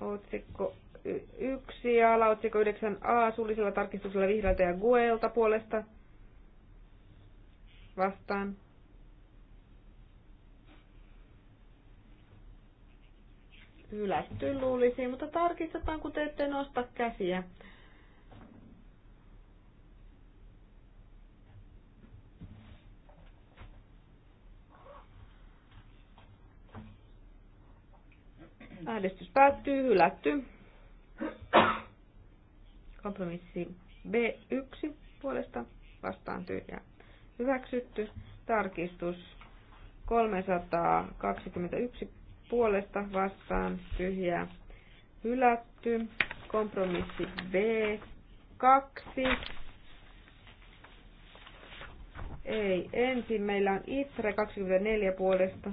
Otsikko 1 ja alaotsikko 9a suullisella tarkistuksella vihreältä ja Guelta puolesta vastaan. Hylätty luulisi, mutta tarkistetaan, kun te ette nosta käsiä. Äänestys päättyy, hylätty. Kompromissi B1 puolesta vastaan tyhjä. Hyväksytty. Tarkistus 321 puolesta vastaan tyhjä. Hylätty. Kompromissi B2. Ei, ensin meillä on ITRE 24 puolesta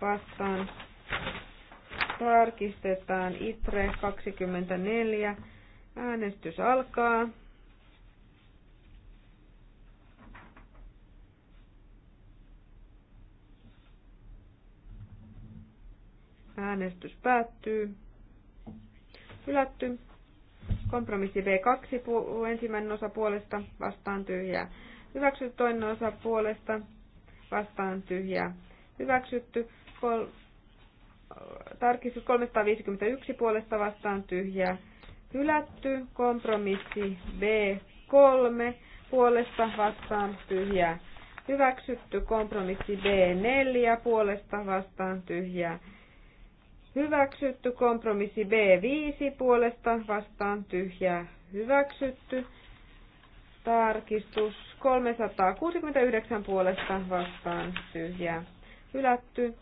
vastaan Tarkistetaan ITRE 24. Äänestys alkaa. Äänestys päättyy. Hylätty. Kompromissi B2 ensimmäinen osa puolesta vastaan tyhjää. Hyväksytty toinen osa puolesta vastaan tyhjää. Hyväksytty kol- tarkistus 351 puolesta vastaan tyhjä hylätty. Kompromissi B3 puolesta vastaan tyhjä hyväksytty. Kompromissi B4 puolesta vastaan tyhjä hyväksytty. Kompromissi B5 puolesta vastaan tyhjä hyväksytty. Tarkistus 369 puolesta vastaan tyhjä hylätty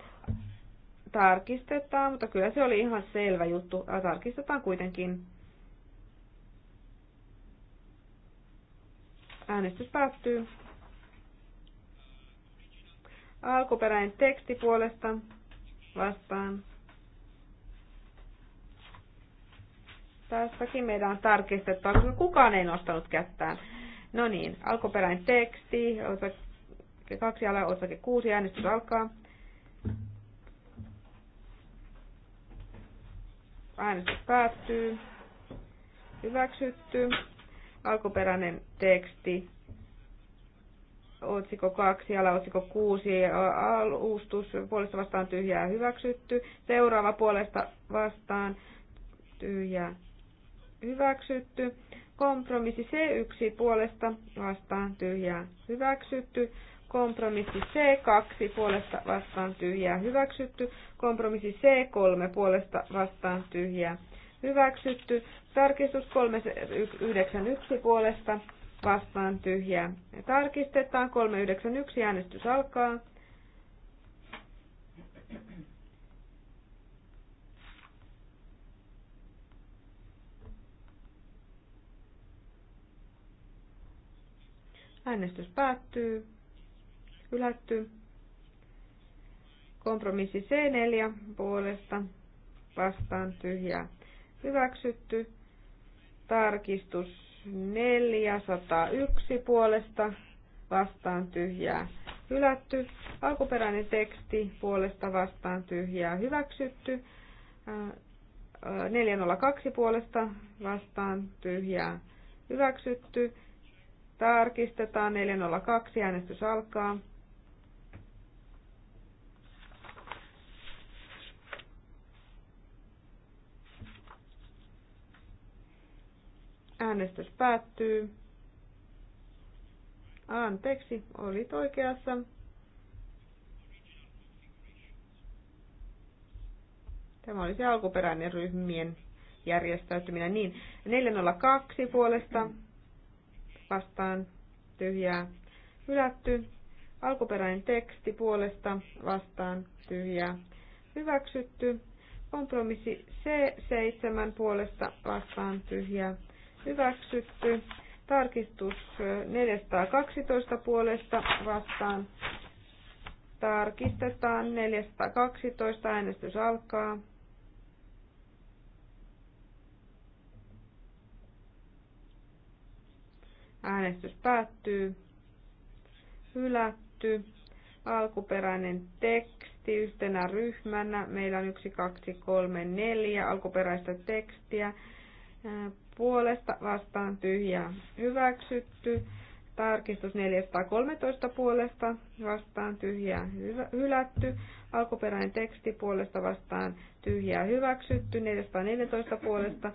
tarkistetaan, mutta kyllä se oli ihan selvä juttu. Tarkistetaan kuitenkin. Äänestys päättyy. Alkuperäinen teksti puolesta vastaan. Tässäkin meidän on tarkistettava, koska kukaan ei nostanut kättään. No niin, alkuperäinen teksti, osake kaksi ala, osake kuusi äänestys alkaa. Äänestys päättyy. Hyväksytty. Alkuperäinen teksti. Otsikko 2, alaotsikko 6, alustus, puolesta vastaan tyhjää hyväksytty. Seuraava puolesta vastaan tyhjää hyväksytty. Kompromissi C1 puolesta vastaan tyhjää hyväksytty. Kompromissi C2 puolesta vastaan tyhjää hyväksytty. Kompromissi C3 puolesta vastaan tyhjää hyväksytty. Tarkistus 391 puolesta vastaan tyhjää. Tarkistetaan 391 äänestys alkaa. Äänestys päättyy hylätty. Kompromissi C4 puolesta vastaan tyhjää hyväksytty. Tarkistus 401 puolesta vastaan tyhjää hylätty. Alkuperäinen teksti puolesta vastaan tyhjää hyväksytty. 402 puolesta vastaan tyhjää hyväksytty. Tarkistetaan 402 äänestys alkaa. Äänestys päättyy. Anteeksi, olit oikeassa. Tämä oli se alkuperäinen ryhmien järjestäytyminen. Niin, 402 puolesta vastaan tyhjää hylätty. Alkuperäinen teksti puolesta vastaan tyhjää hyväksytty. Kompromissi C7 puolesta vastaan tyhjää hyväksytty. Tarkistus 412 puolesta vastaan. Tarkistetaan 412. Äänestys alkaa. Äänestys päättyy. Hylätty. Alkuperäinen teksti yhtenä ryhmänä. Meillä on 1, 2, 3, 4 alkuperäistä tekstiä puolesta vastaan tyhjää hyväksytty. Tarkistus 413 puolesta vastaan tyhjää hylätty. Alkuperäinen teksti puolesta vastaan tyhjää hyväksytty. 414 puolesta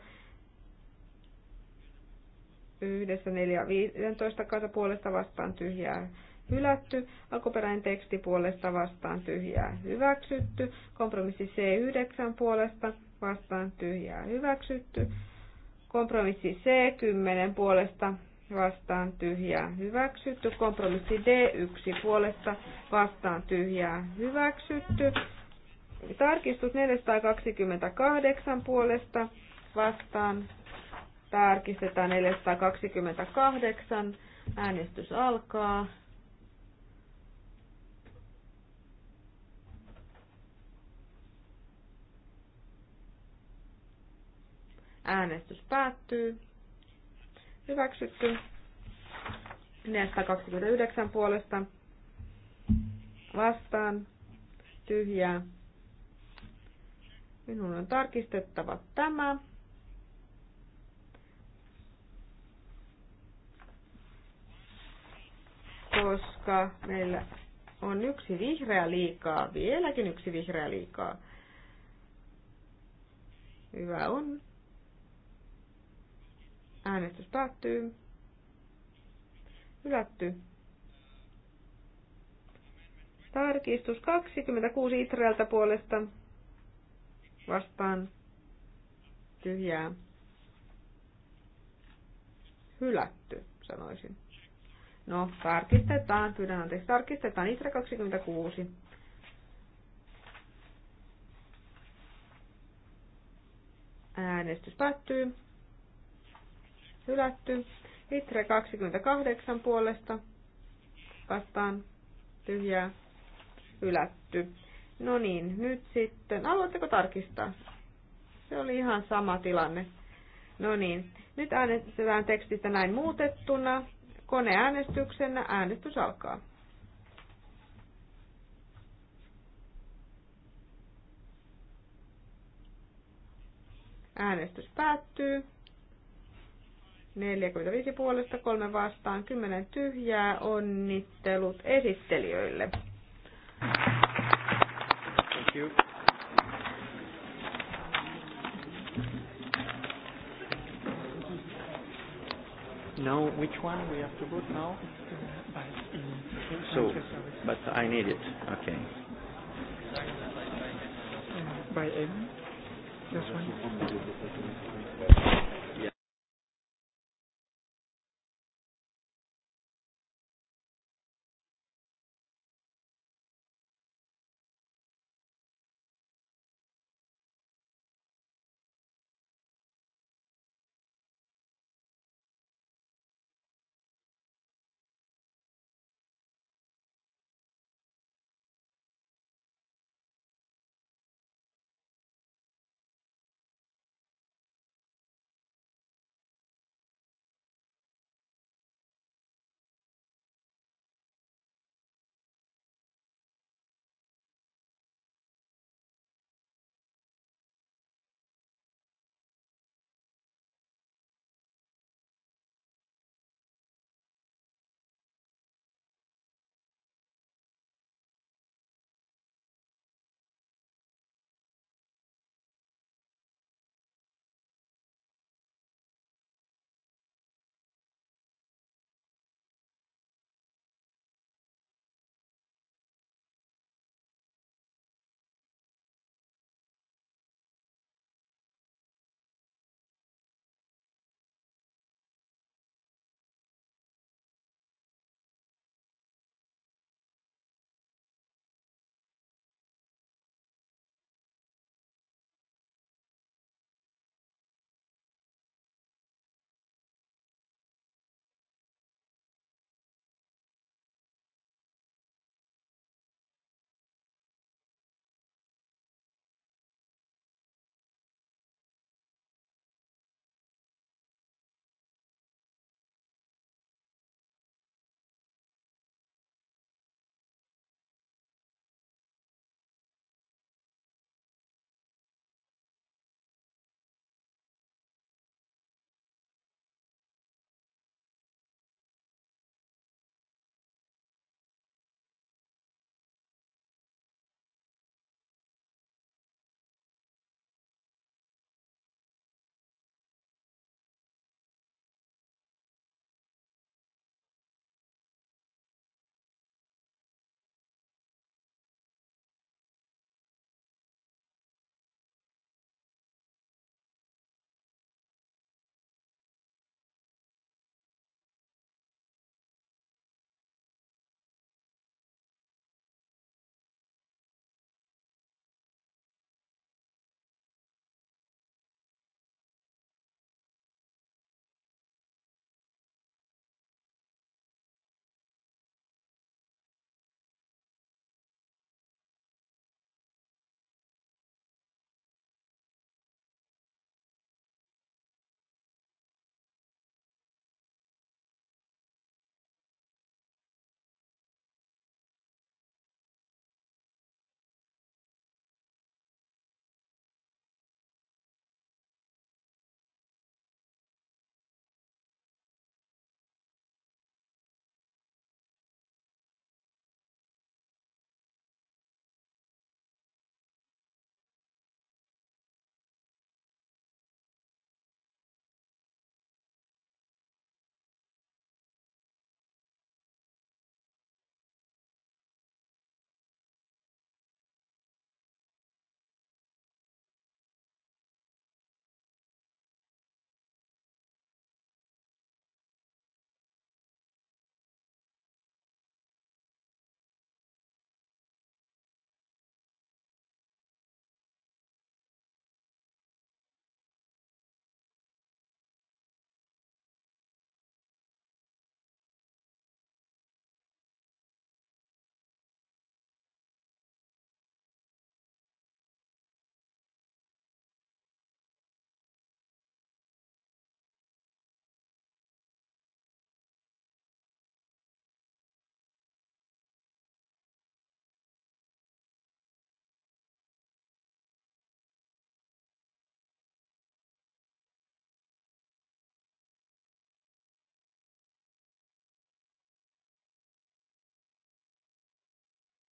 yhdessä 415 kanssa puolesta vastaan tyhjää hylätty, alkuperäinen teksti puolesta vastaan tyhjää hyväksytty, kompromissi C9 puolesta vastaan tyhjää hyväksytty, Kompromissi C, 10 puolesta vastaan tyhjää hyväksytty. Kompromissi D, 1 puolesta vastaan tyhjää hyväksytty. Tarkistus 428 puolesta vastaan. Tarkistetaan 428. Äänestys alkaa. Äänestys päättyy. Hyväksytty. 429 puolesta. Vastaan. Tyhjää. Minun on tarkistettava tämä. Koska meillä on yksi vihreä liikaa, vieläkin yksi vihreä liikaa. Hyvä on. Äänestys päättyy. Hylätty. Tarkistus 26 Itreltä puolesta. Vastaan. Tyhjää. Hylätty, sanoisin. No, tarkistetaan. Pyydän anteeksi. Tarkistetaan Itre 26. Äänestys päättyy hylätty. Itre 28 puolesta vastaan tyhjää hylätty. No niin, nyt sitten, haluatteko tarkistaa? Se oli ihan sama tilanne. No niin, nyt äänestetään tekstistä näin muutettuna. Koneäänestyksenä äänestys alkaa. Äänestys päättyy. 45 puolesta, kolme vastaan, 10 tyhjää. Onnittelut esittelijöille. Thank you. No, which one we have to vote now? So, but I need it. Okay. By M. This one.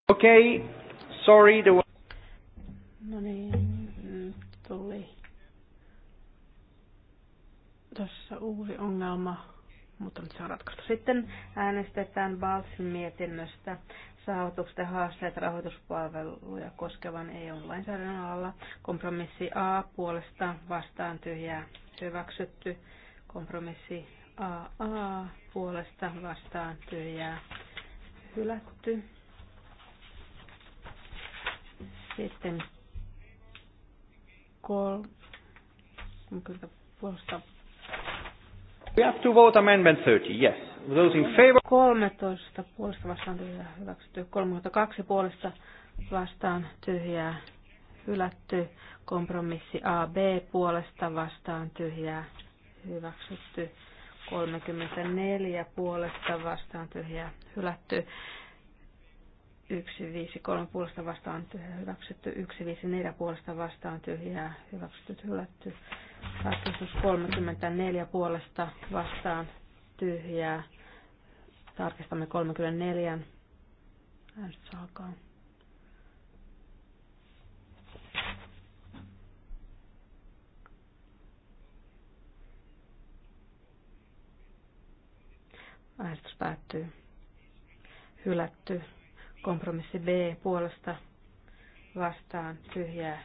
Okei, okay. sorry. The... No niin, tuli tässä uusi ongelma, mutta nyt se on ratkaistu. Sitten äänestetään Balsin mietinnöstä saavutukset ja haasteet rahoituspalveluja koskevan EU-lainsäädännön alla Kompromissi A puolesta vastaan tyhjää hyväksytty. Kompromissi AA puolesta vastaan tyhjää hylätty sitten kol... We have to vote amendment 30, yes. Those in favor... 13 puolesta vastaan tyhjää hyväksytty, 32 puolesta vastaan tyhjää hylätty, kompromissi AB puolesta vastaan tyhjää hyväksytty, 34 puolesta vastaan tyhjää hylätty, 153 puolesta vastaan tyhjä hyväksytty, 154 puolesta vastaan tyhjä hyväksytty, hylätty. Tarkistus 34 puolesta vastaan tyhjää. Tarkistamme 34. Äänestys alkaa. Äänestys päättyy. Hylätty. Kompromissi B puolesta vastaan tyhjää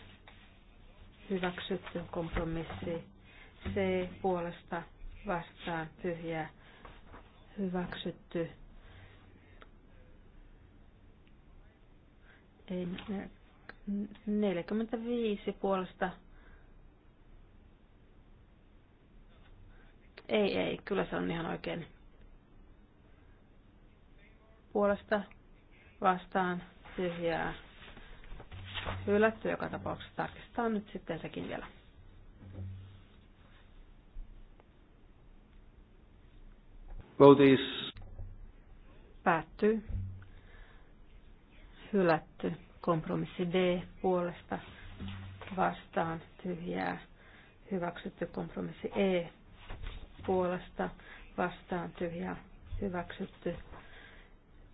hyväksytty. Kompromissi C puolesta vastaan tyhjää hyväksytty. Ei, 45 puolesta. Ei, ei, kyllä se on ihan oikein. Puolesta vastaan tyhjää hylätty joka tapauksessa. Tarkistetaan nyt sitten sekin vielä. Vote is... Päättyy. Hylätty. Kompromissi D puolesta vastaan tyhjää. Hyväksytty kompromissi E puolesta vastaan tyhjää. Hyväksytty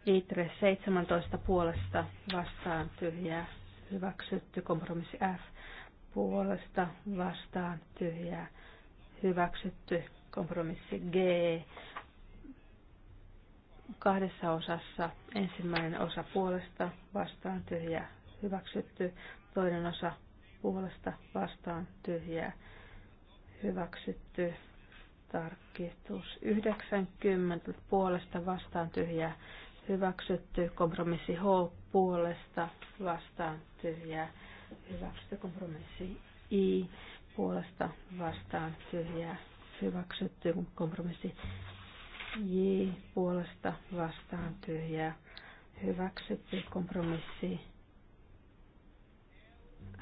ITRE 17 puolesta vastaan tyhjää hyväksytty. Kompromissi F puolesta vastaan tyhjää hyväksytty. Kompromissi G kahdessa osassa. Ensimmäinen osa puolesta vastaan tyhjää hyväksytty. Toinen osa puolesta vastaan tyhjää hyväksytty tarkistus 90 puolesta vastaan tyhjää hyväksytty kompromissi H puolesta vastaan tyhjää, hyväksytty kompromissi I puolesta vastaan tyhjää, hyväksytty kompromissi J puolesta vastaan tyhjää, hyväksytty kompromissi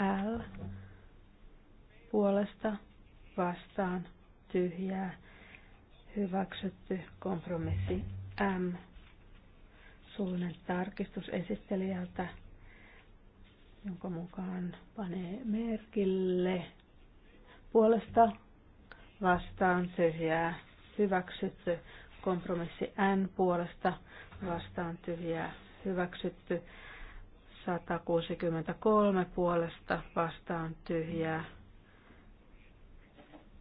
L puolesta vastaan tyhjää, hyväksytty kompromissi M suullinen tarkistus esittelijältä, jonka mukaan panee merkille puolesta vastaan tyhjää hyväksytty, kompromissi N puolesta vastaan tyhjää hyväksytty, 163 puolesta vastaan tyhjää.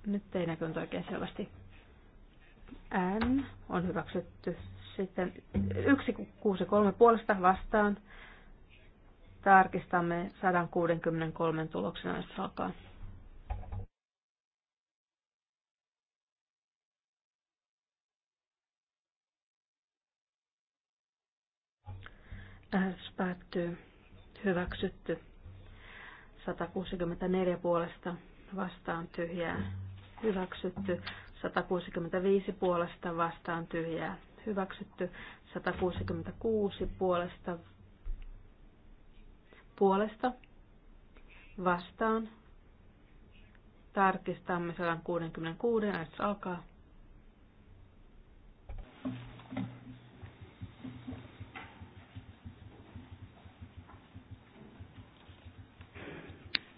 Nyt ei näkynyt oikein selvästi. N on hyväksytty sitten 163 puolesta vastaan. Tarkistamme 163 tuloksena, jos alkaa. Äänestys päättyy. Hyväksytty. 164 puolesta vastaan tyhjää. Hyväksytty. 165 puolesta vastaan tyhjää hyväksytty 166 puolesta puolesta vastaan. Tarkistamme 166, äänestys alkaa.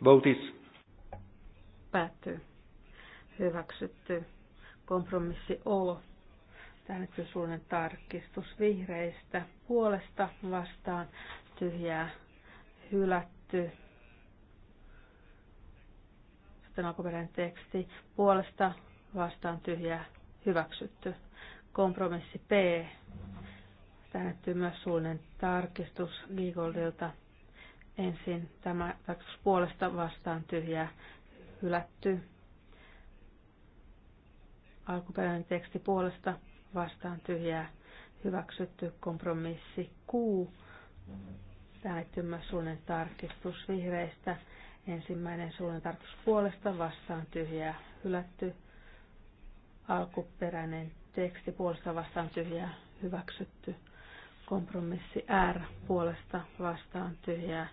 Vote Päättyy. Hyväksytty. Kompromissi O Äänestyssuunnan tarkistus vihreistä puolesta vastaan tyhjää hylätty. Sitten alkuperäinen teksti puolesta vastaan tyhjää hyväksytty. Kompromissi P. Tähdetty myös suullinen tarkistus Giegoldilta. Ensin tämä tarkistus puolesta vastaan tyhjää hylätty. Alkuperäinen teksti puolesta vastaan tyhjää hyväksytty kompromissi Q. Äänetty myös tarkistus vihreistä. Ensimmäinen suullinen tarkistus puolesta vastaan tyhjää hylätty. Alkuperäinen teksti puolesta vastaan tyhjää hyväksytty. Kompromissi R puolesta vastaan tyhjää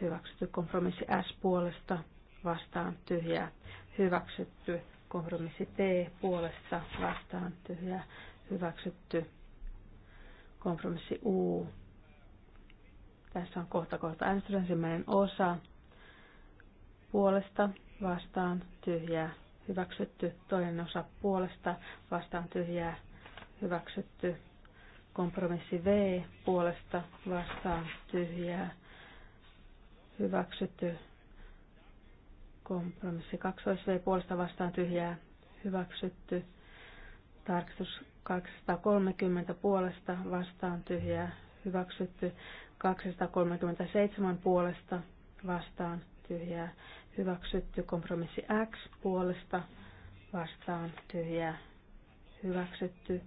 hyväksytty. Kompromissi S puolesta vastaan tyhjää hyväksytty. Kompromissi T puolesta vastaan tyhjää hyväksytty. Kompromissi U. Tässä on kohta kohta äänestys ensimmäinen osa. Puolesta vastaan tyhjää hyväksytty. Toinen osa puolesta vastaan tyhjää hyväksytty. Kompromissi V puolesta vastaan tyhjää hyväksytty. Kompromissi 2 V puolesta vastaan tyhjää hyväksytty. Tarkistus 230 puolesta vastaan tyhjää hyväksytty. 237 puolesta vastaan tyhjää hyväksytty. Kompromissi X puolesta vastaan tyhjää hyväksytty.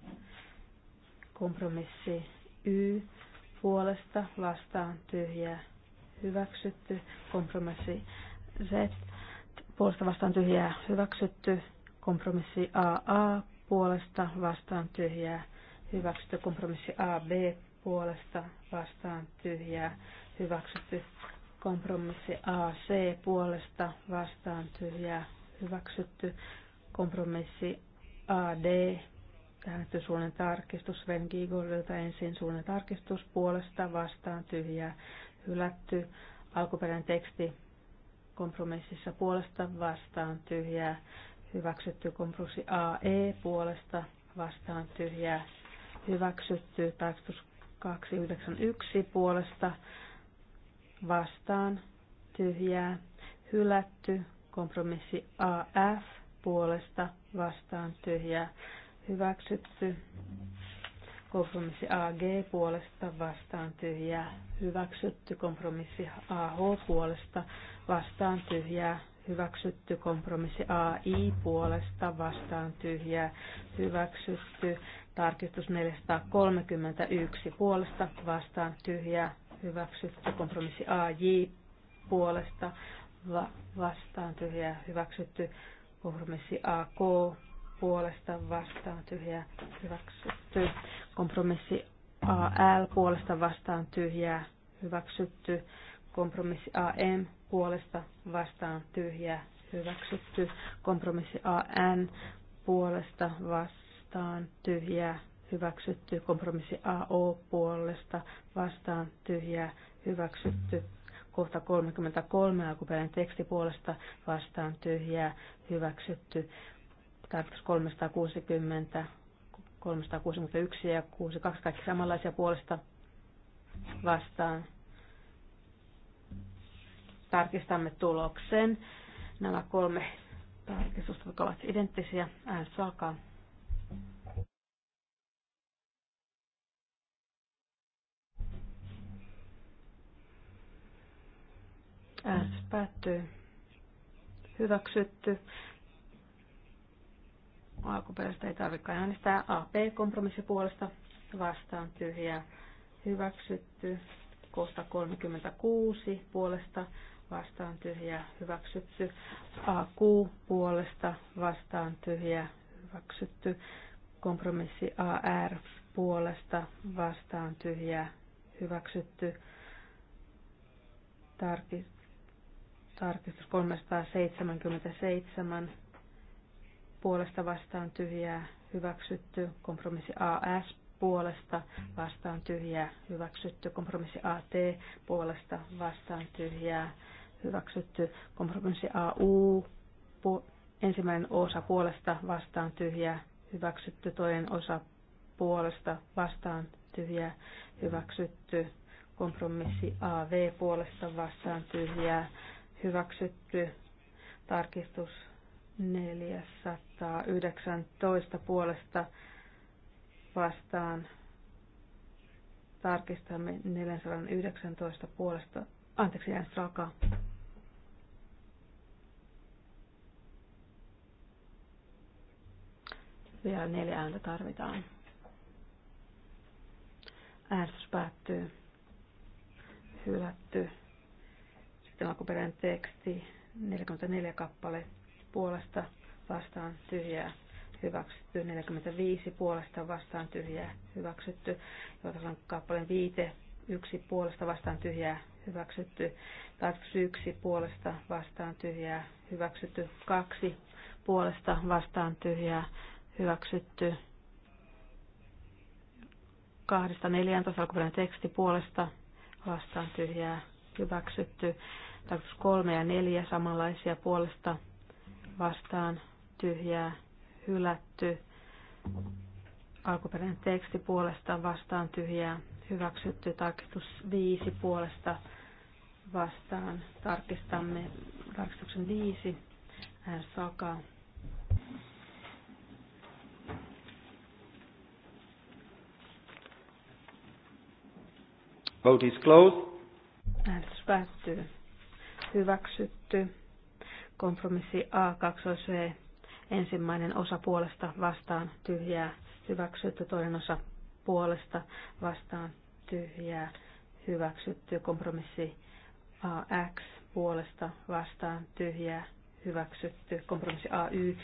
Kompromissi Y puolesta vastaan tyhjää hyväksytty. Kompromissi Z puolesta vastaan tyhjää hyväksytty. Kompromissi AA puolesta vastaan tyhjää hyväksytty. Kompromissi AB puolesta vastaan tyhjää hyväksytty. Kompromissi AC puolesta vastaan tyhjää hyväksytty. Kompromissi AD tähdätty suunnan tarkistus Sven Giegoldilta ensin suunnan tarkistus puolesta vastaan tyhjää hylätty. Alkuperäinen teksti kompromississa puolesta vastaan tyhjää Hyväksytty kompromissi AE puolesta vastaan tyhjää. Hyväksytty tarkistus 291 puolesta vastaan tyhjää. Hylätty kompromissi AF puolesta vastaan tyhjää. Hyväksytty kompromissi AG puolesta vastaan tyhjää, hyväksytty kompromissi AH puolesta vastaan tyhjää, hyväksytty kompromissi AI puolesta vastaan tyhjää hyväksytty tarkistus 431 puolesta vastaan tyhjää hyväksytty kompromissi AJ puolesta va- vastaan tyhjää hyväksytty kompromissi AK puolesta vastaan tyhjää hyväksytty kompromissi AL puolesta vastaan tyhjää hyväksytty kompromissi AM puolesta vastaan tyhjä hyväksytty. Kompromissi AN puolesta vastaan tyhjä hyväksytty. Kompromissi AO puolesta vastaan tyhjä hyväksytty. Kohta 33 alkuperäinen teksti puolesta vastaan tyhjä hyväksytty. Tarkoitus 360 361 ja 62 kaikki samanlaisia puolesta vastaan tarkistamme tuloksen. Nämä kolme tarkistusta, jotka ovat identtisiä, äänestys alkaa. Äänestys päättyy. Hyväksytty. Alkuperäistä ei tarvitse äänestää. AP-kompromissi puolesta vastaan tyhjää. Hyväksytty. Kohta 36 puolesta vastaan tyhjää hyväksytty. AQ puolesta vastaan tyhjää hyväksytty. Kompromissi AR puolesta vastaan tyhjää hyväksytty. Tarkistus 377 puolesta vastaan tyhjää hyväksytty. Kompromissi AS puolesta vastaan tyhjää hyväksytty. Kompromissi AT puolesta vastaan tyhjää hyväksytty hyväksytty. Kompromissi AU, ensimmäinen osa puolesta vastaan tyhjää, hyväksytty. Toinen osa puolesta vastaan tyhjää, hyväksytty. Kompromissi AV puolesta vastaan tyhjää, hyväksytty. Tarkistus 419 puolesta vastaan tarkistamme 419 puolesta. Anteeksi, jäänyt alkaa. Vielä neljä ääntä tarvitaan. Äänestys päättyy. Hylätty. Sitten alkuperäinen teksti. 44 kappale puolesta vastaan tyhjää hyväksytty. 45 puolesta vastaan tyhjää hyväksytty. Joutasan kappaleen viite. Yksi puolesta vastaan tyhjää hyväksytty. Tarkoitus yksi puolesta vastaan tyhjää hyväksytty. Kaksi puolesta vastaan tyhjää hyväksytty. Kahdesta 14 alkuperäinen teksti puolesta vastaan tyhjää hyväksytty. Tarkoitus kolme ja neljä samanlaisia puolesta vastaan tyhjää hylätty. Alkuperäinen teksti puolesta vastaan tyhjää hyväksytty. Tarkistus viisi puolesta vastaan. Tarkistamme tarkistuksen viisi. Äänestys alkaa. Vote is closed. Äänestys päättyy. Hyväksytty. Kompromissi A, 2 V. Ensimmäinen osa puolesta vastaan tyhjää. Hyväksytty. Toinen osa puolesta vastaan tyhjää. Hyväksytty. Kompromissi AX puolesta vastaan tyhjää. Hyväksytty. Kompromissi AY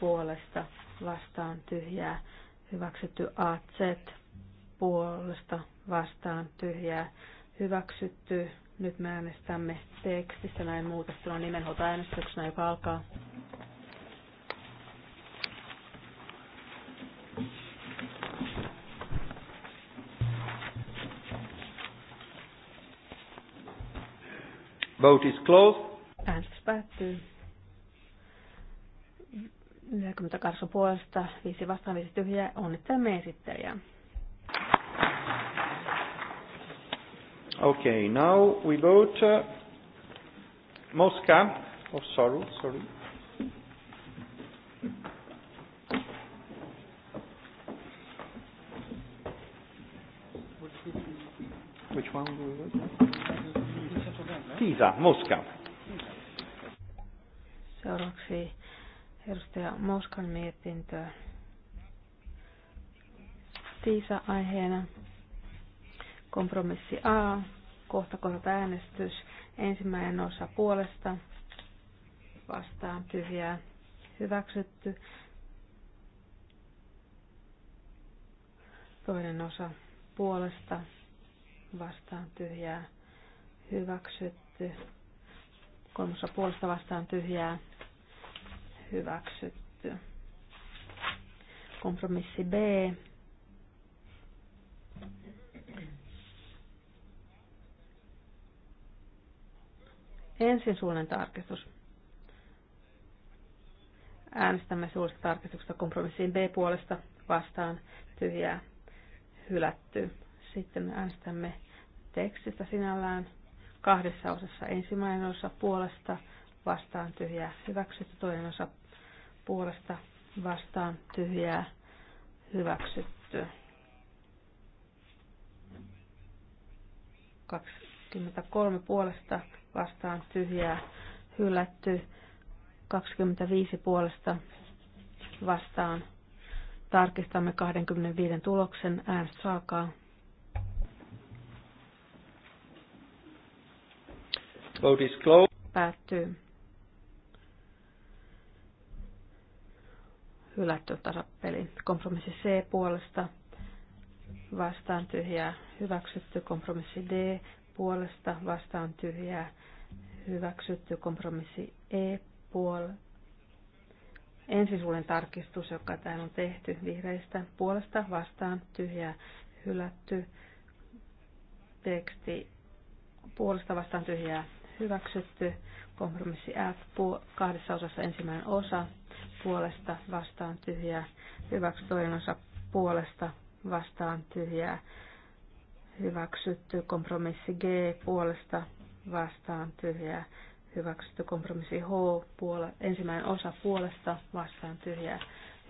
puolesta vastaan tyhjää. Hyväksytty AZ puolesta vastaan tyhjää hyväksytty. Nyt me äänestämme tekstissä näin muutettuna äänestyksenä, joka alkaa. Vote is closed. Äänestys päättyy. 48 puolesta, 5 vastaan, 5 tyhjää. Onnittelemme esittelijää. Okay, now we vote uh, Mosca. Oh, sorry, sorry. Which one do we vote? Pisa, Mosca. Seuraavaksi edustaja Moskan mietintö. Tiisa aiheena kompromissi A kohta kohdalta äänestys. Ensimmäinen osa puolesta vastaan tyhjää hyväksytty. Toinen osa puolesta vastaan tyhjää hyväksytty. Kolmas osa puolesta vastaan tyhjää hyväksytty. Kompromissi B Ensin suullinen tarkistus. Äänestämme suullisesta tarkistuksesta kompromissiin B puolesta vastaan tyhjää hylätty. Sitten äänestämme tekstistä sinällään kahdessa osassa. Ensimmäinen osa puolesta vastaan tyhjää hyväksytty, toinen osa puolesta vastaan tyhjää hyväksytty. 23 puolesta vastaan tyhjää hylätty. 25 puolesta vastaan. Tarkistamme 25 tuloksen. Äänestys saakaa. Vote is closed. Päättyy. Hylätty tasapeli. Kompromissi C puolesta vastaan tyhjää hyväksytty. Kompromissi D puolesta vastaan tyhjää hyväksytty kompromissi E puol. Ensisuullinen tarkistus, joka tähän on tehty vihreistä puolesta vastaan tyhjää hylätty teksti puolesta vastaan tyhjää hyväksytty. Kompromissi F kahdessa osassa ensimmäinen osa puolesta vastaan tyhjää hyväksytty toinen osa puolesta vastaan tyhjää hyväksytty kompromissi G puolesta vastaan tyhjää, hyväksytty kompromissi H puole, ensimmäinen osa puolesta vastaan tyhjää,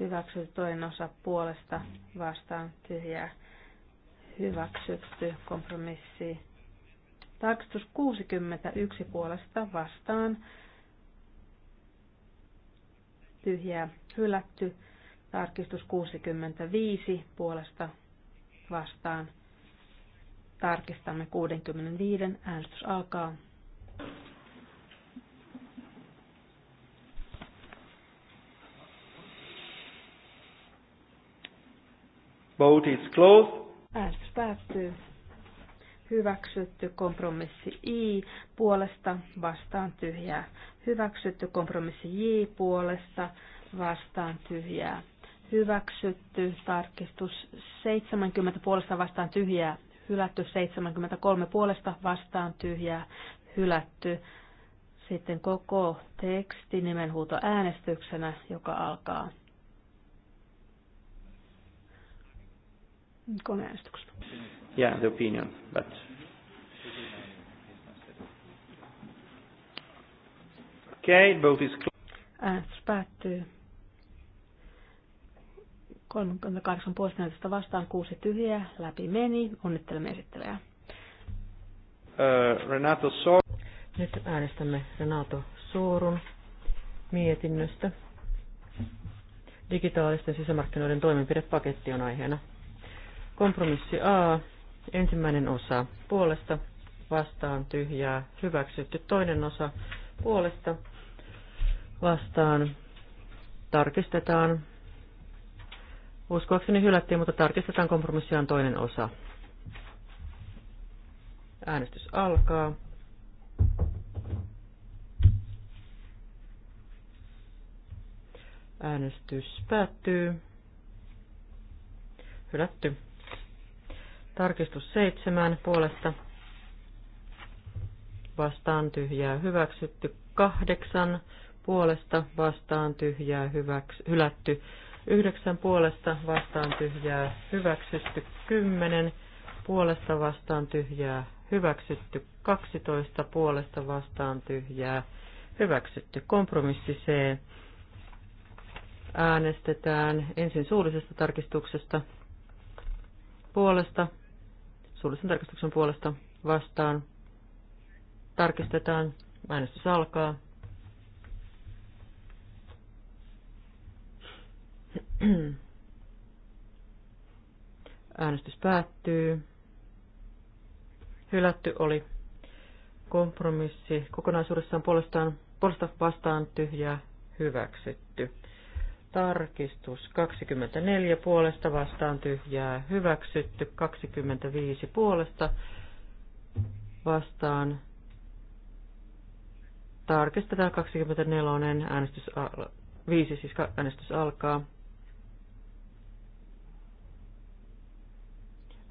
hyväksytty toinen osa puolesta vastaan tyhjää, hyväksytty kompromissi tarkistus 61 puolesta vastaan tyhjää, hylätty tarkistus 65 puolesta vastaan Tarkistamme 65. Äänestys alkaa. Vote is closed. Äänestys päättyy. Hyväksytty kompromissi I puolesta vastaan tyhjää. Hyväksytty kompromissi J puolesta vastaan tyhjää. Hyväksytty tarkistus 70 puolesta vastaan tyhjää hylätty 73 puolesta vastaan tyhjää hylätty. Sitten koko teksti nimenhuuto äänestyksenä, joka alkaa koneäänestyksenä. Yeah, the opinion, but Okay, vote is closed. Äänestys päättyy. 38 puolesta vastaan, kuusi tyhjää, läpi meni. Onnittelemme esittelijää. Uh, Renato Sor. Nyt äänestämme Renato Soorun mietinnöstä. Digitaalisten sisämarkkinoiden toimenpidepaketti on aiheena. Kompromissi A, ensimmäinen osa puolesta, vastaan tyhjää, hyväksytty toinen osa puolesta, vastaan tarkistetaan Uskoakseni hylättiin, mutta tarkistetaan kompromissiaan toinen osa. Äänestys alkaa. Äänestys päättyy. Hylätty. Tarkistus seitsemän puolesta. Vastaan tyhjää hyväksytty. Kahdeksan puolesta vastaan tyhjää hyväks, hylätty. Yhdeksän puolesta vastaan tyhjää hyväksytty 10, puolesta vastaan tyhjää hyväksytty 12, puolesta vastaan tyhjää hyväksytty kompromissi C. Äänestetään ensin suullisesta tarkistuksesta puolesta, suullisen tarkistuksen puolesta vastaan. Tarkistetaan, äänestys alkaa. (clears throat) Äänestys päättyy. Hylätty oli kompromissi. Kokonaisuudessaan puolestaan, puolesta vastaan tyhjä. hyväksytty. Tarkistus 24 puolesta vastaan tyhjää hyväksytty. 25 puolesta vastaan tarkistetaan 24 äänestys, 5 siis äänestys alkaa.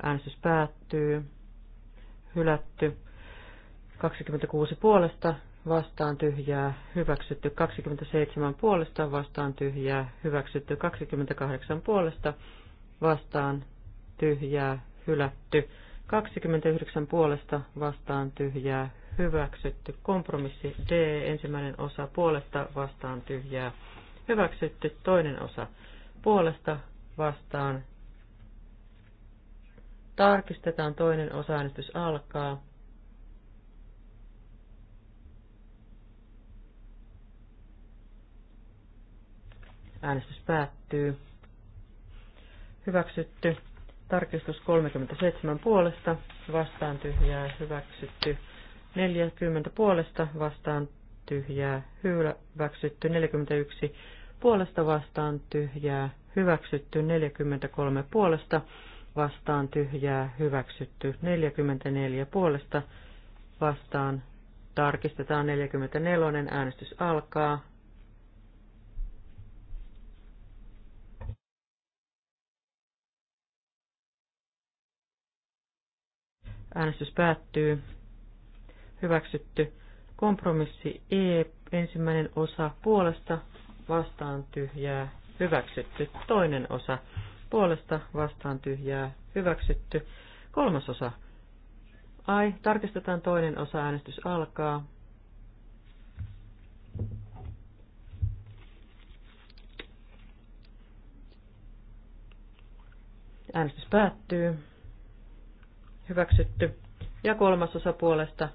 Äänestys päättyy. Hylätty. 26 puolesta vastaan tyhjää, hyväksytty 27 puolesta, vastaan tyhjää, hyväksytty 28 puolesta, vastaan tyhjää, hylätty 29 puolesta, vastaan tyhjää, hyväksytty kompromissi D, ensimmäinen osa puolesta, vastaan tyhjää, hyväksytty toinen osa puolesta, vastaan Tarkistetaan toinen osa-äänestys alkaa. Äänestys päättyy. Hyväksytty. Tarkistus 37 puolesta, vastaan tyhjää, hyväksytty. 40 puolesta, vastaan tyhjää, hyväksytty. 41 puolesta, vastaan tyhjää, hyväksytty. 43 puolesta, vastaan tyhjää hyväksytty 44 puolesta vastaan tarkistetaan 44 äänestys alkaa. Äänestys päättyy. Hyväksytty. Kompromissi E, ensimmäinen osa puolesta, vastaan tyhjää, hyväksytty. Toinen osa puolesta vastaan tyhjää hyväksytty. kolmas osa Ai, tarkistetaan toinen osa, äänestys alkaa. Äänestys päättyy. Hyväksytty. Ja kolmas osa puolesta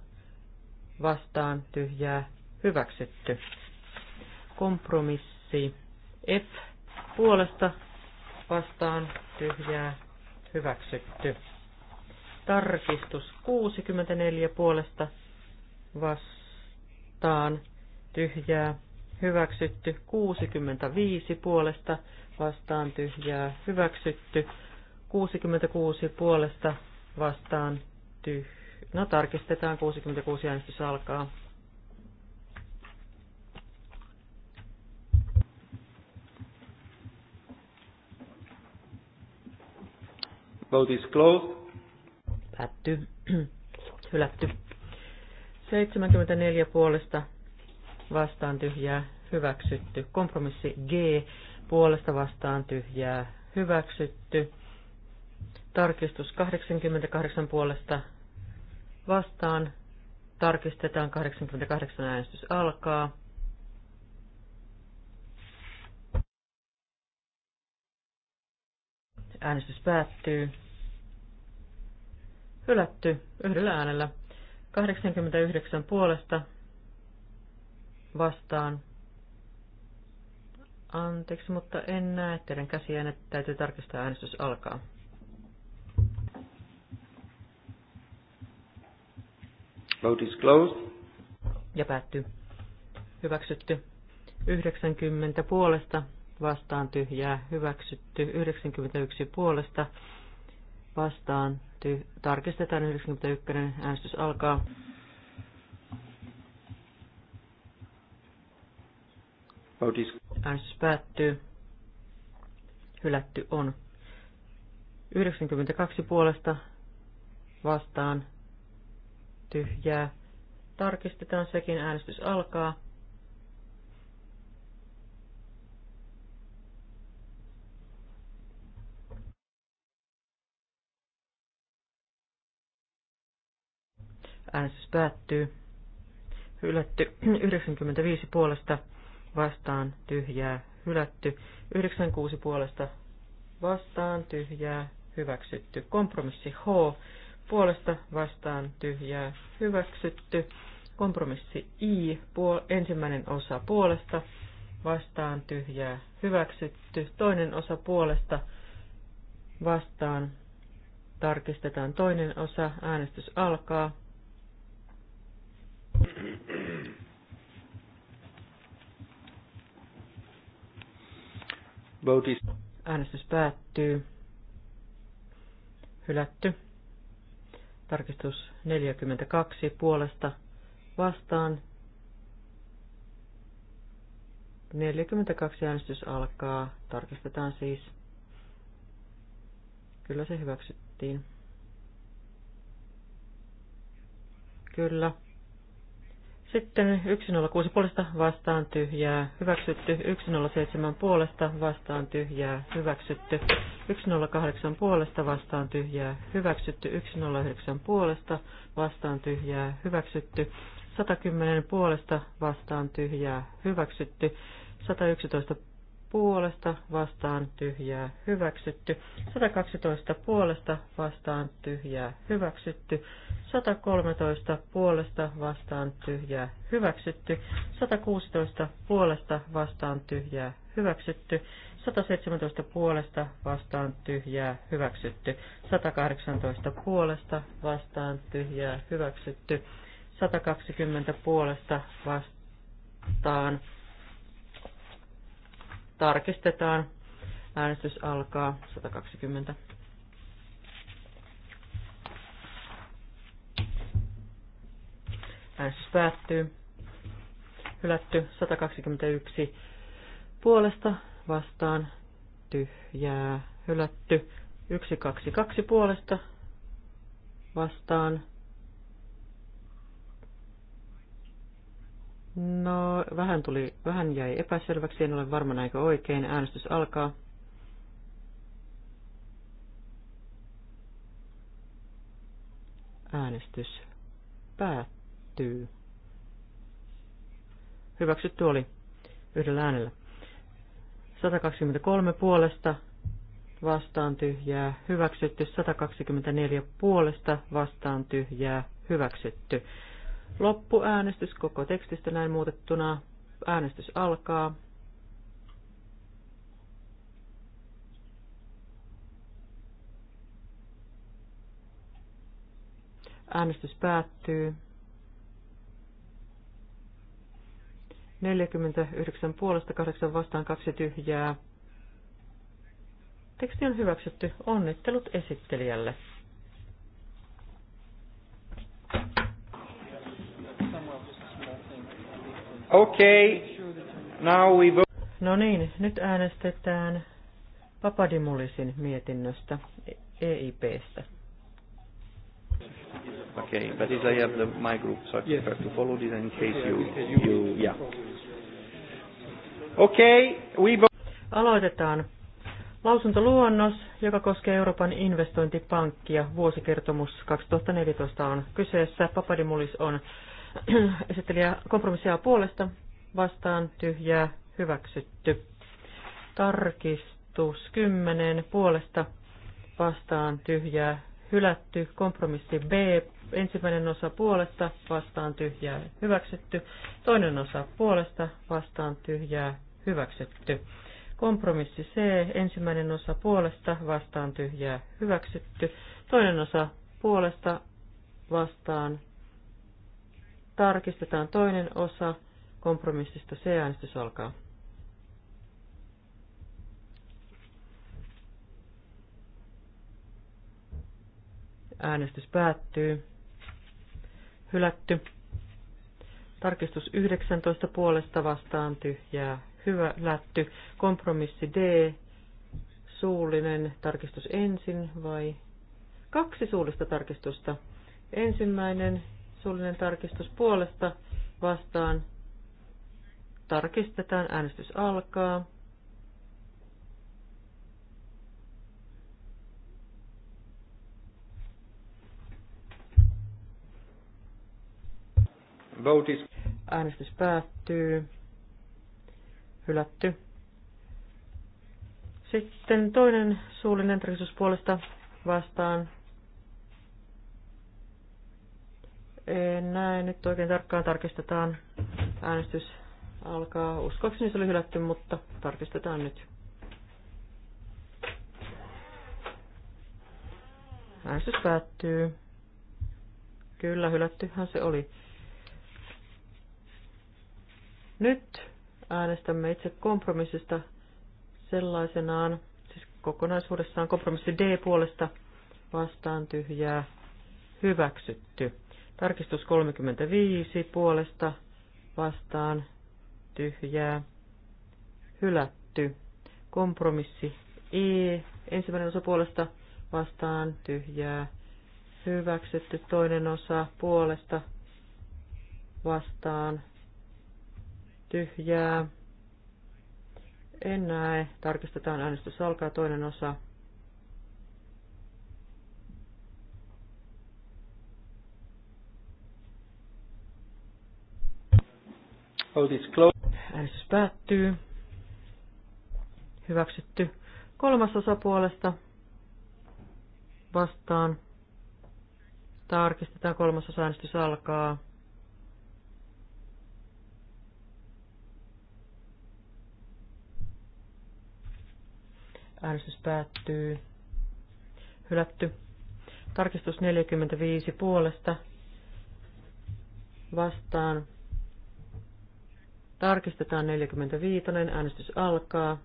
vastaan tyhjää hyväksytty. Kompromissi F puolesta vastaan tyhjää hyväksytty. Tarkistus 64 puolesta vastaan tyhjää hyväksytty. 65 puolesta vastaan tyhjää hyväksytty. 66 puolesta vastaan tyhjää. No tarkistetaan, 66 äänestys alkaa. Vote is closed. Päätty. (clears throat) Hylätty. 74 puolesta vastaan tyhjää hyväksytty. Kompromissi G puolesta vastaan tyhjää hyväksytty. Tarkistus 88 puolesta vastaan. Tarkistetaan 88 äänestys alkaa. Äänestys päättyy. Hylätty yhdellä äänellä. 89 puolesta vastaan. Anteeksi, mutta en näe teidän käsiään, että täytyy tarkistaa äänestys alkaa. Vote is closed. Ja päättyy. Hyväksytty. 90 puolesta vastaan tyhjää hyväksytty, 91 puolesta vastaan ty- tarkistetaan 91, äänestys alkaa. Äänestys päättyy. Hylätty on. 92 puolesta vastaan tyhjää. Tarkistetaan sekin, äänestys alkaa. Äänestys päättyy. Hylätty 95 (clears throat) puolesta vastaan tyhjää hylätty. 96 puolesta vastaan tyhjää hyväksytty. Kompromissi H puolesta vastaan tyhjää hyväksytty. Kompromissi I puol- ensimmäinen osa puolesta vastaan tyhjää hyväksytty. Toinen osa puolesta vastaan tarkistetaan toinen osa. Äänestys alkaa. Äänestys päättyy. Hylätty. Tarkistus 42 puolesta vastaan. 42 äänestys alkaa. Tarkistetaan siis. Kyllä se hyväksyttiin. Kyllä, sitten 106 puolesta vastaan tyhjää hyväksytty, 107 puolesta vastaan tyhjää hyväksytty, 108 puolesta vastaan tyhjää hyväksytty, 109 puolesta vastaan tyhjää hyväksytty, 110 puolesta vastaan tyhjää hyväksytty, 111 puolesta vastaan tyhjää hyväksytty, 112 puolesta vastaan tyhjää hyväksytty, 113 puolesta vastaan tyhjää hyväksytty, 116 puolesta vastaan tyhjää hyväksytty, 117 puolesta vastaan tyhjää hyväksytty, 118 puolesta vastaan tyhjää hyväksytty, 120 puolesta vastaan Tarkistetaan. Äänestys alkaa 120. Äänestys päättyy. Hylätty 121 puolesta vastaan tyhjää hylätty 122 puolesta vastaan No, vähän, tuli, vähän jäi epäselväksi, en ole varma näinkö oikein. Äänestys alkaa. Äänestys päättyy. Hyväksytty oli yhdellä äänellä. 123 puolesta vastaan tyhjää hyväksytty, 124 puolesta vastaan tyhjää hyväksytty. Loppuäänestys koko tekstistä näin muutettuna. Äänestys alkaa. Äänestys päättyy. 49 puolesta 8 vastaan 2 tyhjää. Teksti on hyväksytty. Onnittelut esittelijälle. Okay. Now we vote. No niin, nyt äänestetään Papadimulisin mietinnöstä EIPstä. Okay, but is I have the, my group, so I yes. prefer to follow this in case you, you yeah. Okay, we vote. Aloitetaan. Lausuntoluonnos, joka koskee Euroopan investointipankkia, vuosikertomus 2014 on kyseessä. Papadimulis on (clears throat) esittelijä kompromissia puolesta vastaan tyhjää hyväksytty. Tarkistus 10 puolesta vastaan tyhjää hylätty. Kompromissi B ensimmäinen osa puolesta vastaan tyhjää hyväksytty. Toinen osa puolesta vastaan tyhjää hyväksytty. Kompromissi C ensimmäinen osa puolesta vastaan tyhjää hyväksytty. Toinen osa puolesta vastaan Tarkistetaan toinen osa kompromissista. C-äänestys alkaa. Äänestys päättyy. Hylätty. Tarkistus 19 puolesta vastaan tyhjää. Hyvä lätty. Kompromissi D. Suullinen tarkistus ensin vai? Kaksi suullista tarkistusta. Ensimmäinen Suullinen tarkistus puolesta vastaan. Tarkistetaan. Äänestys alkaa. Vote is... Äänestys päättyy. Hylätty. Sitten toinen suullinen tarkistus puolesta vastaan En näe, nyt oikein tarkkaan tarkistetaan. Äänestys alkaa. Uskoakseni se oli hylätty, mutta tarkistetaan nyt. Äänestys päättyy. Kyllä, hylättyhän se oli. Nyt äänestämme itse kompromissista sellaisenaan, siis kokonaisuudessaan kompromissi D puolesta vastaan tyhjää hyväksytty. Tarkistus 35 puolesta vastaan tyhjää. Hylätty. Kompromissi E. Ensimmäinen osa puolesta vastaan tyhjää. Hyväksytty toinen osa puolesta vastaan tyhjää. En näe. Tarkistetaan äänestys alkaa toinen osa. Vote Äänestys päättyy. Hyväksytty. Kolmas osapuolesta vastaan. Tarkistetaan kolmas osa äänestys alkaa. Äänestys päättyy. Hylätty. Tarkistus 45 puolesta. Vastaan Tarkistetaan 45. Äänestys alkaa.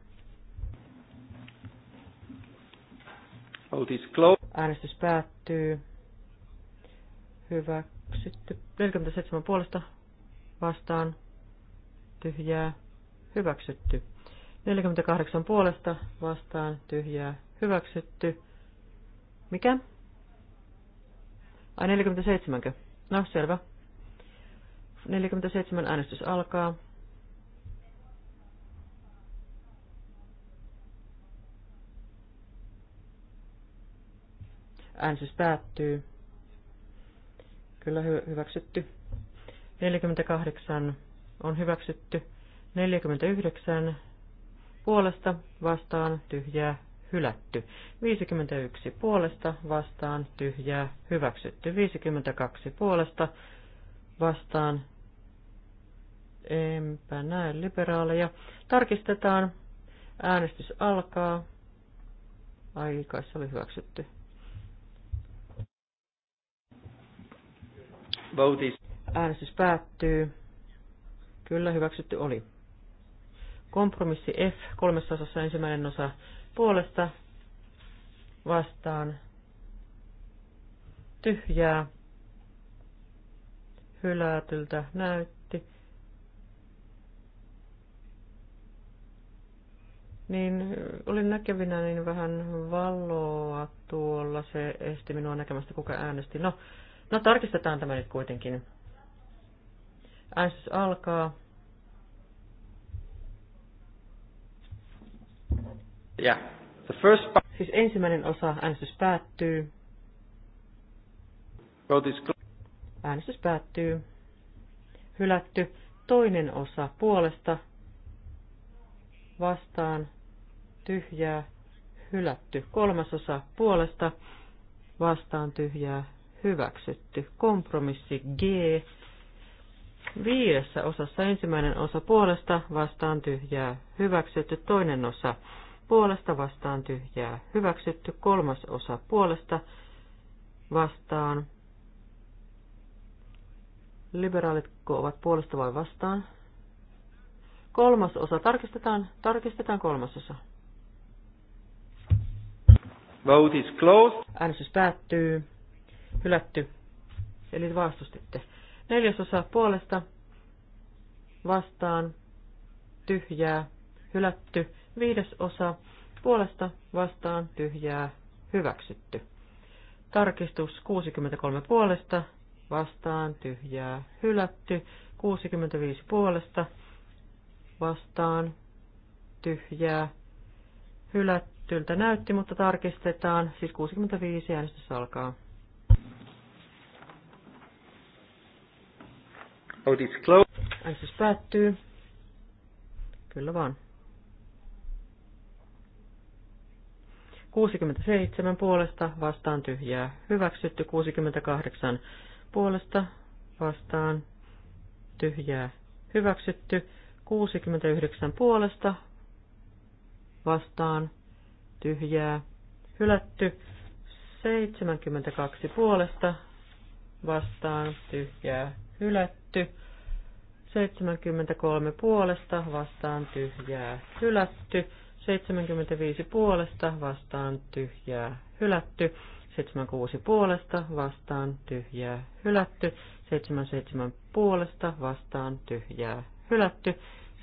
Äänestys päättyy. Hyväksytty. 47 puolesta vastaan. Tyhjää. Hyväksytty. 48 puolesta vastaan. Tyhjää. Hyväksytty. Mikä? Ai 47. No, selvä. 47 äänestys alkaa. äänsys päättyy. Kyllä hyväksytty. 48 on hyväksytty. 49 puolesta vastaan tyhjää hylätty. 51 puolesta vastaan tyhjää hyväksytty. 52 puolesta vastaan enpä näe liberaaleja. Tarkistetaan. Äänestys alkaa. Ai, se oli hyväksytty. Vote is... Äänestys päättyy. Kyllä hyväksytty oli. Kompromissi F kolmessa osassa ensimmäinen osa puolesta vastaan tyhjää hylätyltä näytti. Niin olin näkevinä niin vähän valoa tuolla, se esti minua näkemästä kuka äänesti. No, No tarkistetaan tämä nyt kuitenkin. Äänestys alkaa. Yeah. The first part... Siis ensimmäinen osa äänestys päättyy. Vote is äänestys päättyy. Hylätty. Toinen osa puolesta. Vastaan. Tyhjää. Hylätty. Kolmas osa puolesta. Vastaan tyhjää hyväksytty. Kompromissi G viidessä osassa ensimmäinen osa puolesta vastaan tyhjää hyväksytty, toinen osa puolesta vastaan tyhjää hyväksytty, kolmas osa puolesta vastaan. Liberaalitko ovat puolesta vai vastaan? Kolmas osa. Tarkistetaan, tarkistetaan kolmas osa. Vote is closed. Äänestys päättyy. Hylätty. Eli vastustitte. Neljäsosa puolesta vastaan tyhjää. Hylätty. osa puolesta vastaan tyhjää. Hyväksytty. Tarkistus 63 puolesta vastaan tyhjää. Hylätty. 65 puolesta vastaan tyhjää. Hylättyltä näytti, mutta tarkistetaan. Siis 65 äänestys alkaa. Vote is closed. Äänestys päättyy. Kyllä vaan. 67 puolesta vastaan tyhjää. Hyväksytty 68 puolesta vastaan tyhjää. Hyväksytty 69 puolesta vastaan tyhjää. Hylätty 72 puolesta vastaan tyhjää hylätty. 73 puolesta vastaan tyhjää hylätty. 75 puolesta vastaan tyhjää hylätty. 76 puolesta vastaan tyhjää hylätty. 77 puolesta vastaan tyhjää hylätty.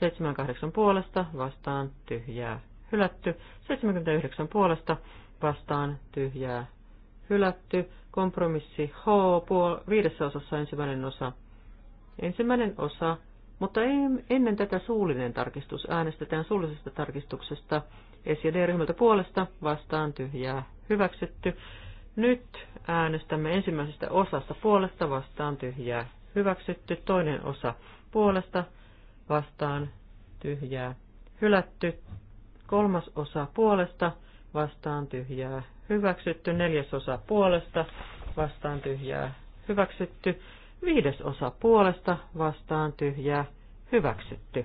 78 puolesta vastaan tyhjää hylätty. 79 puolesta vastaan tyhjää hylätty. Kompromissi H puol- viidessä osassa ensimmäinen osa. Ensimmäinen osa, mutta ennen tätä suullinen tarkistus äänestetään suullisesta tarkistuksesta. S- ja D-ryhmältä puolesta vastaan tyhjää hyväksytty. Nyt äänestämme ensimmäisestä osasta puolesta vastaan tyhjää hyväksytty. Toinen osa puolesta vastaan tyhjää hylätty. Kolmas osa puolesta vastaan tyhjää hyväksytty, neljäsosa puolesta, vastaan tyhjää, hyväksytty, viidesosa puolesta, vastaan tyhjää, hyväksytty.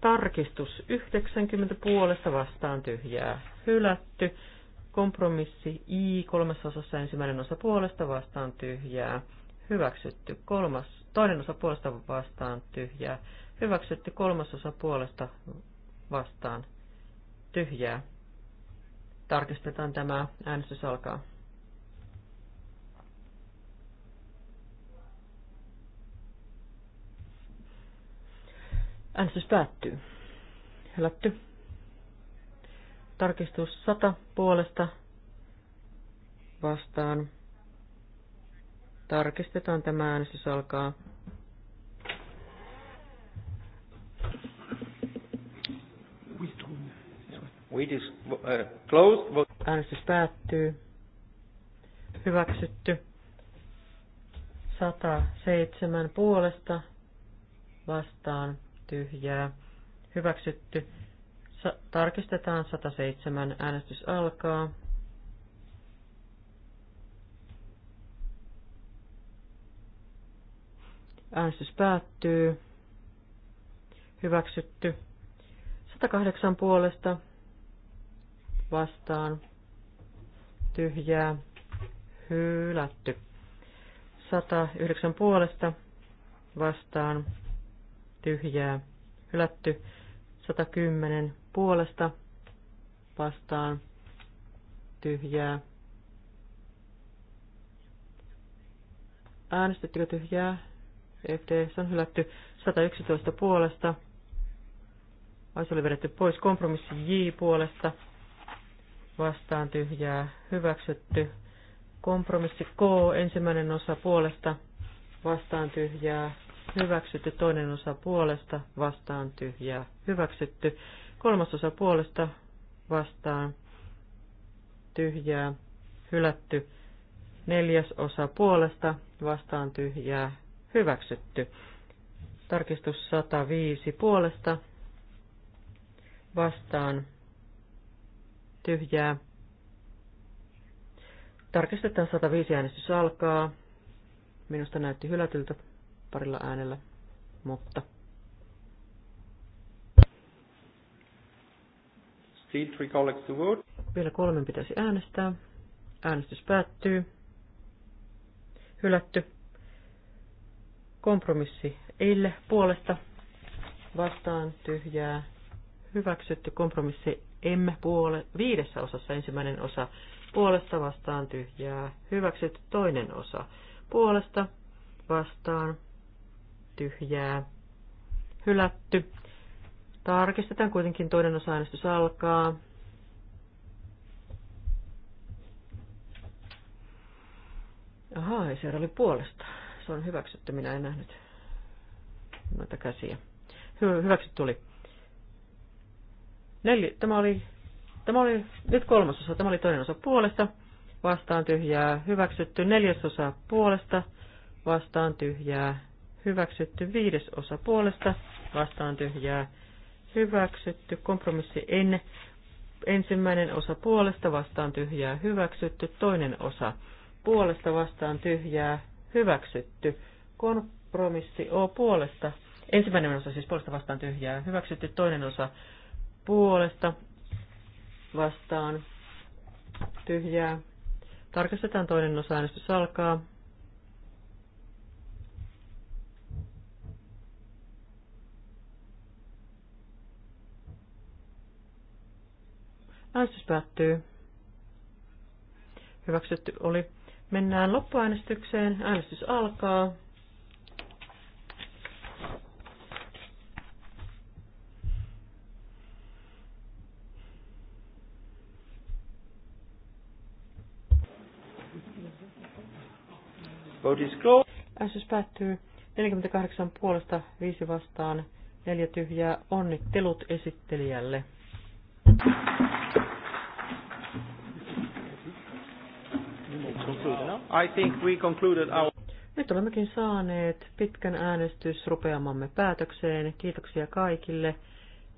Tarkistus 90 puolesta, vastaan tyhjää, hylätty. Kompromissi I kolmasosassa ensimmäinen osa puolesta, vastaan tyhjää, hyväksytty. Kolmas, toinen osa puolesta, vastaan tyhjää, hyväksytty. Kolmas osa puolesta, vastaan tyhjää, Tarkistetaan tämä. Äänestys alkaa. Äänestys päättyy. Hylätty. Tarkistus 100 puolesta vastaan. Tarkistetaan tämä äänestys alkaa. We dis, uh, Äänestys päättyy. Hyväksytty. 107 puolesta vastaan tyhjää. Hyväksytty. Sa- tarkistetaan 107. Äänestys alkaa. Äänestys päättyy. Hyväksytty. 108 puolesta vastaan tyhjää hylätty. 109 puolesta vastaan tyhjää hylätty. 110 puolesta vastaan tyhjää. Äänestettekö tyhjää? FD on hylätty. 111 puolesta. Ai se oli vedetty pois. Kompromissi J puolesta vastaan tyhjää hyväksytty. Kompromissi K, ensimmäinen osa puolesta vastaan tyhjää hyväksytty, toinen osa puolesta vastaan tyhjää hyväksytty, kolmas osa puolesta vastaan tyhjää hylätty, neljäs osa puolesta vastaan tyhjää hyväksytty. Tarkistus 105 puolesta vastaan tyhjää. Tarkistetaan 105 äänestys alkaa. Minusta näytti hylätyltä parilla äänellä, mutta... Vielä kolmen pitäisi äänestää. Äänestys päättyy. Hylätty. Kompromissi eille puolesta. Vastaan tyhjää. Hyväksytty kompromissi emme puole, viidessä osassa ensimmäinen osa, puolesta vastaan tyhjää, hyväksyt toinen osa, puolesta vastaan tyhjää, hylätty. Tarkistetaan kuitenkin toinen osa äänestys alkaa. Ahaa, ei oli puolesta. Se on hyväksytty, minä en nähnyt noita käsiä. Hy- hyväksytty tuli. Neli, tämä oli, tämä oli nyt kolmasosa, tämä oli toinen osa puolesta, vastaan tyhjää, hyväksytty neljäsosa puolesta, vastaan tyhjää, hyväksytty viidesosa puolesta, vastaan tyhjää, hyväksytty kompromissi en, ensimmäinen osa puolesta, vastaan tyhjää, hyväksytty toinen osa puolesta, vastaan tyhjää, hyväksytty kompromissi O puolesta, ensimmäinen osa siis puolesta vastaan tyhjää, hyväksytty toinen osa puolesta vastaan tyhjää. Tarkastetaan toinen osa äänestys alkaa. Äänestys päättyy. Hyväksytty oli. Mennään loppuäänestykseen. Äänestys alkaa. Vote is closed. Äänestys päättyy 48 puolesta 5 vastaan 4 tyhjää. Onnittelut esittelijälle. I think we concluded our... Nyt olemmekin saaneet pitkän rupeamamme päätökseen. Kiitoksia kaikille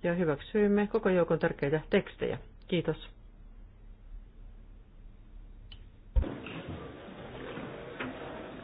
ja hyväksyimme koko joukon tärkeitä tekstejä. Kiitos.